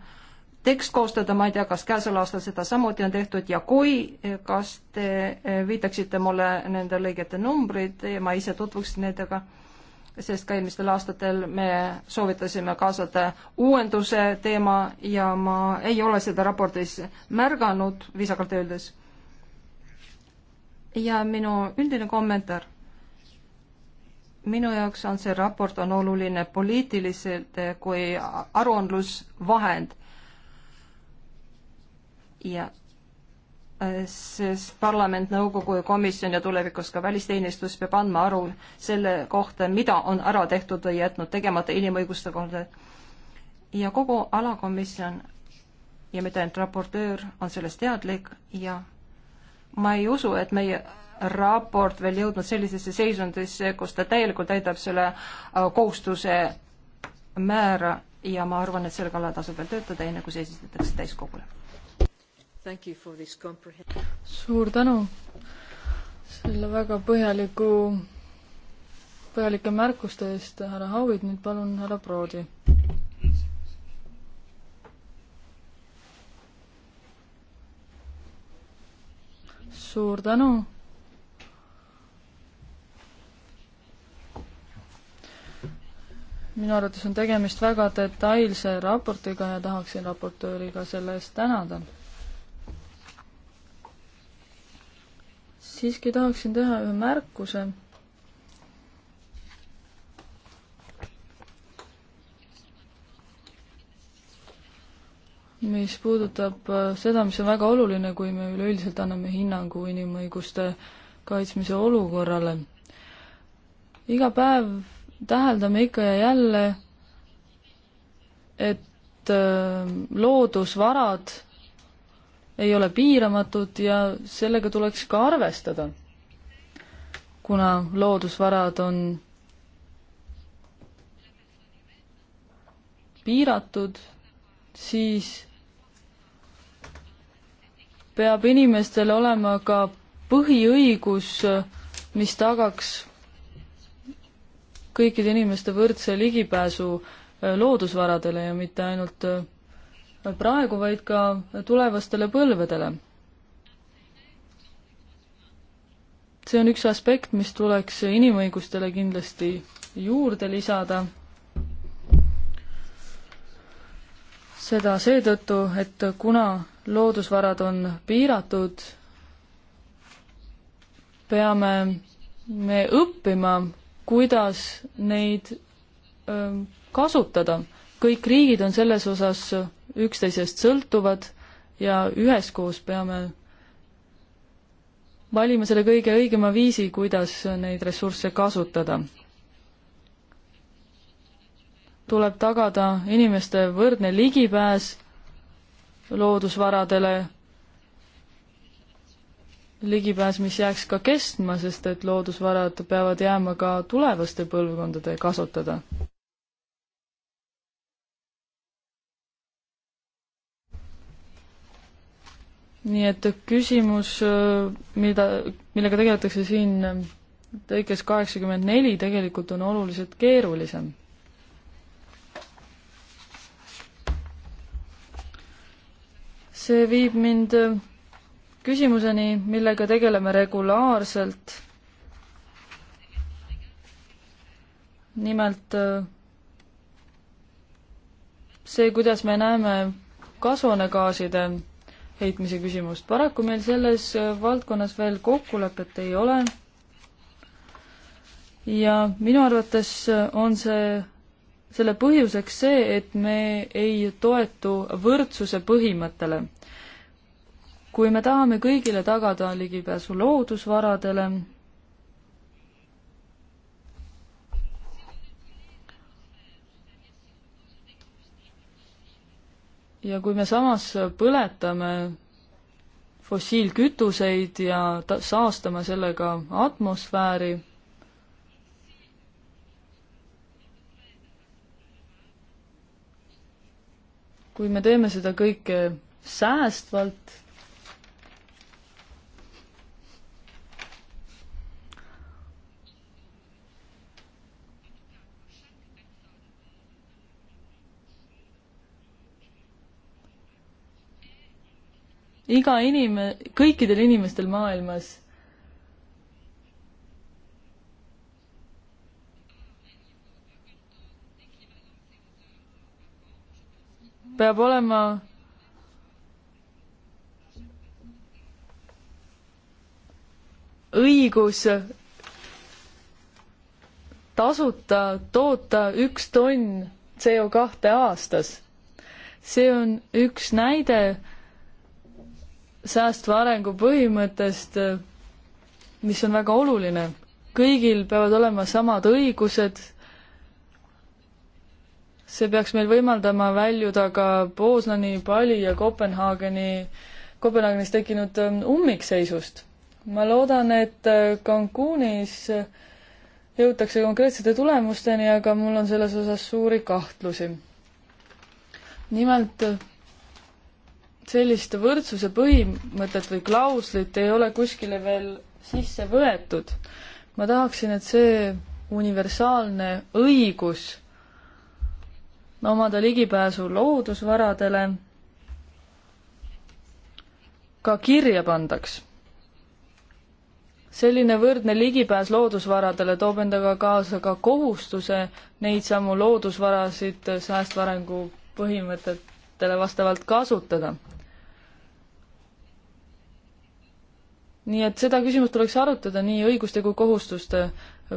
tekst koostada, ma ei tea, kas käesoleval aastal seda samuti on tehtud ja kui, kas te äh, viitaksite mulle nende lõigete numbrid ja ma ise tutvuksin nendega, sest ka eelmistel aastatel me soovitasime kaasata uuenduse teema ja ma ei ole seda raportis märganud, viisakalt öeldes ja minu üldine kommentaar. minu jaoks on see raport on oluline poliitiliselt kui aruandlusvahend. ja äh, sest parlament, nõukogu ja komisjon ja tulevikus ka välisteenistus peab andma aru selle kohta, mida on ära tehtud või jätnud tegemata inimõiguste kohta. ja kogu alakomisjon ja mitte ainult raportöör on sellest teadlik ja ma ei usu, et meie raport veel jõudnud sellisesse seisundisse, kus ta täielikult täidab selle äh, kohustuse määra ja ma arvan, et selle kallal tasub veel töötada, enne kui see esitatakse täiskogule. suur tänu selle väga põhjaliku, põhjalike märkuste eest, härra Hauid, nüüd palun härra Proodi suur tänu. minu arvates on tegemist väga detailse raportiga ja tahaksin raportööri ka selle eest tänada. siiski tahaksin teha ühe märkuse mis puudutab äh, seda, mis on väga oluline, kui me üleüldiselt anname hinnangu inimõiguste kaitsmise olukorrale. iga päev täheldame ikka ja jälle, et äh, loodusvarad ei ole piiramatud ja sellega tuleks ka arvestada, kuna loodusvarad on piiratud, siis peab inimestel olema ka põhiõigus, mis tagaks kõikide inimeste võrdse ligipääsu äh, loodusvaradele ja mitte ainult äh, praegu, vaid ka tulevastele põlvedele. see on üks aspekt, mis tuleks inimõigustele kindlasti juurde lisada. seda seetõttu, et kuna loodusvarad on piiratud, peame me õppima, kuidas neid öö, ähm, kasutada. kõik riigid on selles osas üksteisest sõltuvad ja üheskoos peame valima selle kõige õigema viisi, kuidas neid ressursse kasutada. tuleb tagada inimeste võrdne ligipääs loodusvaradele ligipääs, mis jääks ka kestma, sest et loodusvarad peavad jääma ka tulevaste põlvkondade kasutada. nii et küsimus, mida, millega tegeletakse siin lõikes kaheksakümmend neli, tegelikult on oluliselt keerulisem see viib mind küsimuseni, millega tegeleme regulaarselt. nimelt see, kuidas me näeme kasvuhoonegaaside heitmise küsimust. paraku meil selles valdkonnas veel kokkulepet ei ole. ja minu arvates on see selle põhjuseks see, et me ei toetu võrdsuse põhimõttele. kui me tahame kõigile tagada ligipääsu loodusvaradele, ja kui me samas põletame fossiilkütuseid ja ta-, saastame sellega atmosfääri kui me teeme seda kõike säästvalt, iga inim-, kõikidel inimestel maailmas peab olema õigus tasuta toota üks tonn CO kahte aastas. see on üks näide säästva arengu põhimõttest, mis on väga oluline. kõigil peavad olema samad õigused see peaks meil võimaldama väljuda ka Poznani, Pali ja Kopenhaageni, Kopenhaagenis tekkinud ähm, ummikseisust. ma loodan, et äh, Cancunis äh, jõutakse konkreetsete tulemusteni, aga mul on selles osas suuri kahtlusi. nimelt äh, sellist võrdsuse põhimõtet või klauslit ei ole kuskile veel sisse võetud. ma tahaksin, et see universaalne õigus omada ligipääsu loodusvaradele ka kirja pandaks. selline võrdne ligipääs loodusvaradele toob endaga kaasa ka kohustuse neid samu loodusvarasid säästva arengu põhimõtetele vastavalt kasutada. nii et seda küsimust tuleks arutada nii õiguste kui kohustuste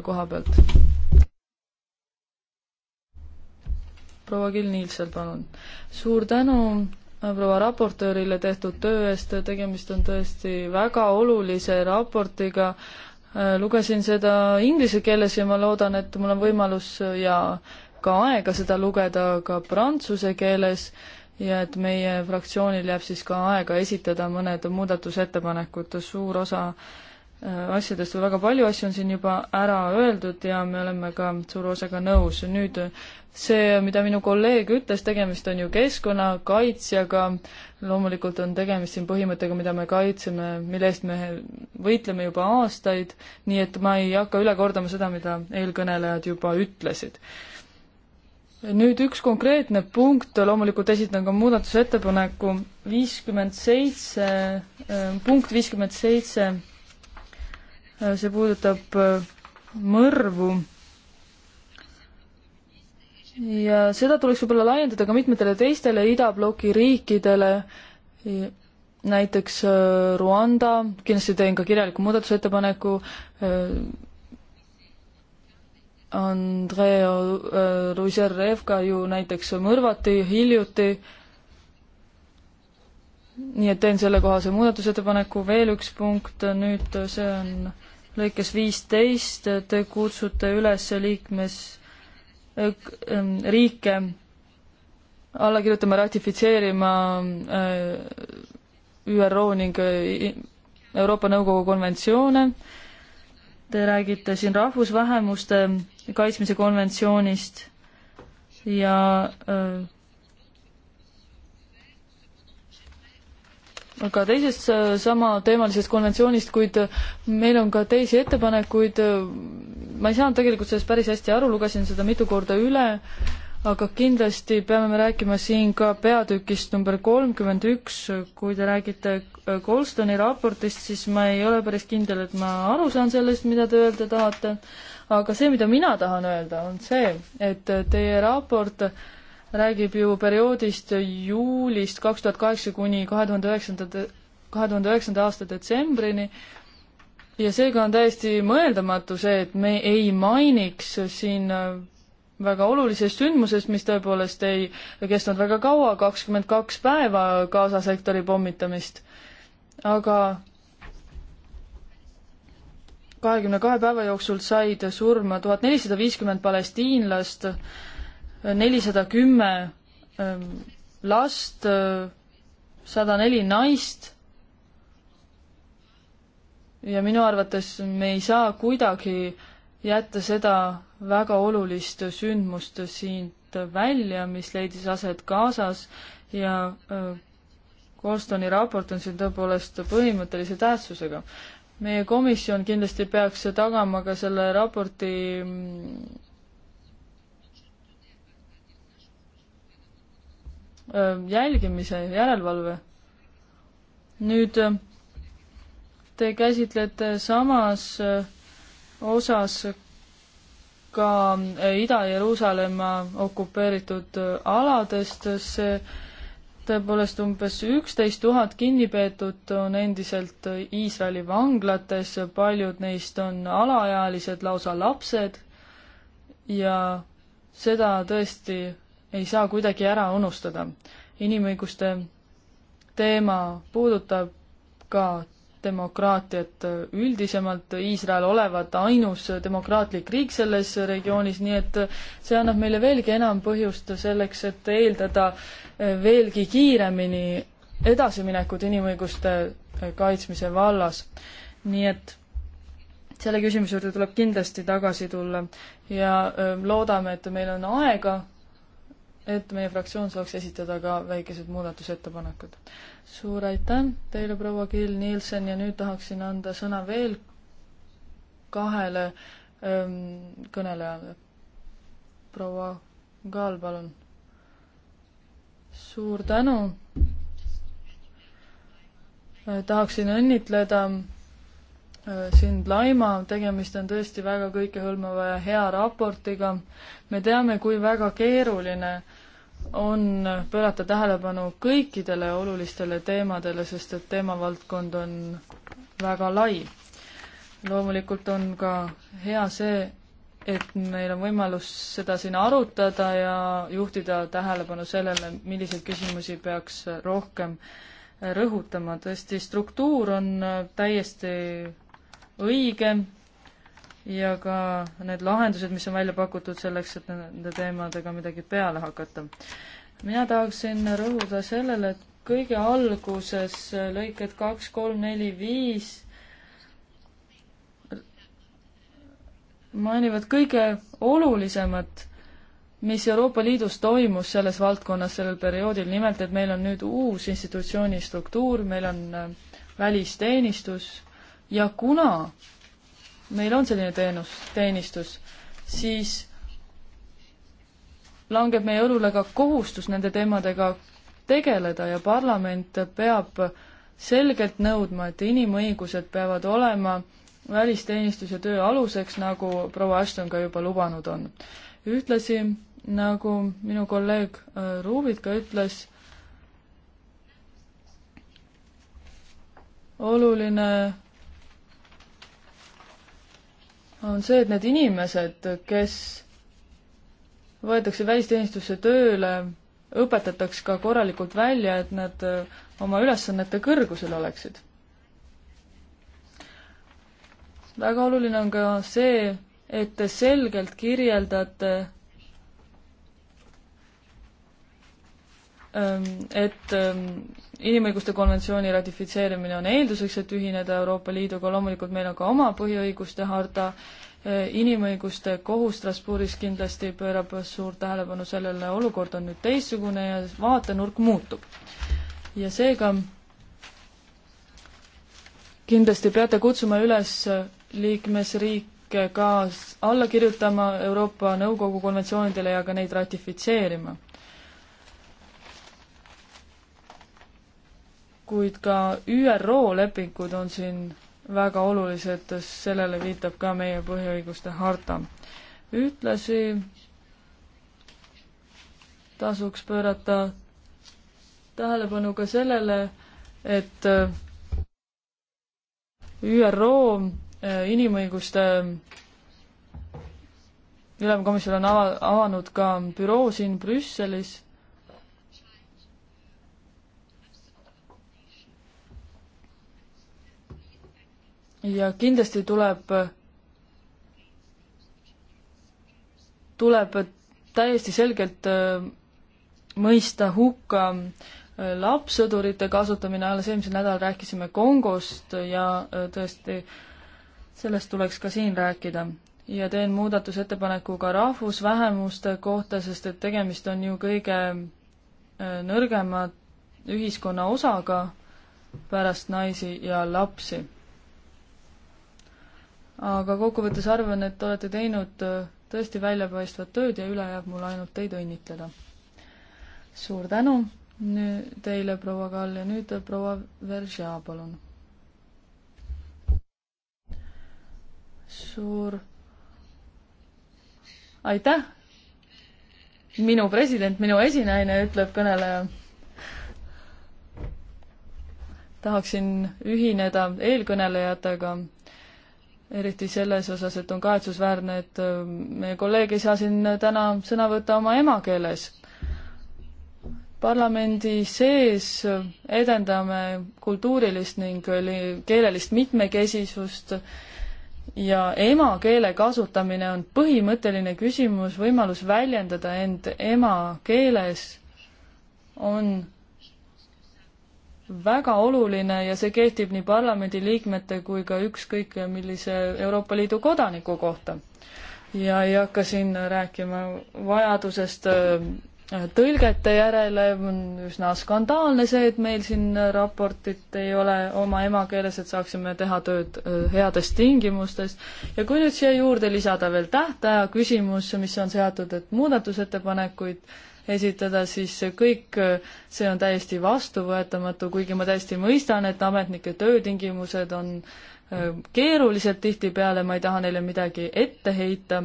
koha pealt. proua Kill-Nielsen, palun. suur tänu äh, proua raportöörile tehtud töö eest, tegemist on tõesti väga olulise raportiga. Äh, lugesin seda inglise keeles ja ma loodan, et mul on võimalus äh, ja ka aega seda lugeda ka prantsuse keeles ja et meie fraktsioonil jääb siis ka aega esitada mõned muudatusettepanekud, suur osa äh, Äh, asjadest või väga palju asju on siin juba ära öeldud ja me oleme ka suure osaga nõus. nüüd see, mida minu kolleeg ütles, tegemist on ju keskkonnakaitsjaga, loomulikult on tegemist siin põhimõttega, mida me kaitseme, mille eest me võitleme juba aastaid, nii et ma ei hakka üle kordama seda, mida eelkõnelejad juba ütlesid nüüd üks konkreetne punkt, loomulikult esitan ka muudatusettepaneku viiskümmend seitse, äh, punkt viiskümmend seitse see puudutab äh, mõrvu. ja seda tuleks võib-olla laiendada ka mitmetele teistele idabloki riikidele, näiteks äh, Rwanda, kindlasti teen ka kirjaliku muudatusettepaneku, äh, Andrei Ružerevka ju näiteks mõrvati hiljuti nii et teen sellekohase muudatusettepaneku, veel üks punkt, nüüd see on lõikes viisteist, te kutsute üles liikmes äh,, ähm, riike alla kirjutama, ratifitseerima äh, ÜRO ning äh, Euroopa Nõukogu konventsioone. Te räägite siin rahvusvähemuste kaitsmise konventsioonist ja äh, ka teisest äh, samateemalisest konventsioonist, kuid äh, meil on ka teisi ettepanekuid. Äh, ma ei saanud tegelikult sellest päris hästi aru, lugesin seda mitu korda üle, aga kindlasti peame me rääkima siin ka peatükist number kolmkümmend üks, kui te räägite Goldstone'i raportist, siis ma ei ole päris kindel, et ma aru saan sellest, mida te öelda tahate. aga see, mida mina tahan öelda, on see, et teie raport äh, räägib ju perioodist juulist kaks tuhat kaheksa kuni kahe tuhande üheksanda, kahe tuhande üheksanda aasta detsembrini ja seega on täiesti mõeldamatu see, et me ei mainiks siin väga olulisest sündmusest, mis tõepoolest ei kestnud väga kaua, kakskümmend kaks päeva Gaza sektori pommitamist. aga kahekümne kahe päeva jooksul said surma tuhat nelisada viiskümmend palestiinlast, nelisada kümme ähm, last, äh, sada neli naist ja minu arvates me ei saa kuidagi jätta seda väga olulist sündmust siit välja, mis leidis aset Gazas ja Colstoni äh, raport on siin tõepoolest põhimõttelise tähtsusega. meie komisjon kindlasti peaks tagama ka selle raporti mm, Äh, jälgimise järelevalve. nüüd äh, te käsitlete samas äh, osas ka Ida-Jeruusalemma okupeeritud aladest, see tõepoolest umbes üksteist tuhat kinnipeetut on endiselt Iisraeli vanglates, paljud neist on alaealised, lausa lapsed ja seda tõesti ei saa kuidagi ära unustada. inimõiguste teema puudutab ka demokraatiat üldisemalt, Iisrael olevat ainus demokraatlik riik selles regioonis, nii et see annab meile veelgi enam põhjust selleks, et eeldada veelgi kiiremini edasiminekut inimõiguste kaitsmise vallas. nii et selle küsimuse juurde tuleb kindlasti tagasi tulla ja öö, loodame, et meil on aega et meie fraktsioon saaks esitada ka väikesed muudatusettepanekud. suur aitäh teile, proua Kill Nielsen ja nüüd tahaksin anda sõna veel kahele ähm, kõnelejale. proua Kaal, palun. suur tänu. Äh, tahaksin õnnitleda Äh, sind laima, tegemist on tõesti väga kõikehõlmava ja hea raportiga. me teame, kui väga keeruline on pöörata tähelepanu kõikidele olulistele teemadele, sest et teemavaldkond on väga lai. loomulikult on ka hea see, et meil on võimalus seda siin arutada ja juhtida tähelepanu sellele, milliseid küsimusi peaks rohkem rõhutama. tõesti, struktuur on täiesti õige ja ka need lahendused, mis on välja pakutud selleks, et nende teemadega midagi peale hakata. mina tahaksin rõhuda sellele, et kõige alguses lõiked kaks, kolm, neli, viis mainivad kõige olulisemat, mis Euroopa Liidus toimus selles valdkonnas sellel perioodil, nimelt et meil on nüüd uus institutsiooni struktuur, meil on välisteenistus, ja kuna meil on selline teenus, teenistus, siis langeb meie õlule ka kohustus nende teemadega tegeleda ja parlament peab selgelt nõudma, et inimõigused peavad olema välisteenistuse töö aluseks, nagu proua Ashton ka juba lubanud on. ühtlasi, nagu minu kolleeg äh, Ruubit ka ütles, oluline on see, et need inimesed, kes võetakse välisteenistusse tööle, õpetataks ka korralikult välja, et nad äh, oma ülesannete kõrgusel oleksid. väga oluline on ka see, et te selgelt kirjeldate Ähm, et ähm, inimõiguste konventsiooni ratifitseerimine on eelduseks, et ühineda Euroopa Liiduga, loomulikult meil on ka oma põhiõiguste harta, äh, inimõiguste kohus Strasbourgis kindlasti pöörab suurt tähelepanu sellele, olukord on nüüd teistsugune ja vaatenurk muutub. ja seega kindlasti peate kutsuma üles liikmesriike ka alla kirjutama Euroopa Nõukogu konventsioonidele ja ka neid ratifitseerima kuid ka ÜRO lepingud on siin väga olulised, sellele viitab ka meie põhiõiguste harta. ühtlasi tasuks pöörata tähelepanu ka sellele, et ÜRO eh, inimõiguste ülemkomisjon on ava-, avanud ka büroo siin Brüsselis ja kindlasti tuleb, tuleb täiesti selgelt äh, mõista hukka äh, lapssõdurite kasutamine, alles eelmisel nädalal rääkisime Kongost ja äh, tõesti sellest tuleks ka siin rääkida. ja teen muudatusettepaneku ka rahvusvähemuste kohta, sest et tegemist on ju kõige nõrgema ühiskonna osaga pärast naisi ja lapsi aga kokkuvõttes arvan, et olete teinud äh, tõesti väljapaistvat tööd ja üle jääb mul ainult teid õnnitleda. suur tänu nüüd teile, proua Kall, ja nüüd äh, proua Veržea, palun. suur aitäh! minu president, minu esinaine, ütleb kõneleja. tahaksin ühineda eelkõnelejatega eriti selles osas, et on kahetsusväärne, et äh, meie kolleeg ei saa siin täna sõna võtta oma emakeeles. parlamendi sees edendame kultuurilist ning keelelist mitmekesisust ja emakeele kasutamine on põhimõtteline küsimus, võimalus väljendada end emakeeles on väga oluline ja see kehtib nii parlamendiliikmete kui ka ükskõik millise Euroopa Liidu kodaniku kohta. ja ei hakka siin rääkima vajadusest äh, tõlgete järele, on üsna skandaalne see, et meil siin raportit ei ole oma emakeeles, et saaksime teha tööd äh, heades tingimustes. ja kui nüüd siia juurde lisada veel tähtaja küsimus, mis on seatud, et muudatusettepanekuid esitada, siis kõik see on täiesti vastuvõetamatu, kuigi ma täiesti mõistan, et ametnike töötingimused on äh, keerulised tihtipeale, ma ei taha neile midagi ette heita,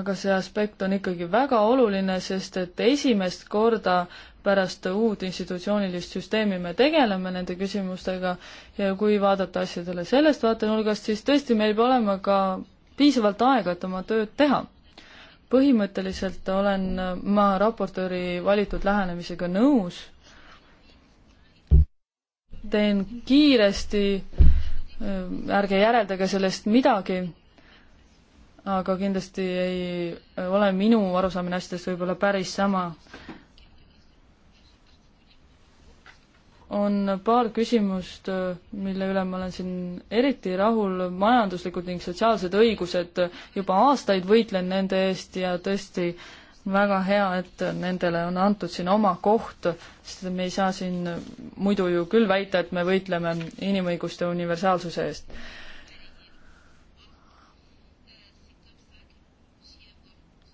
aga see aspekt on ikkagi väga oluline, sest et esimest korda pärast uut institutsioonilist süsteemi me tegeleme nende küsimustega ja kui vaadata asjadele sellest vaatenurgast, siis tõesti, meil peab olema ka piisavalt aega, et oma tööd teha põhimõtteliselt olen ma raportööri valitud lähenemisega nõus. teen kiiresti, ärge järeldage sellest midagi, aga kindlasti ei ole minu arusaamine asjadest võib-olla päris sama on paar küsimust, mille üle ma olen siin eriti rahul, majanduslikud ning sotsiaalsed õigused, juba aastaid võitlen nende eest ja tõesti väga hea, et nendele on antud siin oma koht, sest me ei saa siin muidu ju küll väita, et me võitleme inimõiguste universaalsuse eest.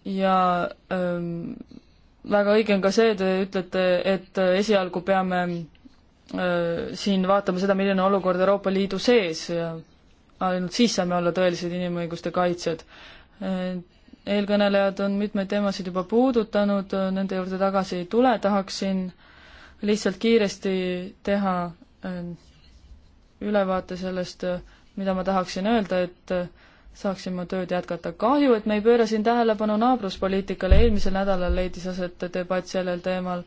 ja ähm, väga õige on ka see, te ütlete, et esialgu peame Äh, siin vaatame seda, milline on olukord Euroopa Liidu sees ja ainult siis saame olla tõelised inimõiguste kaitsjad. Äh, eelkõnelejad on mitmeid teemasid juba puudutanud, äh, nende juurde tagasi ei tule, tahaksin lihtsalt kiiresti teha ülevaate sellest, mida ma tahaksin öelda, et saaksin ma tööd jätkata. kahju, et me ei pööra siin tähelepanu naabruspoliitikale, eelmisel nädalal leidis aset debatt sellel teemal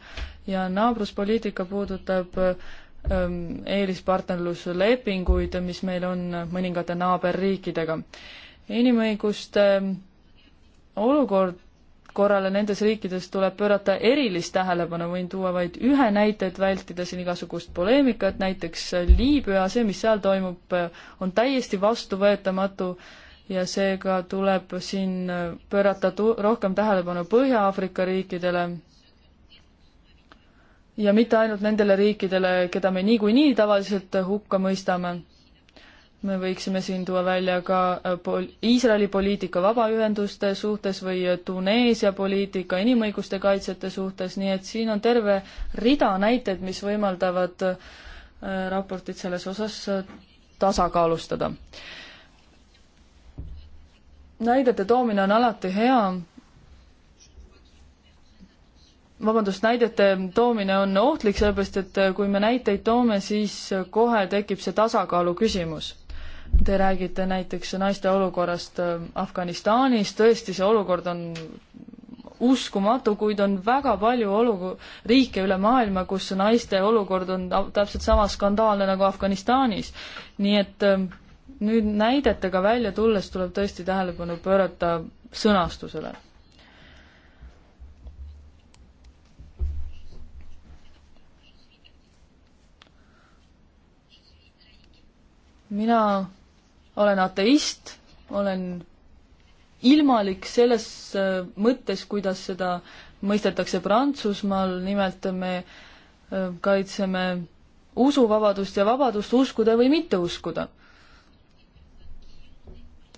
ja naabruspoliitika puudutab ähm, eelispartnerluslepinguid, mis meil on mõningate naaberriikidega. inimõiguste ähm, olukord, korrale nendes riikides tuleb pöörata erilist tähelepanu, võin tuua vaid ühe näite, et vältida siin igasugust poleemikat, näiteks Liibüa, see, mis seal toimub, äh, on täiesti vastuvõetamatu ja seega tuleb siin äh, pöörata tu-, rohkem tähelepanu Põhja-Aafrika riikidele, ja mitte ainult nendele riikidele, keda me niikuinii tavaliselt hukka mõistame. me võiksime siin tuua välja ka äh, pol-, Iisraeli poliitika vabaühenduste suhtes või äh, Tuneesia poliitika inimõiguste kaitsjate suhtes, nii et siin on terve rida näiteid, mis võimaldavad äh, raportit selles osas tasakaalustada. näidete toomine on alati hea vabandust, näidete toomine on ohtlik, sellepärast et äh, kui me näiteid toome, siis äh, kohe tekib see tasakaalu küsimus. Te räägite näiteks naiste olukorrast äh, Afganistanis, tõesti, see olukord on uskumatu, kuid on väga palju olu-, riike üle maailma, kus naiste olukord on täpselt sama skandaalne nagu Afganistanis. nii et nüüd näidetega välja tulles tuleb tõesti tähelepanu pöörata sõnastusele mina olen ateist, olen ilmalik selles äh, mõttes, kuidas seda mõistetakse Prantsusmaal, nimelt me äh, kaitseme usuvabadust ja vabadust uskuda või mitte uskuda.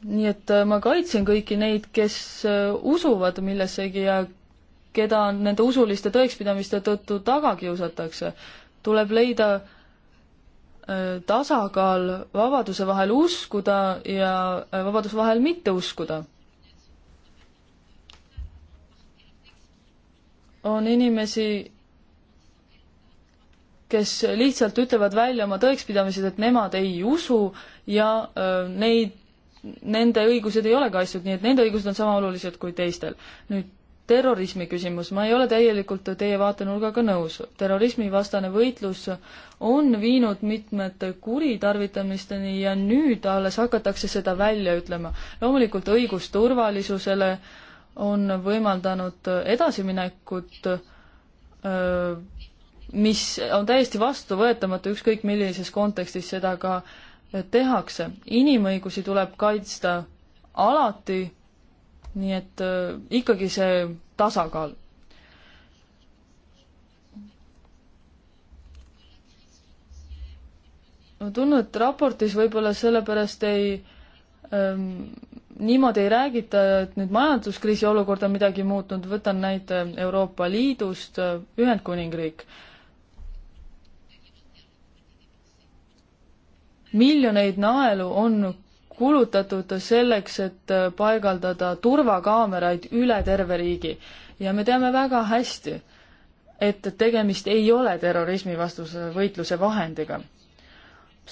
nii et äh, ma kaitsen kõiki neid, kes usuvad millessegi ja keda nende usuliste tõekspidamiste tõttu taga kiusatakse. tuleb leida Äh, tasakaal vabaduse vahel uskuda ja äh, vabaduse vahel mitte uskuda. on inimesi, kes lihtsalt ütlevad välja oma tõekspidamised, et nemad ei usu ja äh, neid, nende õigused ei ole kaitstud, nii et nende õigused on sama olulised kui teistel. nüüd terrorismi küsimus, ma ei ole täielikult teie vaatenurgaga nõus. terrorismivastane võitlus on viinud mitmete kuritarvitamisteni ja nüüd alles hakatakse seda välja ütlema. loomulikult õigus turvalisusele on võimaldanud edasiminekut, mis on täiesti vastuvõetamatu, ükskõik millises kontekstis seda ka tehakse. inimõigusi tuleb kaitsta alati nii et äh, ikkagi see tasakaal. ma tunnen, et raportis võib-olla sellepärast ei ähm,, niimoodi ei räägita, et nüüd majanduskriisi olukord on midagi muutnud, võtan näite Euroopa Liidust, äh, Ühendkuningriik. miljoneid naelu on kulutatud selleks, et äh, paigaldada turvakaameraid üle terve riigi. ja me teame väga hästi, et tegemist ei ole terrorismivastuse võitluse vahendiga.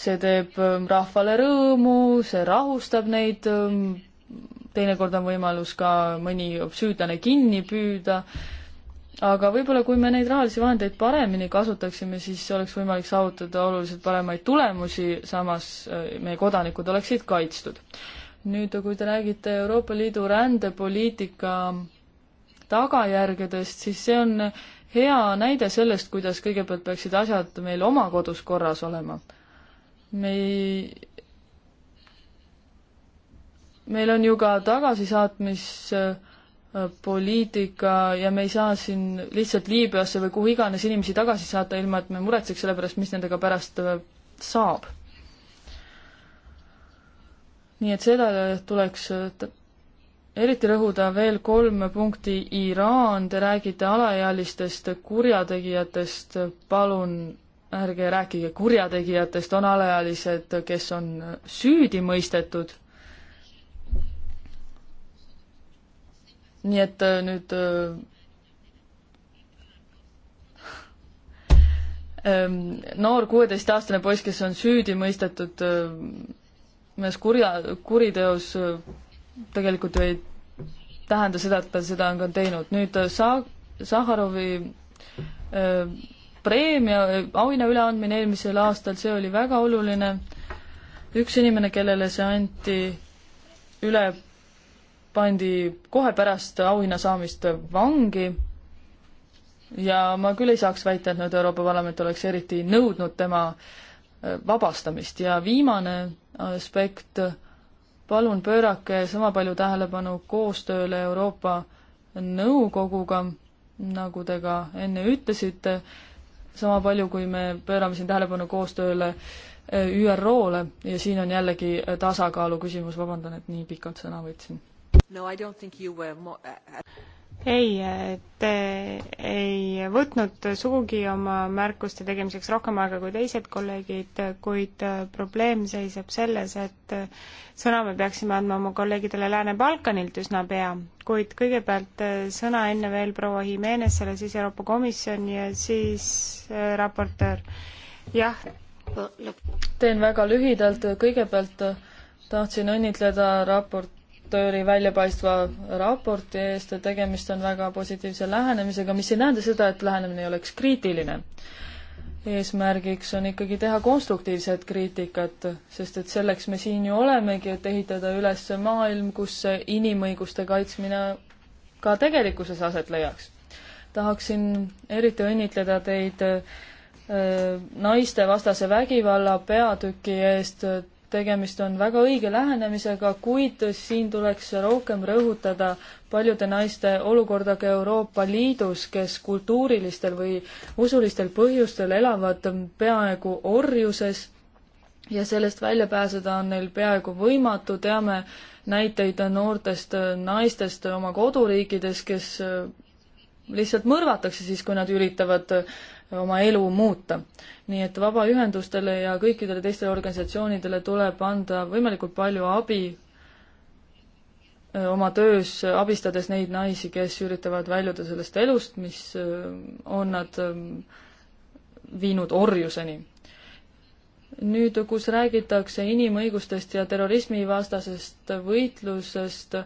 see teeb ähm, rahvale rõõmu, see rahustab neid, ähm, teinekord on võimalus ka mõni süüdlane kinni püüda aga võib-olla kui me neid rahalisi vahendeid paremini kasutaksime, siis oleks võimalik saavutada oluliselt paremaid tulemusi, samas äh, meie kodanikud oleksid kaitstud. nüüd, kui te räägite Euroopa Liidu rändepoliitika tagajärgedest, siis see on hea näide sellest, kuidas kõigepealt peaksid asjad meil oma kodus korras olema. me ei meil on ju ka tagasisaatmis äh, poliitika ja me ei saa siin lihtsalt Liibüasse või kuhu iganes inimesi tagasi saata, ilma et me muretseks selle pärast, mis nendega pärast äh, saab. nii et seda tuleks äh, eriti rõhuda veel kolm punkti, Iraan, te räägite alaealistest kurjategijatest, palun ärge rääkige kurjategijatest, on alaealised, kes on äh, süüdi mõistetud nii et äh, nüüd äh, ähm, noor kuueteistaastane poiss, kes on süüdi mõistetud äh, ühes kurja, kuriteos, tegelikult ju ei tähenda seda, et ta seda on ka teinud. nüüd Sa-, Sahharovi preemia, auhinna üleandmine eelmisel aastal, see oli väga oluline. üks inimene, kellele see anti üle pandi kohe pärast auhinna saamist vangi ja ma küll ei saaks väita, et nüüd Euroopa Parlament oleks eriti nõudnud tema äh, vabastamist ja viimane aspekt, palun pöörake sama palju tähelepanu koostööle Euroopa Nõukoguga, nagu te ka enne ütlesite, sama palju, kui me pöörame siin tähelepanu koostööle äh, ÜRO-le ja siin on jällegi äh, tasakaalu küsimus, vabandan, et nii pikalt sõna võtsin No, I don't think you were more, uh, ei, eh, te ei võtnud sugugi oma märkuste tegemiseks rohkem aega kui teised kolleegid, kuid eh, probleem seisab selles, et eh, sõna me peaksime andma oma kolleegidele Lääne-Balkanilt üsna pea, kuid kõigepealt sõna enne veel proua Jimenezele, siis Euroopa Komisjon ja siis raportöör. jah. teen väga lühidalt, kõigepealt tahtsin õnnitleda raport raportööri väljapaistva raporti eest, et tegemist on väga positiivse lähenemisega, mis ei tähenda seda, et lähenemine ei oleks kriitiline. eesmärgiks on ikkagi teha konstruktiivset kriitikat, sest et selleks me siin ju olemegi, et ehitada üles maailm, kus inimõiguste kaitsmine ka tegelikkuses aset leiaks. tahaksin eriti õnnitleda teid äh, naistevastase vägivalla peatüki eest tegemist on väga õige lähenemisega, kuid siin tuleks rohkem rõhutada paljude naiste olukorda ka Euroopa Liidus, kes kultuurilistel või usulistel põhjustel elavad peaaegu orjuses ja sellest välja pääseda on neil peaaegu võimatu, teame näiteid noortest naistest oma koduriikides, kes lihtsalt mõrvatakse siis, kui nad üritavad oma elu muuta. nii et vabaühendustele ja kõikidele teistele organisatsioonidele tuleb anda võimalikult palju abi oma töös, abistades neid naisi, kes üritavad väljuda sellest elust, mis on nad viinud orjuseni. nüüd, kus räägitakse inimõigustest ja terrorismivastasest võitlusest,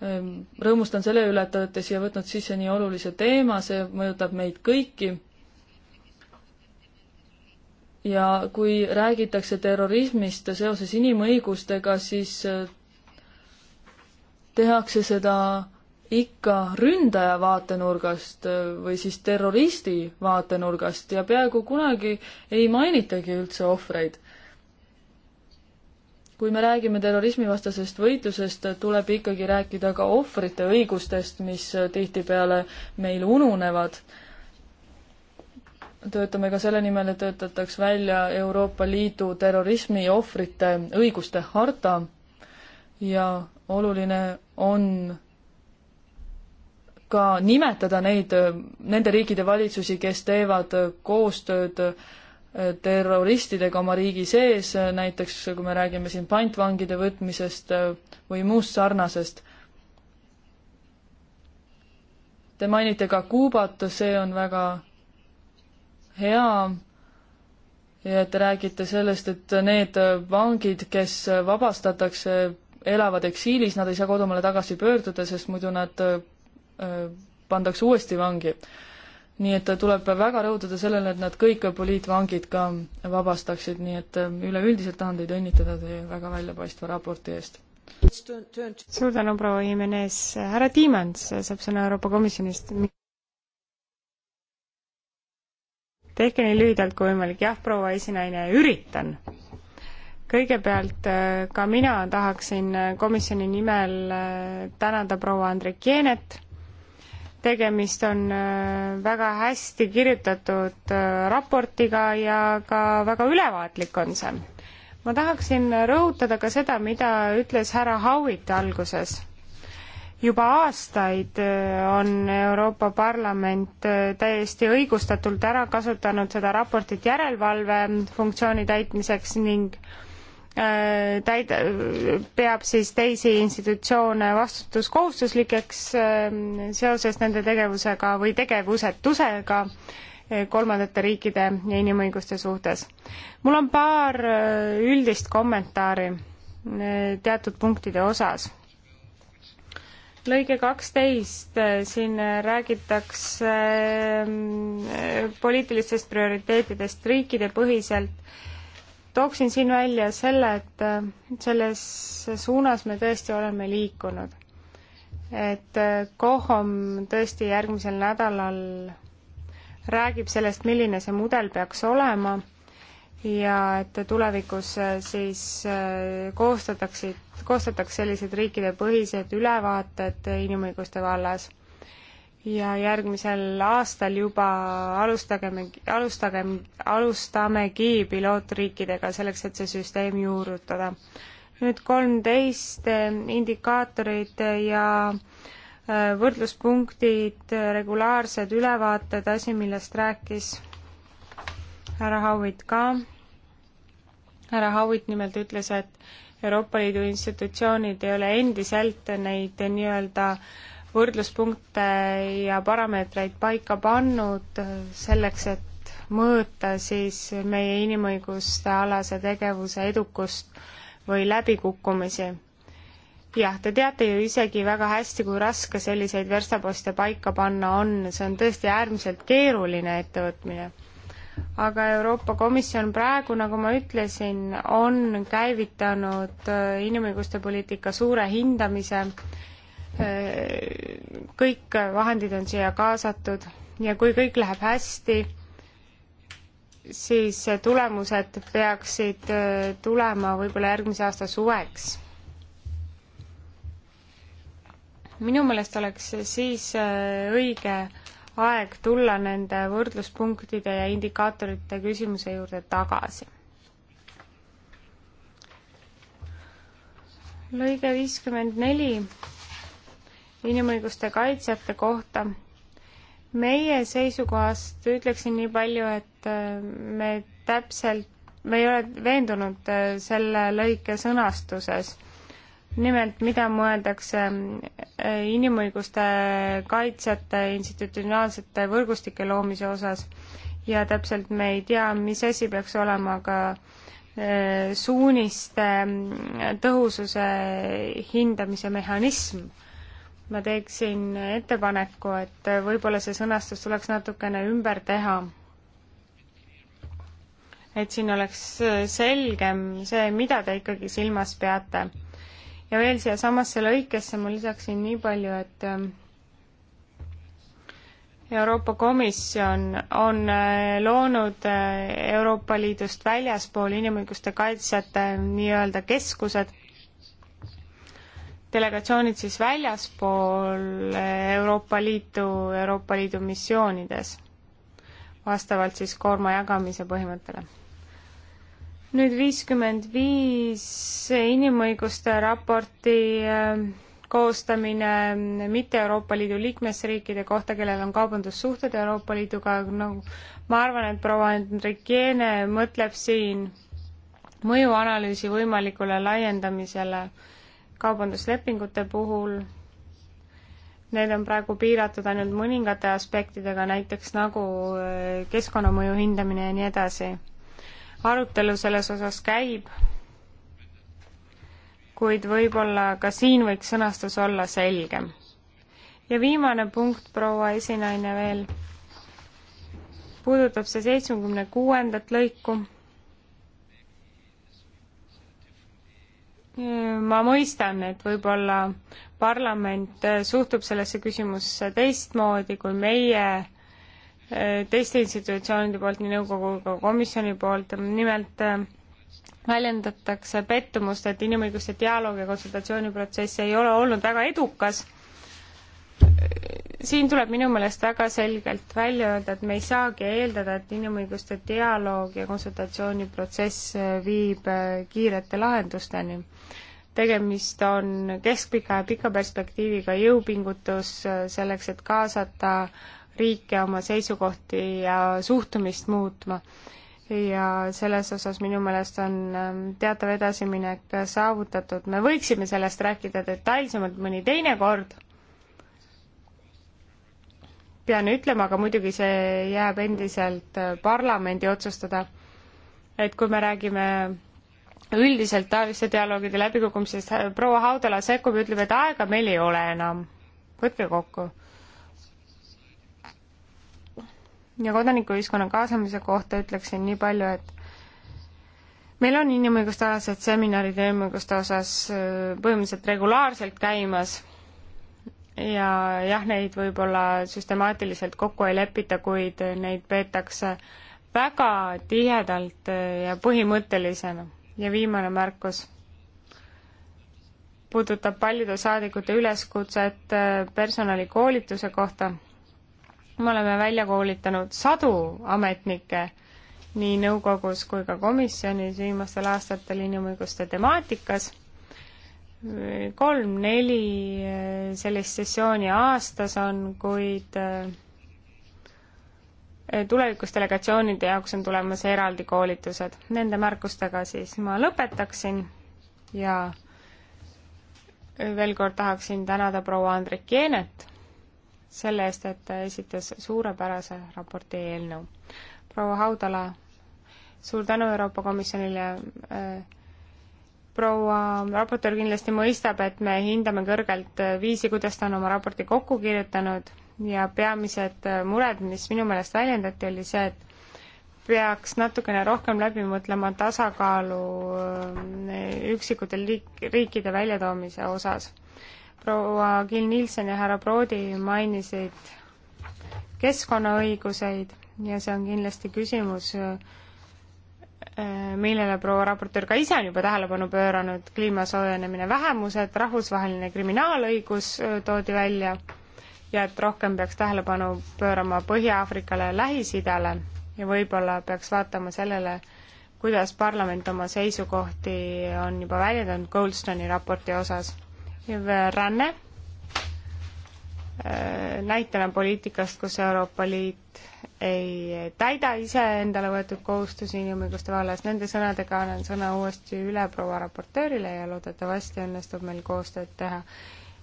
rõõmustan selle üle, et te olete siia võtnud sisse nii olulise teema, see mõjutab meid kõiki ja kui räägitakse terrorismist seoses inimõigustega, siis äh, tehakse seda ikka ründaja vaatenurgast äh, või siis terroristi vaatenurgast ja peaaegu kunagi ei mainitagi üldse ohvreid. kui me räägime terrorismivastasest võitlusest, tuleb ikkagi rääkida ka ohvrite õigustest, mis äh, tihtipeale meil ununevad töötame ka selle nimel, et töötataks välja Euroopa Liidu terrorismi ohvrite õiguste harta ja oluline on ka nimetada neid, nende riikide valitsusi, kes teevad koostööd terroristidega oma riigi sees, näiteks kui me räägime siin pantvangide võtmisest või muust sarnasest. Te mainite ka Kuubat, see on väga hea ja te räägite sellest, et need vangid, kes vabastatakse, elavad eksiilis, nad ei saa kodumaale tagasi pöörduda, sest muidu nad äh, pandakse uuesti vangi. nii et tuleb väga rõhutada sellele, et nad kõik poliitvangid ka vabastaksid, nii et äh, üleüldiselt tahan teid õnnitleda teie väga väljapaistva raporti eest. suur tänu, proua Jimenez, härra Tiimans saab sõna Euroopa Komisjonist. tehke nii lühidalt kui võimalik, jah, proua esinaine, üritan. kõigepealt äh, ka mina tahaksin äh, komisjoni nimel äh, tänada proua Andrek Jeenet, tegemist on väga hästi kirjutatud raportiga ja ka väga ülevaatlik on see. ma tahaksin rõhutada ka seda, mida ütles härra Howitt alguses juba aastaid äh, on Euroopa Parlament äh, täiesti õigustatult ära kasutanud seda raportit järelevalve funktsiooni täitmiseks ning äh, täid-, peab siis teisi institutsioone vastutuskohustuslikeks ähm, seoses nende tegevusega või tegevusetusega kolmandate riikide ja inimõiguste suhtes. mul on paar üldist kommentaari teatud punktide osas lõige kaksteist, äh, siin räägitakse ähm, poliitilistest prioriteetidest riikidepõhiselt. tooksin siin välja selle, et äh, selles suunas me tõesti oleme liikunud. et äh, KOHOM tõesti järgmisel nädalal räägib sellest, milline see mudel peaks olema ja et tulevikus siis koostataksid koostataks sellised riikidepõhised ülevaated inimõiguste vallas. ja järgmisel aastal juba alustagem, alustagem, alustamegi pilootriikidega selleks, et see süsteem juurutada. nüüd kolmteist indikaatorit ja äh, võrdluspunktid, regulaarsed ülevaated, asi, millest rääkis härra Howitt ka. härra Howitt nimelt ütles, et Euroopa Liidu institutsioonid ei ole endiselt neid nii-öelda võrdluspunkte ja parameetreid paika pannud selleks, et mõõta siis meie inimõiguste alase tegevuse edukust või läbikukkumisi. jah, te teate ju isegi väga hästi, kui raske selliseid verstaposte paika panna on, see on tõesti äärmiselt keeruline ettevõtmine aga Euroopa Komisjon praegu, nagu ma ütlesin, on käivitanud äh, inimõiguste poliitika suure hindamise, äh, kõik vahendid on siia kaasatud ja kui kõik läheb hästi, siis tulemused peaksid äh, tulema võib-olla järgmise aasta suveks. minu meelest oleks siis õige aeg tulla nende võrdluspunktide ja indikaatorite küsimuse juurde tagasi. lõige viiskümmend neli inimõiguste kaitsjate kohta. meie seisukohast ütleksin nii palju, et äh, me täpselt, me ei ole veendunud äh, selle lõike sõnastuses nimelt, mida mõeldakse äh, inimõiguste kaitsjate institutsionaalsete võrgustike loomise osas ja täpselt me ei tea, mis asi peaks olema ka äh, suuniste äh, tõhususe hindamise mehhanism. ma teeksin ettepaneku, et võib-olla see sõnastus tuleks natukene ümber teha et siin oleks selgem see, mida te ikkagi silmas peate ja veel siiasamasse lõikesse ma lisaksin nii palju, et ähm, Euroopa Komisjon on äh, loonud äh, Euroopa Liidust väljaspool inimõiguste kaitsjate äh, nii-öelda keskused, delegatsioonid siis väljaspool Euroopa Liitu, Euroopa Liidu missioonides, vastavalt siis koorma jagamise põhimõttele nüüd viiskümmend viis inimõiguste raporti ähm, koostamine ähm, mitte Euroopa Liidu liikmesriikide kohta, kellel on kaubandussuhted Euroopa Liiduga, nagu ma arvan, et proua Hendrikiene mõtleb siin mõjuanalüüsi võimalikule laiendamisele kaubanduslepingute puhul. Need on praegu piiratud ainult mõningate aspektidega, näiteks nagu äh, keskkonnamõju hindamine ja nii edasi arutelu selles osas käib, kuid võib-olla ka siin võiks sõnastus olla selgem. ja viimane punkt, proua esinaine veel, puudutab see seitsmekümne kuuendat lõiku. ma mõistan, et võib-olla parlament suhtub sellesse küsimusse teistmoodi, kui meie teiste institutsioonide poolt, nii nõukogu kui komisjoni poolt, nimelt äh, väljendatakse pettumust, et inimõiguste dialoog ja konsultatsiooniprotsess ei ole olnud väga edukas. siin tuleb minu meelest väga selgelt välja öelda, et me ei saagi eeldada, et inimõiguste dialoog ja konsultatsiooniprotsess äh, viib äh, kiirete lahendusteni. tegemist on keskpika ja pika perspektiiviga jõupingutus selleks, et kaasata äh, riike oma seisukohti ja suhtumist muutma. ja selles osas minu meelest on ähm, teatav edasiminek saavutatud. me võiksime sellest rääkida detailsemalt mõni teine kord pean ütlema, aga muidugi see jääb endiselt äh, parlamendi otsustada, et kui me räägime üldiselt taoliste dialoogide läbikukkumisest, proua Haudala sekkub ja ütleb, et aega meil ei ole enam, võtke kokku. ja kodanikuühiskonna kaasamise kohta ütleksin nii palju, et meil on inimõiguste alased seminarid inimõiguste osas äh, põhimõtteliselt regulaarselt käimas ja jah, neid võib-olla süstemaatiliselt kokku ei lepita, kuid neid peetakse väga tihedalt äh, ja põhimõttelisena. ja viimane märkus puudutab paljude saadikute üleskutset äh, personalikoolituse kohta me oleme välja koolitanud sadu ametnikke nii nõukogus kui ka komisjonis viimastel aastatel inimõiguste temaatikas. kolm-neli eh, sellist sessiooni aastas on, kuid eh, tulevikus delegatsioonide jaoks on tulemas eraldi koolitused. Nende märkustega siis ma lõpetaksin ja veel kord tahaksin tänada proua Andrek Jeenet selle eest, et ta esitas suurepärase raporti eelnõu. proua Haudala, suur tänu Euroopa Komisjonile äh, proua raportöör kindlasti mõistab, et me hindame kõrgelt viisi, kuidas ta on oma raporti kokku kirjutanud ja peamised mured, mis minu meelest väljendati, oli see, et peaks natukene rohkem läbi mõtlema tasakaalu äh, üksikute liik-, riikide väljatoomise osas proua Gil Nilsen ja härra Broodi mainisid keskkonnaõiguseid ja see on kindlasti küsimus, eh, millele proua raportöör ka ise on juba tähelepanu pööranud, kliima soojenemine vähemused, rahvusvaheline kriminaalõigus eh, toodi välja ja et rohkem peaks tähelepanu pöörama Põhja-Aafrikale ja Lähis-Idale ja võib-olla peaks vaatama sellele, kuidas parlament oma seisukohti on juba väljendanud Goldstoni raporti osas ränne äh, näitena poliitikast, kus Euroopa Liit ei täida iseendale võetud kohustusi inimõiguste vallas. Nende sõnadega annan sõna uuesti üle proua raportöörile ja loodetavasti õnnestub meil koostööd teha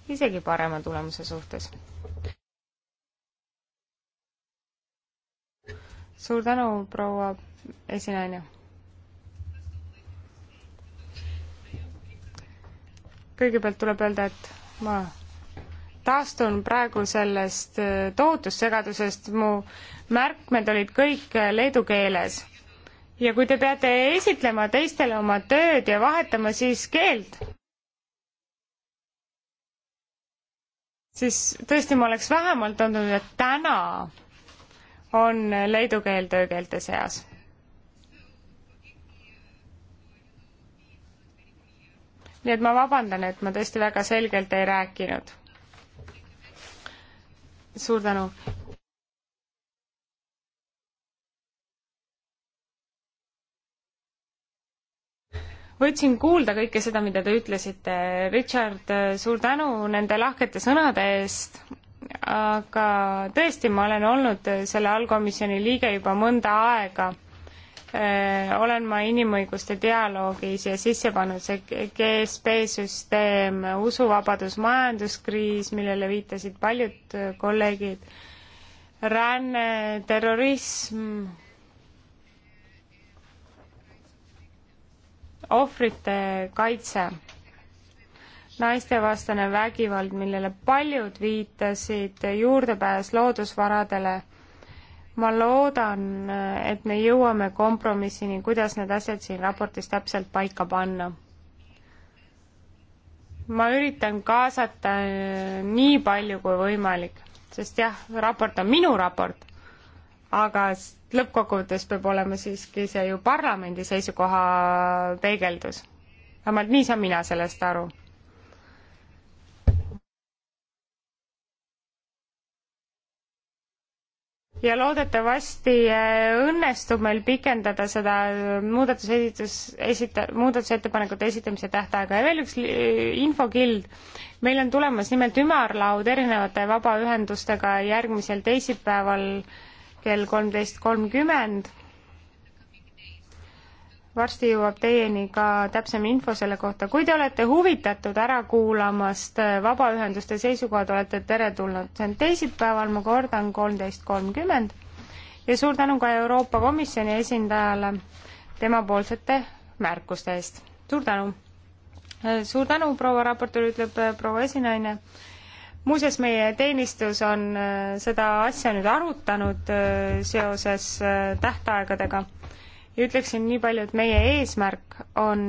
isegi parema tulemuse suhtes. suur tänu, proua esinaine kõigepealt tuleb öelda, et ma taastun praegu sellest äh, tohutust segadusest, mu märkmed olid kõik äh, leedu keeles. ja kui te peate esitlema teistele oma tööd ja vahetama siis keelt, siis tõesti ma oleks vähemalt olnud, et täna on leedu keel töökeelte seas nii et ma vabandan, et ma tõesti väga selgelt ei rääkinud. suur tänu. võtsin kuulda kõike seda, mida te ütlesite. Richard, suur tänu nende lahkete sõnade eest, aga tõesti, ma olen olnud selle allkomisjoni liige juba mõnda aega Äh, olen ma inimõiguste dialoogi siia sisse pannud, see GSP süsteem, usuvabadus, majanduskriis, millele viitasid paljud äh, kolleegid, ränne, terrorism, ohvrite kaitse, naistevastane vägivald, millele paljud viitasid, juurdepääs loodusvaradele ma loodan, et me jõuame kompromissini, kuidas need asjad siin raportis täpselt paika panna. ma üritan kaasata nii palju kui võimalik, sest jah, raport on minu raport, aga lõppkokkuvõttes peab olema siiski see ju parlamendi seisukoha peegeldus. vähemalt nii saan mina sellest aru ja loodetavasti äh, õnnestub meil pikendada seda muudatusesitus, esita-, muudatusettepanekute esitamise tähtaega ja veel üks äh, infokild. meil on tulemas nimelt ümarlaud erinevate vabaühendustega järgmisel teisipäeval kell kolmteist kolmkümmend varsti jõuab teieni ka täpsem info selle kohta. kui te olete huvitatud ära kuulamast äh, vabaühenduste seisukohad, olete teretulnud. see on teisipäeval, ma kordan, kolmteist kolmkümmend ja suur tänu ka Euroopa Komisjoni esindajale temapoolsete märkuste eest. suur tänu! Äh, suur tänu, proua raportöör, ütleb äh, proua esinaine muuseas, meie teenistus on seda asja nüüd arutanud seoses tähtaegadega ja ütleksin nii palju, et meie eesmärk on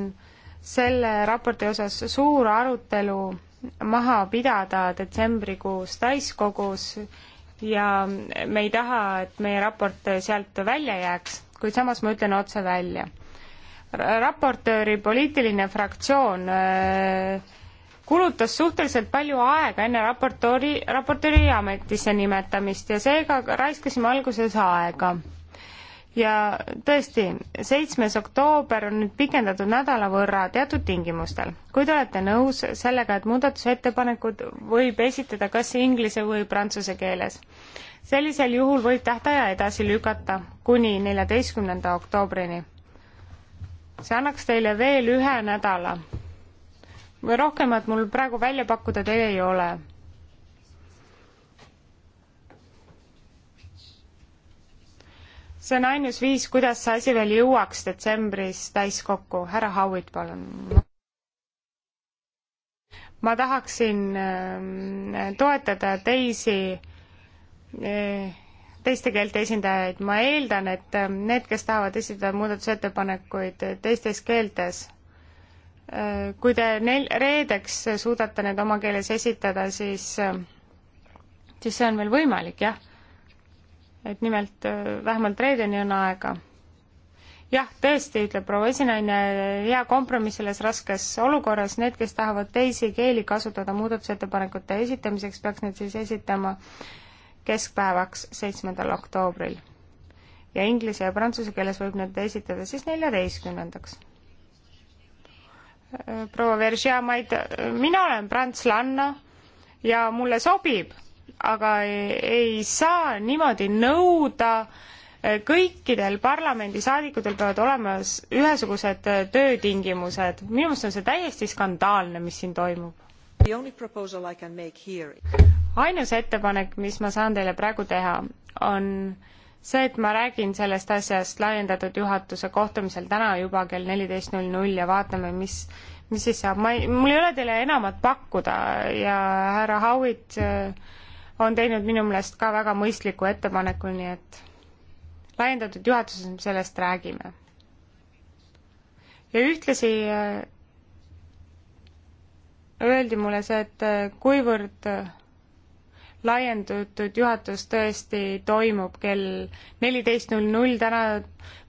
selle raporti osas suur arutelu maha pidada detsembrikuus täiskogus ja me ei taha, et meie raport sealt välja jääks, kuid samas ma ütlen otse välja. raportööri poliitiline fraktsioon äh, kulutas suhteliselt palju aega enne raportööri, raportööri ametisse nimetamist ja seega raiskasime alguses aega ja tõesti, seitsmes oktoober on nüüd pikendatud nädala võrra teatud tingimustel. kui te olete nõus sellega, et muudatusettepanekud võib esitada kas inglise või prantsuse keeles, sellisel juhul võib tähtaja edasi lükata kuni neljateistkümnenda oktoobrini. see annaks teile veel ühe nädala. rohkemat mul praegu välja pakkuda teil ei ole see on ainus viis, kuidas see asi veel jõuaks detsembris täiskokku. härra Howitt, palun. ma tahaksin ähm, toetada teisi, äh, teiste keelte esindajaid. ma eeldan, et ähm, need, kes tahavad esitada muudatusettepanekuid teistes keeltes, äh, kui te neil reedeks suudate need oma keeles esitada, siis, ähm, siis see on veel võimalik, jah et nimelt äh, vähemalt reedeni on aega. jah, tõesti, ütleb proua esinaine, hea kompromiss selles raskes olukorras, need, kes tahavad teisi keeli kasutada muudatusettepanekute esitamiseks, peaks need siis esitama keskpäevaks, seitsmendal oktoobril. ja inglise ja prantsuse keeles võib need esitada siis neljateistkümnendaks. Äh, proua Veržia, ma ei tea, mina olen prantslanna ja mulle sobib aga ei, ei saa niimoodi nõuda, kõikidel parlamendisaadikutel peavad olema ühesugused äh, töötingimused. minu meelest on see täiesti skandaalne, mis siin toimub. ainus ettepanek, mis ma saan teile praegu teha, on see, et ma räägin sellest asjast laiendatud juhatuse kohtumisel täna juba kell neliteist null null ja vaatame, mis, mis siis saab. ma ei, mul ei ole teile enamat pakkuda ja härra Howitt äh, on teinud minu meelest ka väga mõistliku ettepaneku, nii et laiendatud juhatuses me sellest räägime. ja ühtlasi äh, öeldi mulle see, et äh, kuivõrd laiendatud juhatus tõesti toimub kell neliteist null null, täna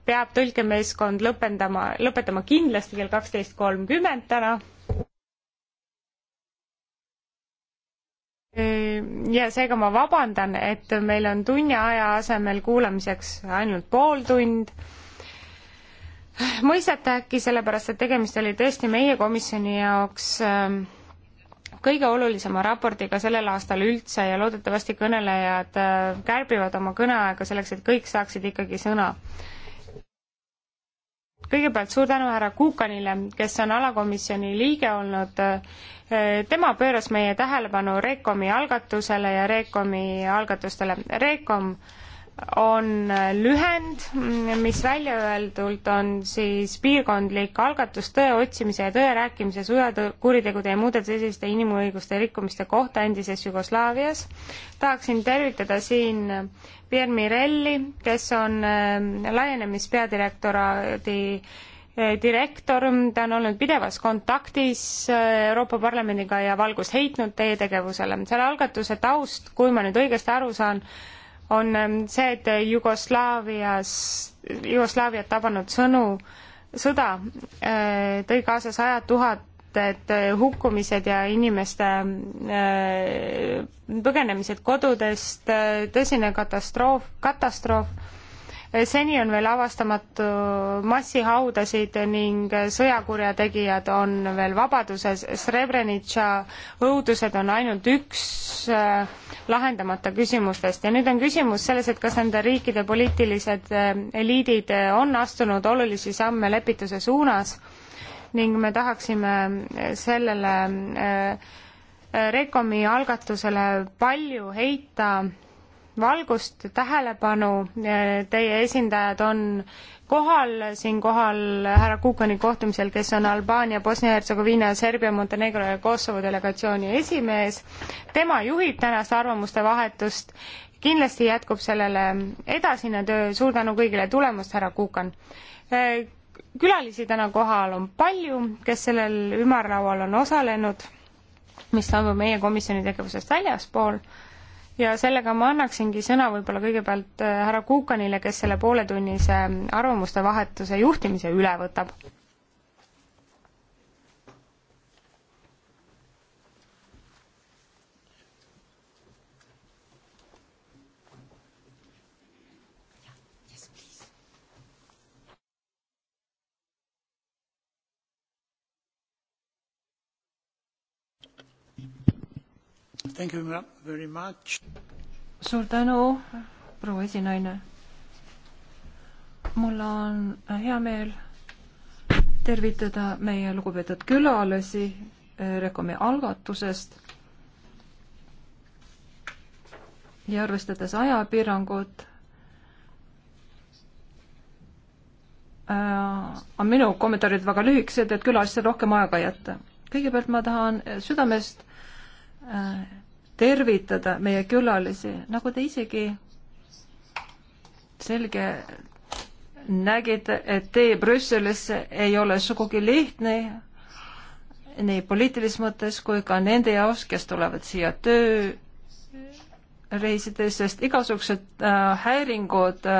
peab tõlkemeeskond lõpendama, lõpetama kindlasti kell kaksteist kolmkümmend täna ja seega ma vabandan, et meil on tunni aja asemel kuulamiseks ainult pool tund. mõistate äkki, sellepärast et tegemist oli tõesti meie komisjoni jaoks ähm, kõige olulisema raportiga sellel aastal üldse ja loodetavasti kõnelejad äh, kärbivad oma kõneaega selleks, et kõik saaksid ikkagi sõna kõigepealt suur tänu härra Kuukanile, kes on alakomisjoni liige olnud. tema pööras meie tähelepanu Rekomi algatusele ja Rekomi algatustele. Rekom äh, on lühend, mis välja öeldult on siis piirkondlik algatus tõe otsimise ja tõe rääkimise sõjakuritegude ja muude selliste inimõiguste rikkumiste kohta endises Jugoslaavias. tahaksin tervitada siin Pierre Mirelli, kes on ähm, laienemispeadirektoraadi äh, direktor, ta on olnud pidevas kontaktis äh, Euroopa Parlamendiga ja valgust heitnud teie tegevusele. selle algatuse taust, kui ma nüüd õigesti aru saan, on ähm, see, et Jugoslaavias, Jugoslaaviat tabanud sõnu, sõda äh, tõi kaasa sajad tuhanded äh, hukkumised ja inimeste äh, põgenemised kodudest, tõsine katastroof, katastroof seni on veel avastamatu massihaudasid ning sõjakurjategijad on veel vabaduses. Srebrenica õudused on ainult üks äh, lahendamata küsimustest ja nüüd on küsimus selles, et kas nende riikide poliitilised äh, eliidid äh, on astunud olulisi samme lepituse suunas ning me tahaksime sellele Rekomi algatusele palju heita valgust, tähelepanu, teie esindajad on kohal, siinkohal härra Kukani kohtumisel, kes on Albaania, Bosnia-Hertsegoviina, Serbia, Montenegro ja Kosovo delegatsiooni esimees. tema juhib tänast arvamuste vahetust, kindlasti jätkub sellele edasine töö, suur tänu kõigile tulemast, härra Kukan! külalisi täna kohal on palju, kes sellel ümarlaual on osalenud, mis toimub meie komisjoni tegevusest väljaspool ja sellega ma annaksingi sõna võib-olla kõigepealt äh, härra Kuukanile, kes selle pooletunnise äh, arvamuste vahetuse juhtimise üle võtab. suur tänu, proua esinaine. mul on hea meel tervitada meie lugupeetud külalisi eh, Rekomi algatusest ja arvestades ajapiirangut äh, on minu kommentaarid väga lühikesed, et külalistel rohkem aega jätta. kõigepealt ma tahan südamest äh, tervitada meie külalisi, nagu te isegi selge nägite, et tee Brüsselisse ei ole sugugi lihtne nii poliitilises mõttes kui ka nende jaoks, kes tulevad siia tööreisides, sest igasugused äh, häiringud äh,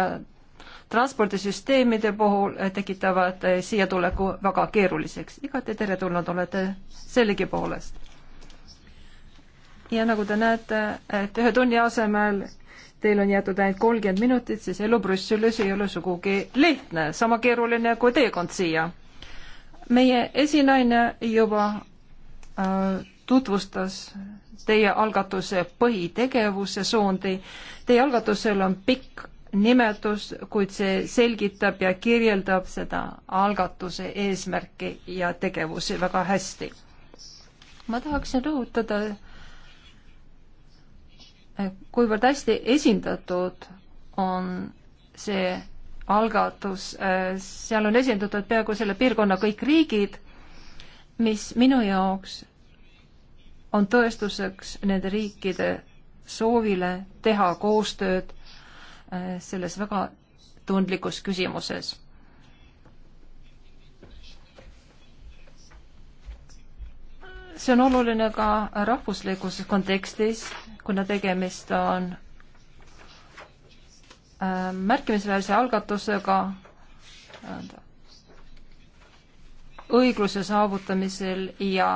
transpordisüsteemide puhul äh, tekitavad äh, siia tuleku väga keeruliseks. igati teretulnud olete sellegi poolest ja nagu te näete, et ühe tunni asemel teil on jäetud ainult kolmkümmend minutit, siis elu Brüsselis ei ole sugugi lihtne, sama keeruline kui teekond siia. meie esinaine juba äh, tutvustas teie algatuse põhitegevuse suundi. Teie algatusel on pikk nimetus, kuid see selgitab ja kirjeldab seda algatuse eesmärki ja tegevusi väga hästi. ma tahaksin rõhutada kuivõrd hästi esindatud on see algatus, seal on esindatud peaaegu selle piirkonna kõik riigid, mis minu jaoks on tõestuseks nende riikide soovile teha koostööd äh, selles väga tundlikus küsimuses see on oluline ka rahvuslikus kontekstis, kuna tegemist on äh, märkimisväärse algatusega äh, õigluse saavutamisel ja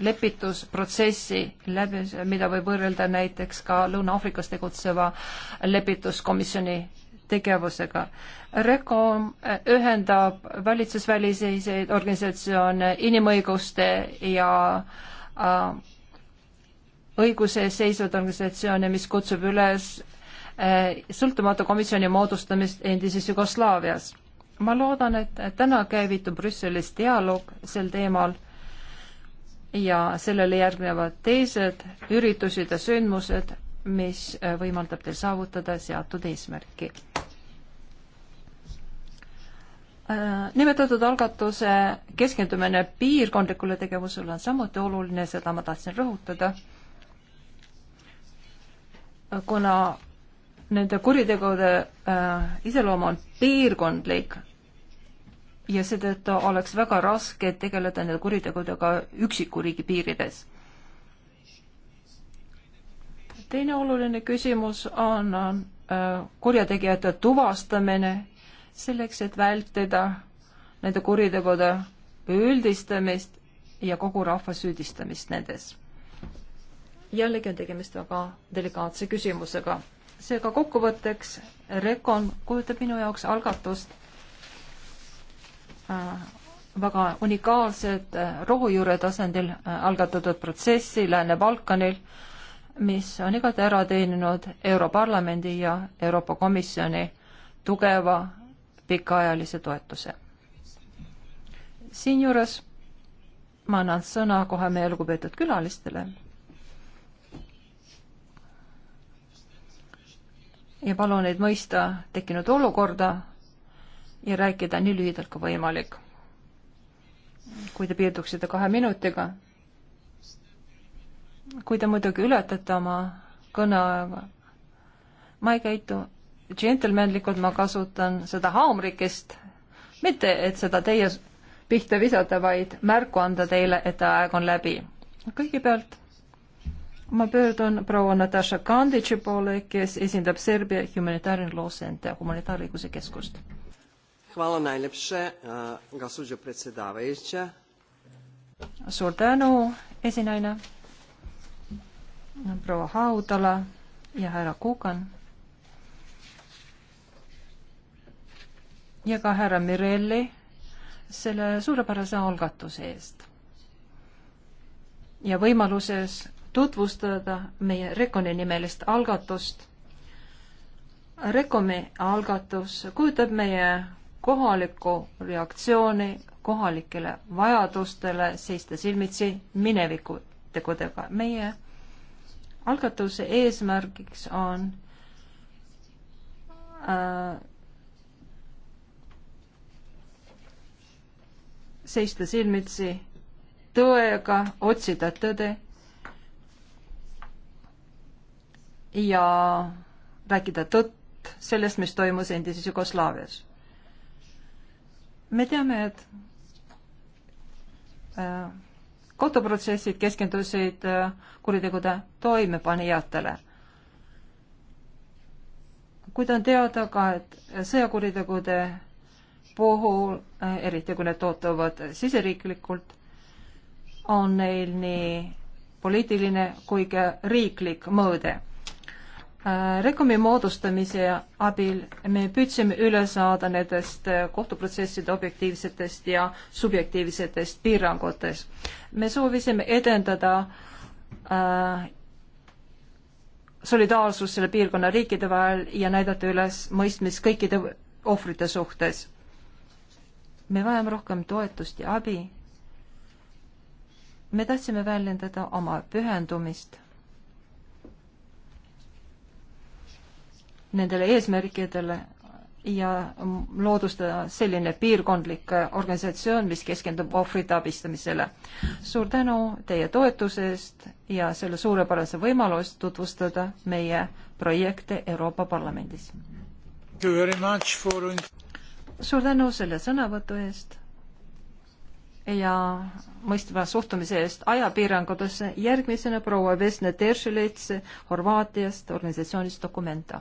lepitusprotsessi läbi, mida võib võrrelda näiteks ka Lõuna-Aafrikas tegutseva lepituskomisjoni tegevusega. RECOM äh, ühendab valitsusväliseid organisatsioone inimõiguste ja äh, õiguse ees seisvaid organisatsioone, mis kutsub üles äh, sõltumatu komisjoni moodustamist endises Jugoslaavias. ma loodan, et täna käivitub Brüsselis dialoog sel teemal ja sellele järgnevad teised üritused ja sündmused, mis äh, võimaldab teil saavutada seatud eesmärki Äh, nimetatud algatuse keskendumine piirkondlikule tegevusele on samuti oluline, seda ma tahtsin rõhutada, kuna nende kuritegude äh, iseloom on piirkondlik ja seetõttu oleks väga raske tegeleda nende kuritegudega üksiku riigi piirides. teine oluline küsimus on, on äh, kurjategijate tuvastamine selleks, et vältida nende kuritegude üldistamist ja kogu rahva süüdistamist nendes. jällegi on tegemist väga delikaatse küsimusega. seega kokkuvõtteks, Rekon kujutab minu jaoks algatust äh, väga unikaalset äh, rohujuure tasandil äh, algatatud protsessi Lääne-Balkanil, mis on igati ära teeninud Europarlamendi ja Euroopa Komisjoni tugeva pikaajalise toetuse. siinjuures ma annan sõna kohe meie lugupeetud külalistele. ja palun neid mõista tekkinud olukorda ja rääkida nii lühidalt kui võimalik. kui te piirduksite kahe minutiga, kui te muidugi ületate oma kõneaega, ma ei käitu džentelmenlikult ma kasutan seda haamrikest, mitte et seda teie pihta visata, vaid märku anda teile, et aeg on läbi. kõigepealt ma pöördun proua Natasha Kanditši poole, kes esindab Serbia humanitaarne loo Center humanitaarõiguse keskust. Eh, suur tänu, esinaine, proua Haudala ja härra Kukan ja ka härra Mirelli selle suurepärase algatuse eest ja võimaluses tutvustada meie Rekoni nimelist algatust. Rekomi algatus kujutab meie kohalikku reaktsiooni kohalikele vajadustele seista silmitsi mineviku tegudega. meie algatuse eesmärgiks on äh, seista silmitsi tõega, otsida tõde ja rääkida tõtt sellest, mis toimus endises Jugoslaavias. me teame, et äh, kohtuprotsessid keskendusid äh, kuritegude toimepanijatele kuid on teada ka, et sõjakuritegude puhul, eh, eriti kui need toodavad siseriiklikult, on neil nii poliitiline kui ka riiklik mõõde. Eh, Rekomi moodustamise abil me püüdsime üle saada nendest eh, kohtuprotsesside objektiivsetest ja subjektiivsetest piirangutest. me soovisime edendada äh, solidaarsus selle piirkonna riikide vahel ja näidata üles mõistmist kõikide ohvrite suhtes me vajame rohkem toetust ja abi. me tahtsime väljendada oma pühendumist nendele eesmärkidele ja loodustada selline piirkondlik organisatsioon, mis keskendub ohvrite abistamisele. suur tänu teie toetuse eest ja selle suurepärase võimalust tutvustada meie projekte Euroopa Parlamendis. For suur tänu selle sõnavõtu eest ja mõistva suhtumise eest ajapiirangutesse. järgmisena proua Vesna Teršelets Horvaatiast organisatsioonist Documenta.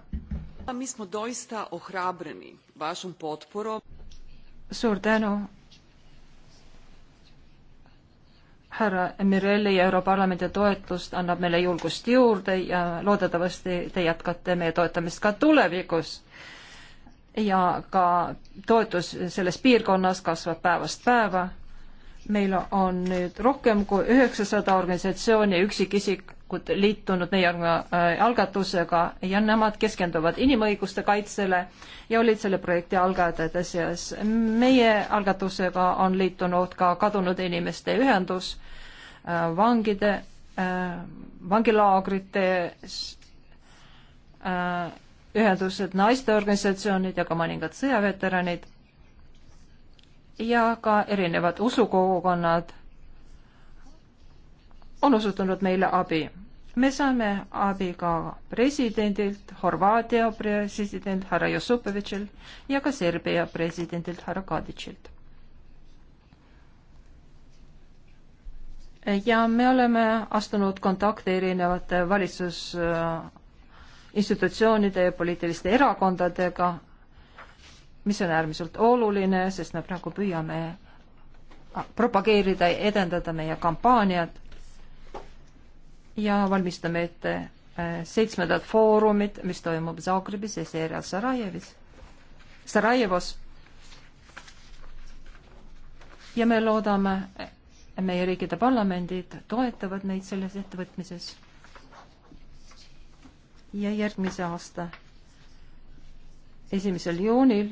suur tänu härra Mirelli ja Europarlamendi toetust annab meile julgust juurde ja loodetavasti te jätkate meie toetamist ka tulevikus ja ka toetus selles piirkonnas kasvab päevast päeva. meil on nüüd rohkem kui üheksasada organisatsiooni ja üksikisikut liitunud meie äh, algatusega ja nemad keskenduvad inimõiguste kaitsele ja olid selle projekti algatajate seas. meie algatusega on liitunud ka kadunud inimeste ühendus, äh, vangide, äh, vangilaagrite ühendused, naisteorganisatsioonid ja ka mõningad sõjaveteranid ja ka erinevad usukogukonnad on osutunud meile abi. me saame abi ka presidendilt, Horvaatia president härra Josupovitšilt ja ka Serbia presidendilt härra Kaditšilt. ja me oleme astunud kontakte erinevate valitsus institutsioonide ja poliitiliste erakondadega, mis on äärmiselt oluline, sest me praegu püüame propageerida ja edendada meie kampaaniat ja valmistame ette äh, seitsmendat foorumit, mis toimub Zagrebis ja seejärel Sarajevis, Sarajevos. ja me loodame, meie riikide parlamendid toetavad meid selles ettevõtmises ja järgmise aasta esimesel juunil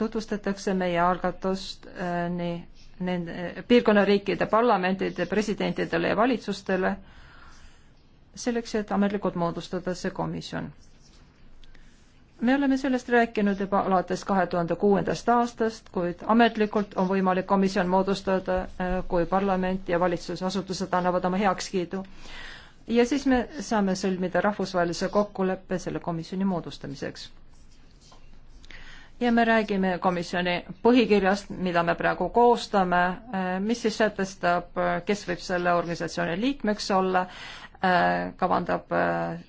tutvustatakse meie algatust äh, nii nende piirkonna riikide parlamentide presidentidele ja valitsustele selleks, et ametlikult moodustada see komisjon. me oleme sellest rääkinud juba alates kahe tuhande kuuendast aastast, kuid ametlikult on võimalik komisjon moodustada, äh, kui parlament ja valitsusasutused annavad oma heakskiidu äh, ja siis me saame sõlmida rahvusvahelise kokkuleppe selle komisjoni moodustamiseks. ja me räägime komisjoni põhikirjast, mida me praegu koostame, mis siis sätestab, kes võib selle organisatsiooni liikmeks olla, kavandab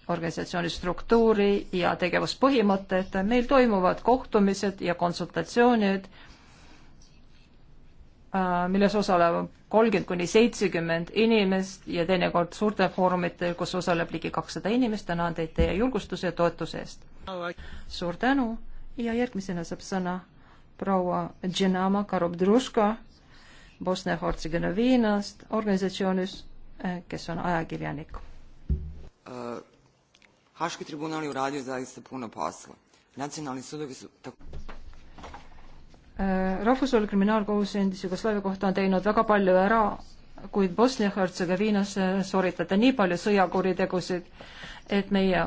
organisatsiooni struktuuri ja tegevuspõhimõtted, meil toimuvad kohtumised ja konsultatsioonid Äh, milles osaleb kolmkümmend kuni seitsekümmend inimest ja teinekord suurtel foorumitel, kus osaleb ligi kakssada inimest. tänan teid teie julgustuse ja toetuse eest. suur tänu ja järgmisena saab sõna proua Dženama Karobdruška Bosnia-Hertsegoviinast organisatsioonist, äh, kes on ajakirjanik uh,. Haški tribunal je uradio zaista puno posla. Nacionalni sudovi su tako... Äh, rahvusvaheline kriminaalkohus endise Jugoslaavia kohta on teinud väga palju ära, kuid Bosnia-Hertsegoviinas sooritada nii palju sõjakuritegusid, et meie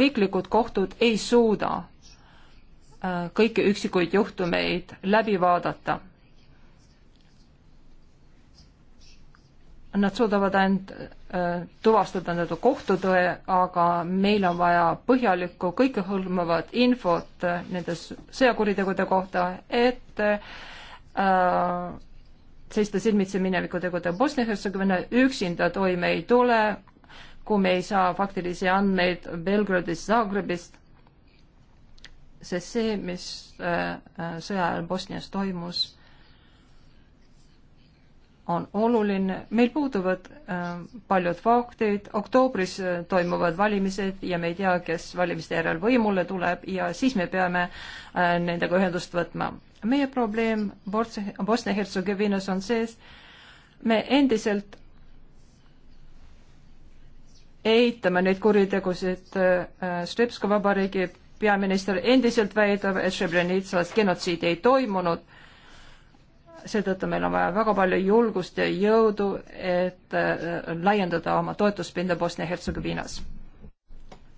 riiklikud kohtud ei suuda äh, kõiki üksikuid juhtumeid läbi vaadata. Nad suudavad ainult Äh, tuvastada nii-öelda kohtutõe, aga meil on vaja põhjalikku kõikehõlmavat infot äh, nende sõjakuritegude kohta, et äh, seista silmitsi minevikutegude Bosnia-Hertsegovina üksinda toime ei tule, kui me ei saa faktilisi andmeid Belgradist, Zagrebist, sest see, mis äh, äh sõja ajal Bosnias toimus on oluline, meil puuduvad äh, paljud faktid, oktoobris äh, toimuvad valimised ja me ei tea, kes valimiste järel võimule tuleb ja siis me peame äh, nendega ühendust võtma. meie probleem Bosnia-Hertsegoviinas on sees, me endiselt eitame neid kuritegusid äh,, Srpska vabariigi peaminister endiselt väidab, et Srebrenitsas genotsiidi ei toimunud seetõttu meil on vaja väga palju julgust ja jõudu, et äh, laiendada oma toetuspinda Bosnia-Hertsegoviinas.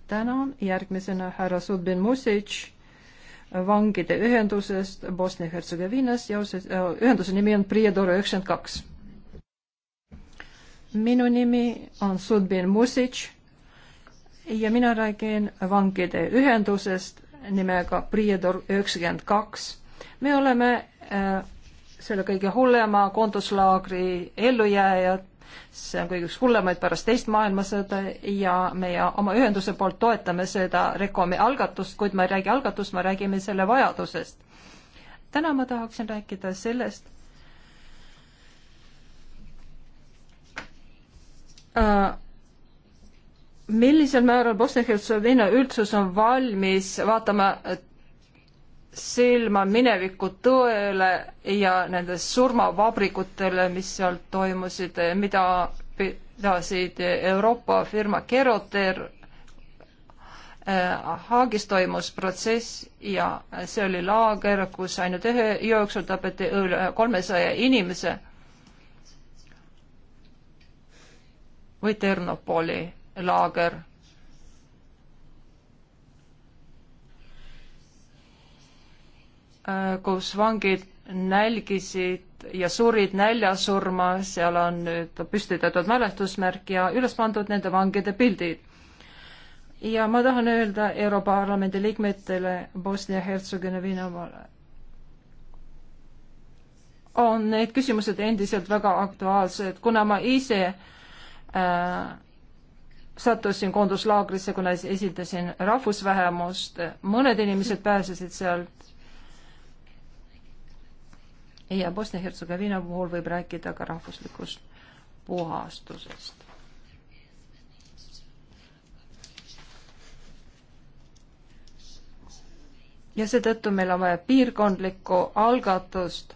tänan, järgmisena härra Subin Music äh, vangide ühendusest Bosnia-Hertsegoviinas ja äh, ühenduse nimi on Priedoro üheksakümmend kaks. minu nimi on Subin Music ja mina räägin vangide ühendusest nimega Priedor üheksakümmend kaks. me oleme äh, selle kõige hullema koonduslaagri ellujääjad, see on kõige üks hullemaid pärast teist maailmasõda ja meie oma ühenduse poolt toetame seda Rekomi algatust, kuid ma ei räägi algatust, me räägime selle vajadusest. täna ma tahaksin rääkida sellest äh,, millisel määral Bosnia-Hertsegoviina üldsus on valmis vaatama silma mineviku tõele ja nende surmavabrikutele, mis seal toimusid, mida pidasid Euroopa firma Keroter. Äh, Haagis toimus protsess ja see oli laager, kus ainult ühe jooksul tapeti üle kolmesaja inimese. või Ternopoli laager Äh, kus vangid nälgisid ja surid näljasurma, seal on nüüd püstitatud mälestusmärk ja üles pandud nende vangide pildid. ja ma tahan öelda Europarlamendi liikmetele Bosnia-Hertsegoviina Venemaale, on need küsimused endiselt väga aktuaalsed, kuna ma ise äh, sattusin koonduslaagrisse, kuna esindasin rahvusvähemust, mõned inimesed pääsesid sealt ja Bosnia-Hertsegoviina puhul võib rääkida ka rahvuslikust puhastusest. ja seetõttu meil on vaja piirkondlikku algatust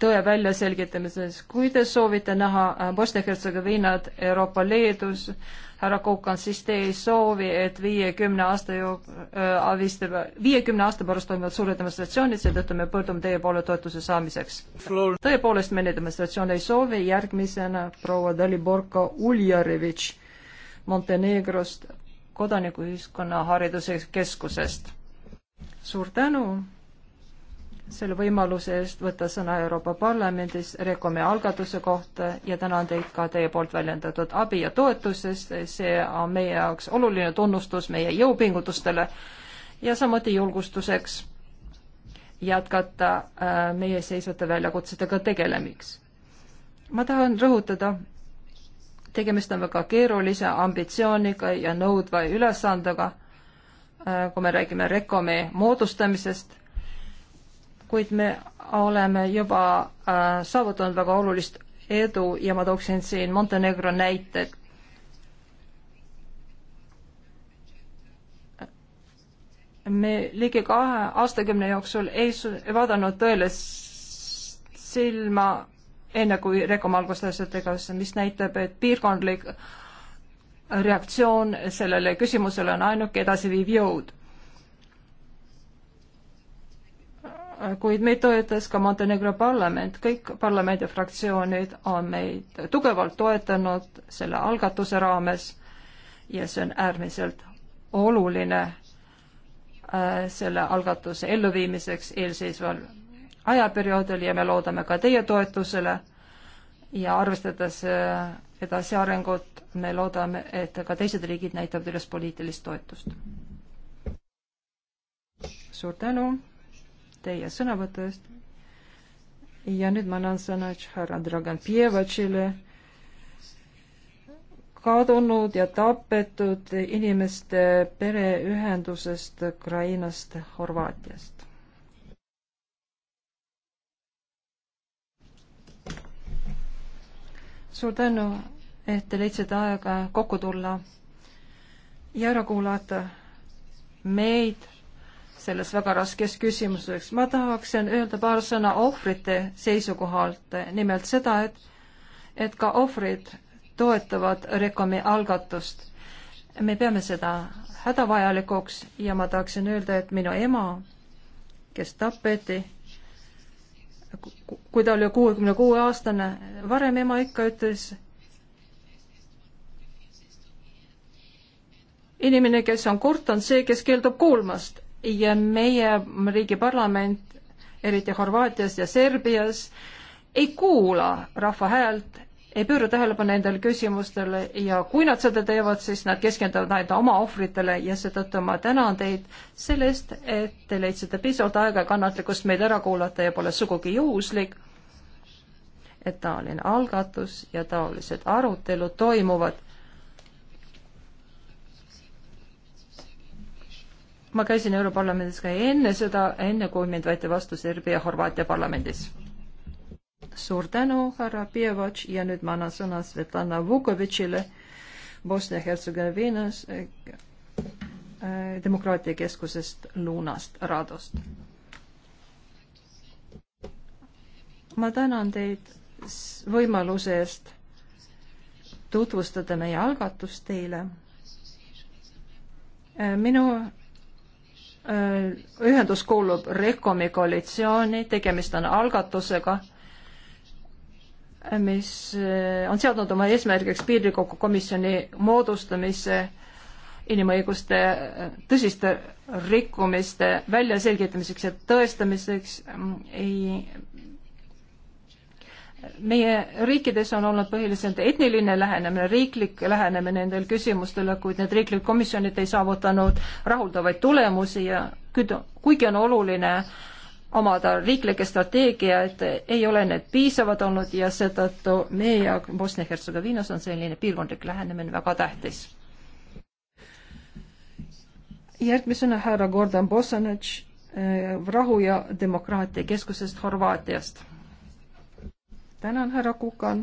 tõe väljaselgitamises. kui te soovite näha Bosnia-Hertsegoviinat Euroopa Liidus, härra Kukan, siis te ei soovi, et viiekümne aasta jooksul äh,, viiekümne aasta pärast toimuvad suured demonstratsioonid, seetõttu me pöördume teie poole toetuse saamiseks. tõepoolest, me neid demonstratsioone ei soovi, järgmisena proua Daliborko Uljarevitš Montenegrost, kodanikuühiskonna hariduskeskusest. suur tänu selle võimaluse eest võtta sõna Euroopa Parlamendis Rekomi algatuse kohta ja tänan teid ka teie poolt väljendatud abi ja toetusest, see on meie jaoks oluline tunnustus meie jõupingutustele ja samuti julgustuseks jätkata äh, meie seisvate väljakutsetega tegelemiks. ma tahan rõhutada, tegemist on väga keerulise ambitsiooniga ja nõudva ülesandega, äh, kui me räägime Rekomi moodustamisest kuid me oleme juba äh, saavutanud väga olulist edu ja ma tooksin siin Montenegro näited. me ligi kahe aastakümne jooksul ei vaadanud tõele silma enne kui Rekom alguses tegevusse, mis näitab, et piirkondlik reaktsioon sellele küsimusele on ainuke edasiviiv jõud kuid meid toetas ka Montenegro parlament. kõik parlamendifraktsioonid on meid tugevalt toetanud selle algatuse raames ja see on äärmiselt oluline äh, selle algatuse elluviimiseks eelseisval ajaperioodil ja me loodame ka teie toetusele ja arvestades äh, edasiarengut, me loodame, et ka teised riigid näitavad üles poliitilist toetust. suur tänu! teie sõnavõtu eest. ja nüüd ma annan sõna härra Dragan Pjevatšile, kadunud ja tapetud inimeste pereühendusest Ukrainast, Horvaatiast. suur tänu, et te leidsite aega kokku tulla ja ära kuulata meid selles väga raskes küsimuses. ma tahaksin öelda paar sõna ohvrite seisukohalt, nimelt seda, et, et ka ohvrid toetavad Rekomi algatust. me peame seda hädavajalikuks ja ma tahaksin öelda, et minu ema, kes tapeti, kui ta oli kuuekümne kuue aastane, varem ema ikka ütles, inimene, kes on kurt, on see, kes keeldub kuulmast ja meie riigi parlament, eriti Horvaatias ja Serbias, ei kuula rahva häält, ei pööra tähelepanu nendele küsimustele ja kui nad seda teevad, siis nad keskenduvad ainult oma ohvritele ja seetõttu ma tänan teid selle eest, et te leidsite piisavalt aega ja kannatlikkust meid ära kuulata ja pole sugugi juhuslik, et taoline algatus ja taolised arutelud toimuvad ma käisin Europarlamendis ka enne seda, enne kui mind võeti vastu Serbia ja Horvaatia parlamendis. suur tänu, härra Pjevac ja nüüd ma annan sõna Svetlana Vukovitšile Bosnia-Hertsegoviinas eh, eh, demokraatia keskusest Lunast, Radost. ma tänan teid võimaluse eest tutvustada meie algatust teile. Eh, minu Äh, ühendus kuulub Rekomi koalitsiooni, tegemist on algatusega, mis äh, on seadnud oma eesmärgiks piirikogu komisjoni moodustamise inimõiguste äh, tõsiste rikkumiste väljaselgitamiseks ja tõestamiseks ei meie riikides on olnud põhiliselt etniline lähenemine, riiklik lähenemine nendel küsimustele, kuid need riiklikud komisjonid ei saavutanud rahuldavaid tulemusi ja küd-, kuigi on oluline omada riiklikke strateegiaid, ei ole need piisavad olnud ja seetõttu meie ja Bosnia-Hertsegoviinas on selline piirkondlik lähenemine väga tähtis. järgmisena härra Gordon Bosanac eh, rahu ja demokraatia keskusest Horvaatiast tänan, härra Kukan.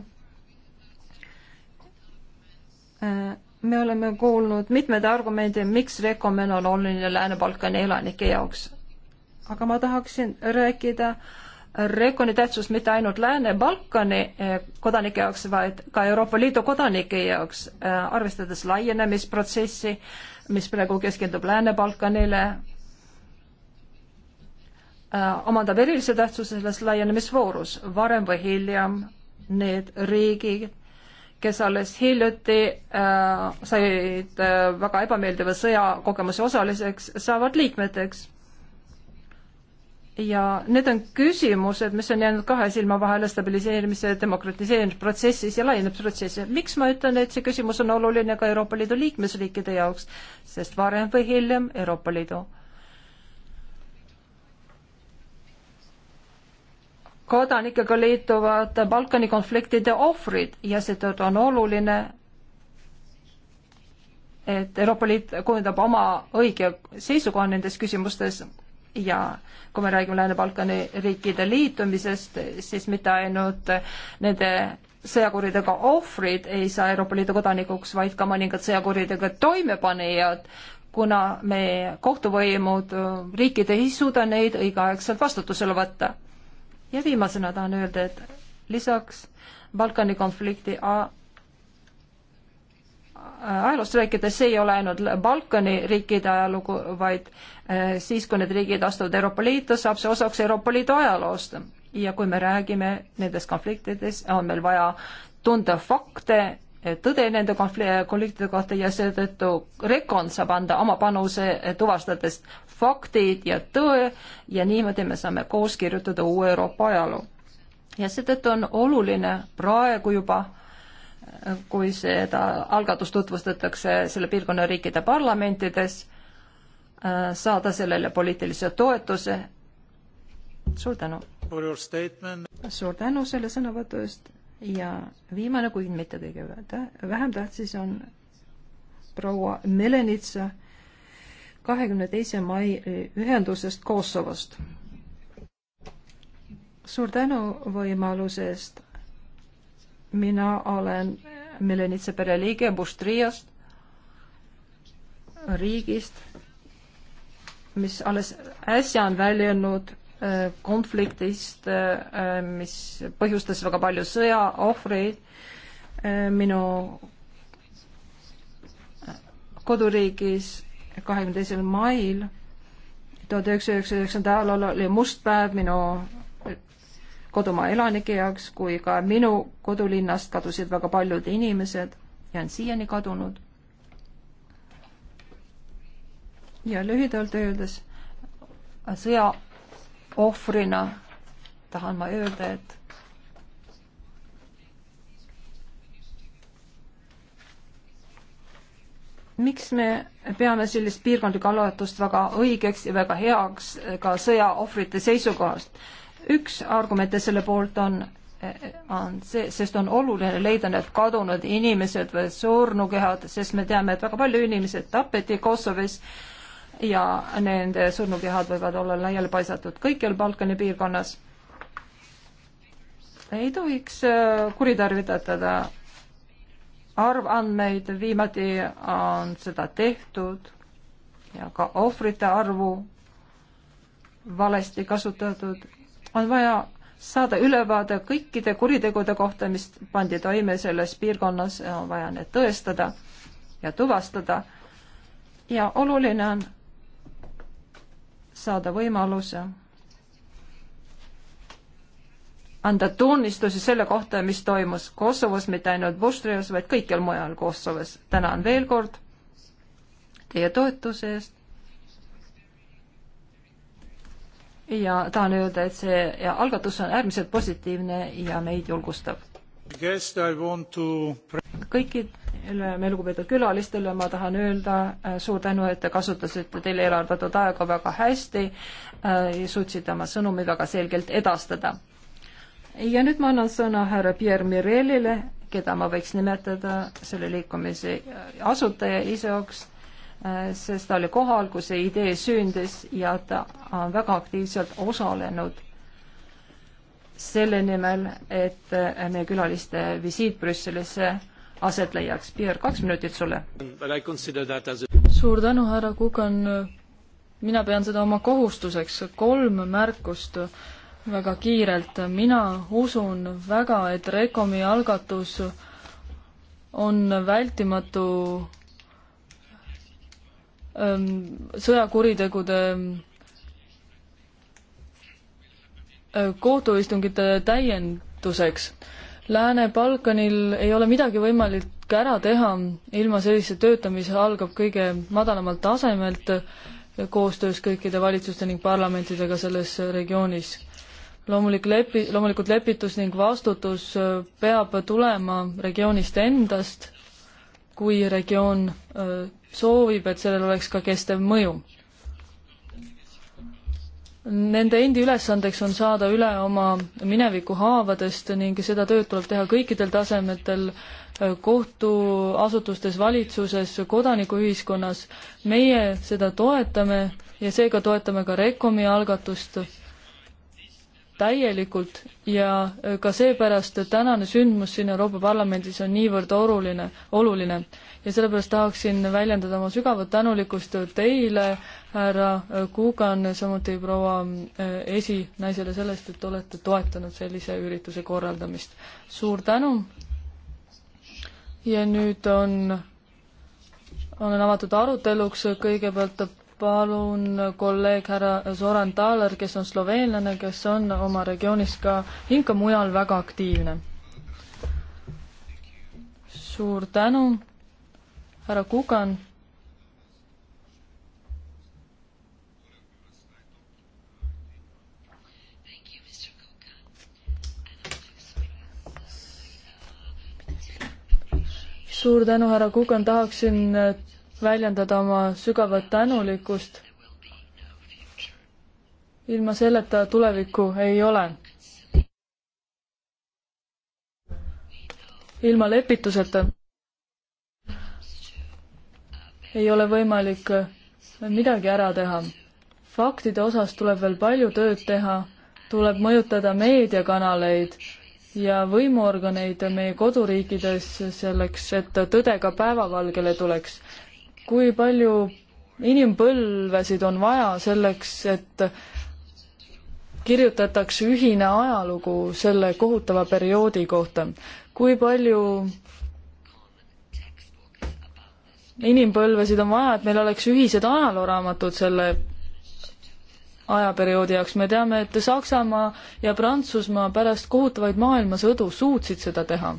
Äh, me oleme kuulnud mitmeid argumente, miks Rekomen on oluline Lääne-Balkani elanike jaoks. aga ma tahaksin rääkida Rekoni tähtsust mitte ainult Lääne-Balkani äh, kodanike jaoks, vaid ka Euroopa Liidu kodanike jaoks, äh, arvestades laienemisprotsessi, mis praegu keskendub Lääne-Balkanile Äh, omandab erilise tähtsuse selles laienemisvoorus, varem või hiljem need riigid, kes alles hiljuti äh, said äh, väga ebameeldiva sõjakogemuse osaliseks, saavad liikmeteks. ja need on küsimused, mis on jäänud kahe silma vahele stabiliseerimise, demokratiseerimisprotsessis ja laienemisprotsessis. miks ma ütlen, et see küsimus on oluline ka Euroopa Liidu liikmesriikide jaoks, sest varem või hiljem Euroopa Liidu kodanikega liituvad Balkani konfliktide ohvrid ja seetõttu on oluline, et Euroopa Liit kujundab oma õige seisukoha nendes küsimustes ja kui me räägime Lääne-Balkani riikide liitumisest, siis mitte ainult nende sõjakuriidega ohvrid ei saa Euroopa Liidu kodanikuks, vaid ka mõningad sõjakuriidega toimepanijad, kuna meie kohtuvõimud, riikid ei suuda neid õigeaegselt vastutusele võtta ja viimasena tahan öelda, et lisaks Balkani konflikti ajaloost rääkides, see ei ole ainult Balkani riikide ajalugu, vaid eh, siis, kui need riigid astuvad Euroopa Liitu, saab see osaks Euroopa Liidu ajaloost. ja kui me räägime nendest konfliktidest, on meil vaja tunda fakte tõde nende konfliktide kohta ja seetõttu Rekon saab anda oma panuse, eh, tuvastades faktid ja tõe ja niimoodi me saame koos kirjutada uue Euroopa ajaloo. ja seetõttu on oluline praegu juba, eh, kui seda algatust tutvustatakse selle piirkonna riikide parlamentides, eh, saada sellele poliitilise toetuse. suur tänu! suur tänu selle sõnavõtu eest ja viimane, kuid mitte kõige vähem tähtis, on proua Melenitsa kahekümne teise mai ühendusest Kosovost. suur tänu võimaluse eest. mina olen Melenitsa pereliige Bustriast, riigist, mis alles äsja on väljunud Äh, konfliktist, äh, mis põhjustas väga palju sõjaohvreid. Äh, minu koduriigis kahekümne teisel mail tuhat üheksasaja üheksakümne üheksandal oli must päev minu kodumaa elanike jaoks, kui ka minu kodulinnast kadusid väga paljud inimesed ja on siiani kadunud. ja lühidalt öeldes sõja ohvrina tahan ma öelda, et miks me peame sellist piirkondlikku algatust väga õigeks ja väga heaks ka sõjaohvrite seisukohast? üks argumente selle poolt on, on see, sest on oluline leida need kadunud inimesed või surnukehad, sest me teame, et väga palju inimesed tapeti Kosovos äh, ja nende surnukehad võivad olla laiali paisatud kõikjal Balkani piirkonnas. ei tohiks äh, kuritarvitada arvandmeid, viimati on seda tehtud ja ka ohvrite arvu valesti kasutatud. on vaja saada ülevaade kõikide kuritegude kohta, mis pandi toime selles piirkonnas, on vaja need tõestada ja tuvastada. ja oluline on saada võimaluse anda tunnistusi selle kohta, mis toimus Kosovos, mitte ainult Vustrias, vaid kõikjal mujal Kosovos. tänan veel kord teie toetuse eest. ja tahan öelda, et see algatus on äärmiselt positiivne ja meid julgustab. To kõikidele meie lugupeetud külalistele ma tahan öelda äh, suur tänu, et te kasutasite teile eraldatud aega väga hästi äh, ja suutsite oma sõnumi väga selgelt edastada. ja nüüd ma annan sõna härra Pierre Mirellile, keda ma võiks nimetada selle liikumise äh, asutaja iseoks sest ta oli kohal, kui see idee sündis ja ta on väga aktiivselt osalenud selle nimel, et meie külaliste visiit Brüsselisse aset leiaks. Pierre, kaks minutit sulle. suur tänu, härra Kukan. mina pean seda oma kohustuseks. kolm märkust väga kiirelt. mina usun väga, et Rekomi algatus on vältimatu ähm, sõjakuritegude äh, kohtuistungite täienduseks Lääne-Balkanil ei ole midagi võimalik ära teha ilma sellise tööta, mis algab kõige madalamalt tasemelt koostöös kõikide valitsuste ning parlamentidega selles regioonis. loomulik lepi-, loomulikult lepitus ning vastutus peab tulema regioonist endast, kui regioon äh, soovib, et sellel oleks ka kestev mõju Nende endi ülesandeks on saada üle oma mineviku haavadest ning seda tööd tuleb teha kõikidel tasemetel, äh, kohtuasutustes, valitsuses, kodanikuühiskonnas. meie seda toetame ja seega toetame ka Rekomi algatust täielikult ja äh, ka seepärast tänane sündmus siin Euroopa Parlamendis on niivõrd oluline, oluline ja sellepärast tahaksin väljendada oma sügavat tänulikkust teile, härra Kugan, samuti proua äh, esinaisele sellest, et olete toetanud sellise ürituse korraldamist. suur tänu ja nüüd on, olen avatud aruteluks, kõigepealt palun kolleeg härra Zoran Taaler, kes on sloveenlane, kes on oma regioonis ka ning ka mujal väga aktiivne. suur tänu härra Kukan suur tänu, härra Kukan, tahaksin äh, väljendada oma sügavat tänulikkust. ilma selleta tulevikku ei ole. ilma lepituseta ei ole võimalik äh, midagi ära teha. faktide osas tuleb veel palju tööd teha, tuleb mõjutada meediakanaleid ja võimuorganeid meie koduriikides selleks, et tõde ka päevavalgele tuleks. kui palju inimpõlvesid on vaja selleks, et kirjutatakse ühine ajalugu selle kohutava perioodi kohta. kui palju inimpõlvesid on vaja, et meil oleks ühised ajalooraamatud selle ajaperioodi jaoks, me teame, et Saksamaa ja Prantsusmaa pärast kohutavaid maailmasõdu suutsid seda teha.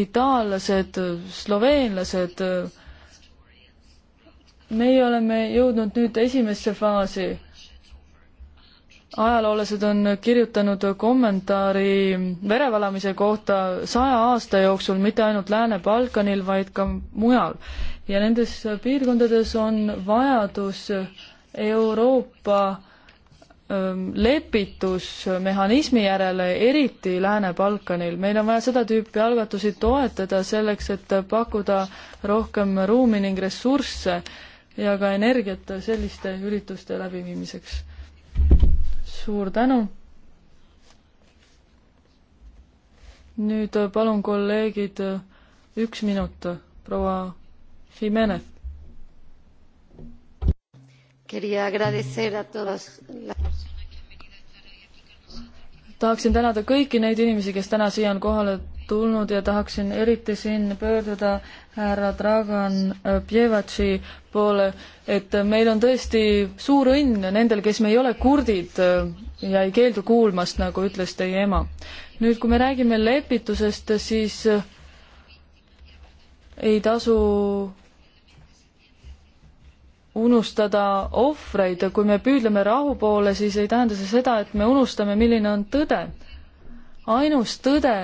itaallased, sloveenlased, meie oleme jõudnud nüüd esimesse faasi ajaloolased on kirjutanud kommentaari verevalamise kohta saja aasta jooksul mitte ainult Lääne-Balkanil, vaid ka mujal. ja nendes piirkondades on vajadus Euroopa ähm, lepitusmehhanismi järele, eriti Lääne-Balkanil. meil on vaja seda tüüpi algatusi toetada selleks, et pakkuda rohkem ruumi ning ressursse ja ka energiat selliste ürituste läbiviimiseks suur tänu. nüüd äh, palun, kolleegid, äh, üks minut, äh, proua Jimenez. tahaksin tänada kõiki neid inimesi, kes täna siia on kohale tulnud ja tahaksin eriti siin pöörduda härra Dragan äh, Pjevatši poole, et äh, meil on tõesti suur õnn nendel, kes me ei ole kurdid äh, ja ei keeldu kuulmast, nagu ütles teie ema. nüüd, kui me räägime lepitusest, siis ei tasu unustada ohvreid, kui me püüdleme rahu poole, siis ei tähenda see seda, et me unustame, milline on tõde. ainus tõde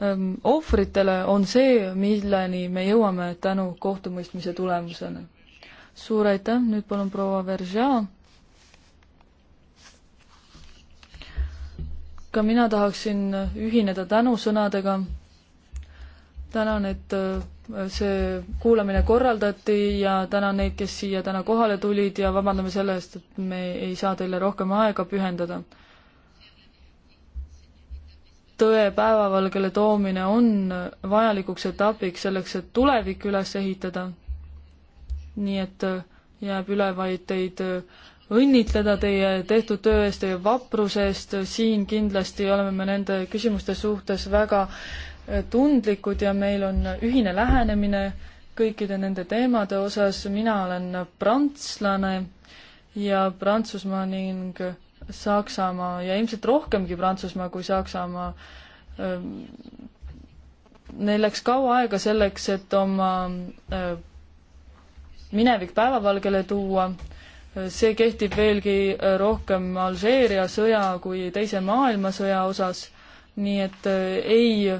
Ehm, ohvritele, on see, milleni me jõuame tänu kohtumõistmise tulemusena. suur aitäh, nüüd palun proua Veržea. ka mina tahaksin ühineda tänusõnadega. tänan, et äh, see kuulamine korraldati ja tänan neid, kes siia täna kohale tulid ja vabandame selle eest, et me ei saa teile rohkem aega pühendada tõe päevavalgele toomine on vajalikuks etapiks selleks, et tulevik üles ehitada. nii et äh, jääb üle vaid teid äh, õnnitleda teie tehtud töö eest, teie vapruse eest, siin kindlasti oleme me nende küsimuste suhtes väga äh, tundlikud ja meil on ühine lähenemine kõikide nende teemade osas, mina olen prantslane ja Prantsusmaa ning Saksamaa ja ilmselt rohkemgi Prantsusmaa kui Saksamaa. Neil läks kaua aega selleks, et oma minevik päevavalgele tuua. see kehtib veelgi rohkem Alžeeria sõja kui Teise maailmasõja osas, nii et ei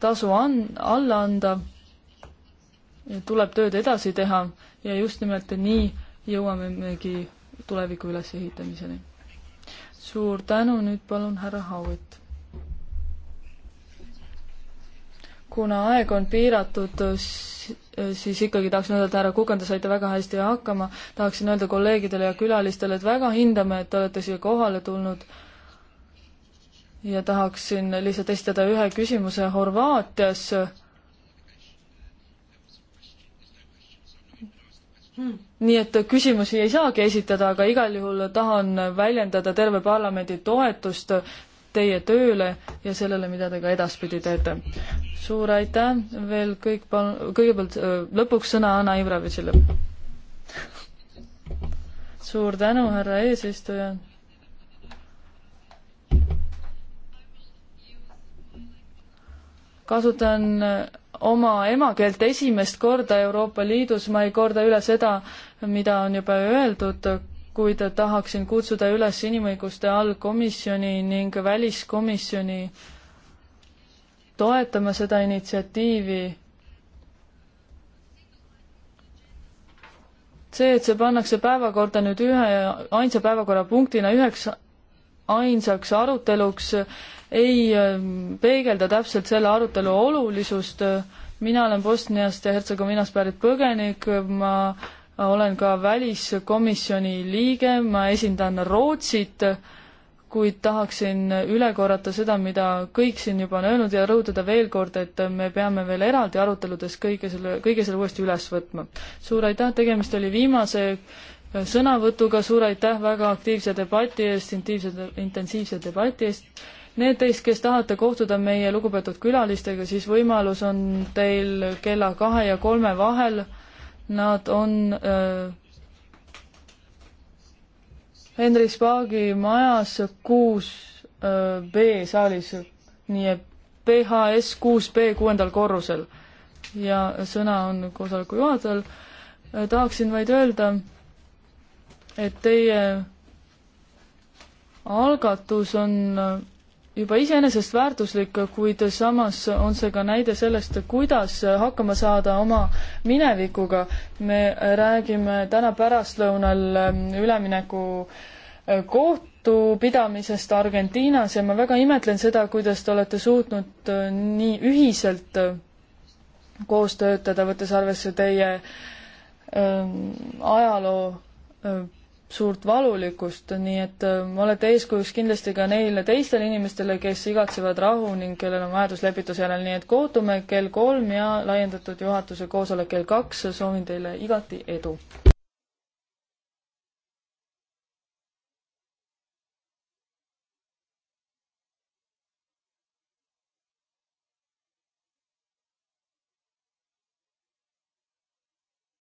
tasu an-, alla anda, tuleb tööd edasi teha ja just nimelt nii jõuamegi tuleviku ülesehitamiseni suur tänu, nüüd palun härra Howitt. kuna aeg on piiratud, siis ikkagi tahaksin öelda, et härra Kukan, te saite väga hästi hakkama, tahaksin öelda kolleegidele ja külalistele, et väga hindame, et te olete siia kohale tulnud ja tahaksin lihtsalt esitada ühe küsimuse Horvaatias Hmm. nii et küsimusi ei saagi esitada, aga igal juhul tahan väljendada terve parlamendi toetust teie tööle ja sellele, mida te ka edaspidi teete. suur aitäh veel kõik pal-, kõigepealt äh, lõpuks sõna Anna Ivravitšile. suur tänu, härra eesistuja. kasutan äh, oma emakeelt esimest korda Euroopa Liidus, ma ei korda üle seda, mida on juba öeldud, kuid tahaksin kutsuda üles inimõiguste allkomisjoni ning väliskomisjoni toetama seda initsiatiivi. see, et see pannakse päevakorda nüüd ühe ainsa päevakorrapunktina üheks ainsaks aruteluks ei ähm, peegelda täpselt selle arutelu olulisust. mina olen Bosniast ja Hertsegoviinast pärit põgenik, ma olen ka väliskomisjoni liige, ma esindan Rootsit, kuid tahaksin üle korrata seda, mida kõik siin juba on öelnud ja rõhutada veel kord, et me peame veel eraldi aruteludes kõige selle, kõige selle uuesti üles võtma. suur aitäh, tegemist oli viimase sõnavõtuga, suur aitäh väga aktiivse debati eest, intensiivse, intensiivse debati eest. Need teist, kes tahate kohtuda meie lugupeetud külalistega, siis võimalus on teil kella kahe ja kolme vahel. Nad on äh, Henri Spaagi majas kuus äh, B saalis, nii et PHS kuus B kuuendal korrusel. ja sõna on koosoleku juhatajal. Äh, tahaksin vaid öelda et teie algatus on juba iseenesest väärtuslik, kuid samas on see ka näide sellest, kuidas hakkama saada oma minevikuga. me räägime täna pärastlõunal ülemineku kohtupidamisest Argentiinas ja ma väga imetlen seda, kuidas te olete suutnud nii ühiselt koos töötada, võttes arvesse teie ähm, ajaloo äh, suurt valulikkust, nii et äh, olete eeskujuks kindlasti ka neile teistele inimestele, kes igatsevad rahu ning kellel on vajadus lepituse järel, nii et kohtume kell kolm ja laiendatud juhatuse koosolek kell kaks, soovin teile igati edu!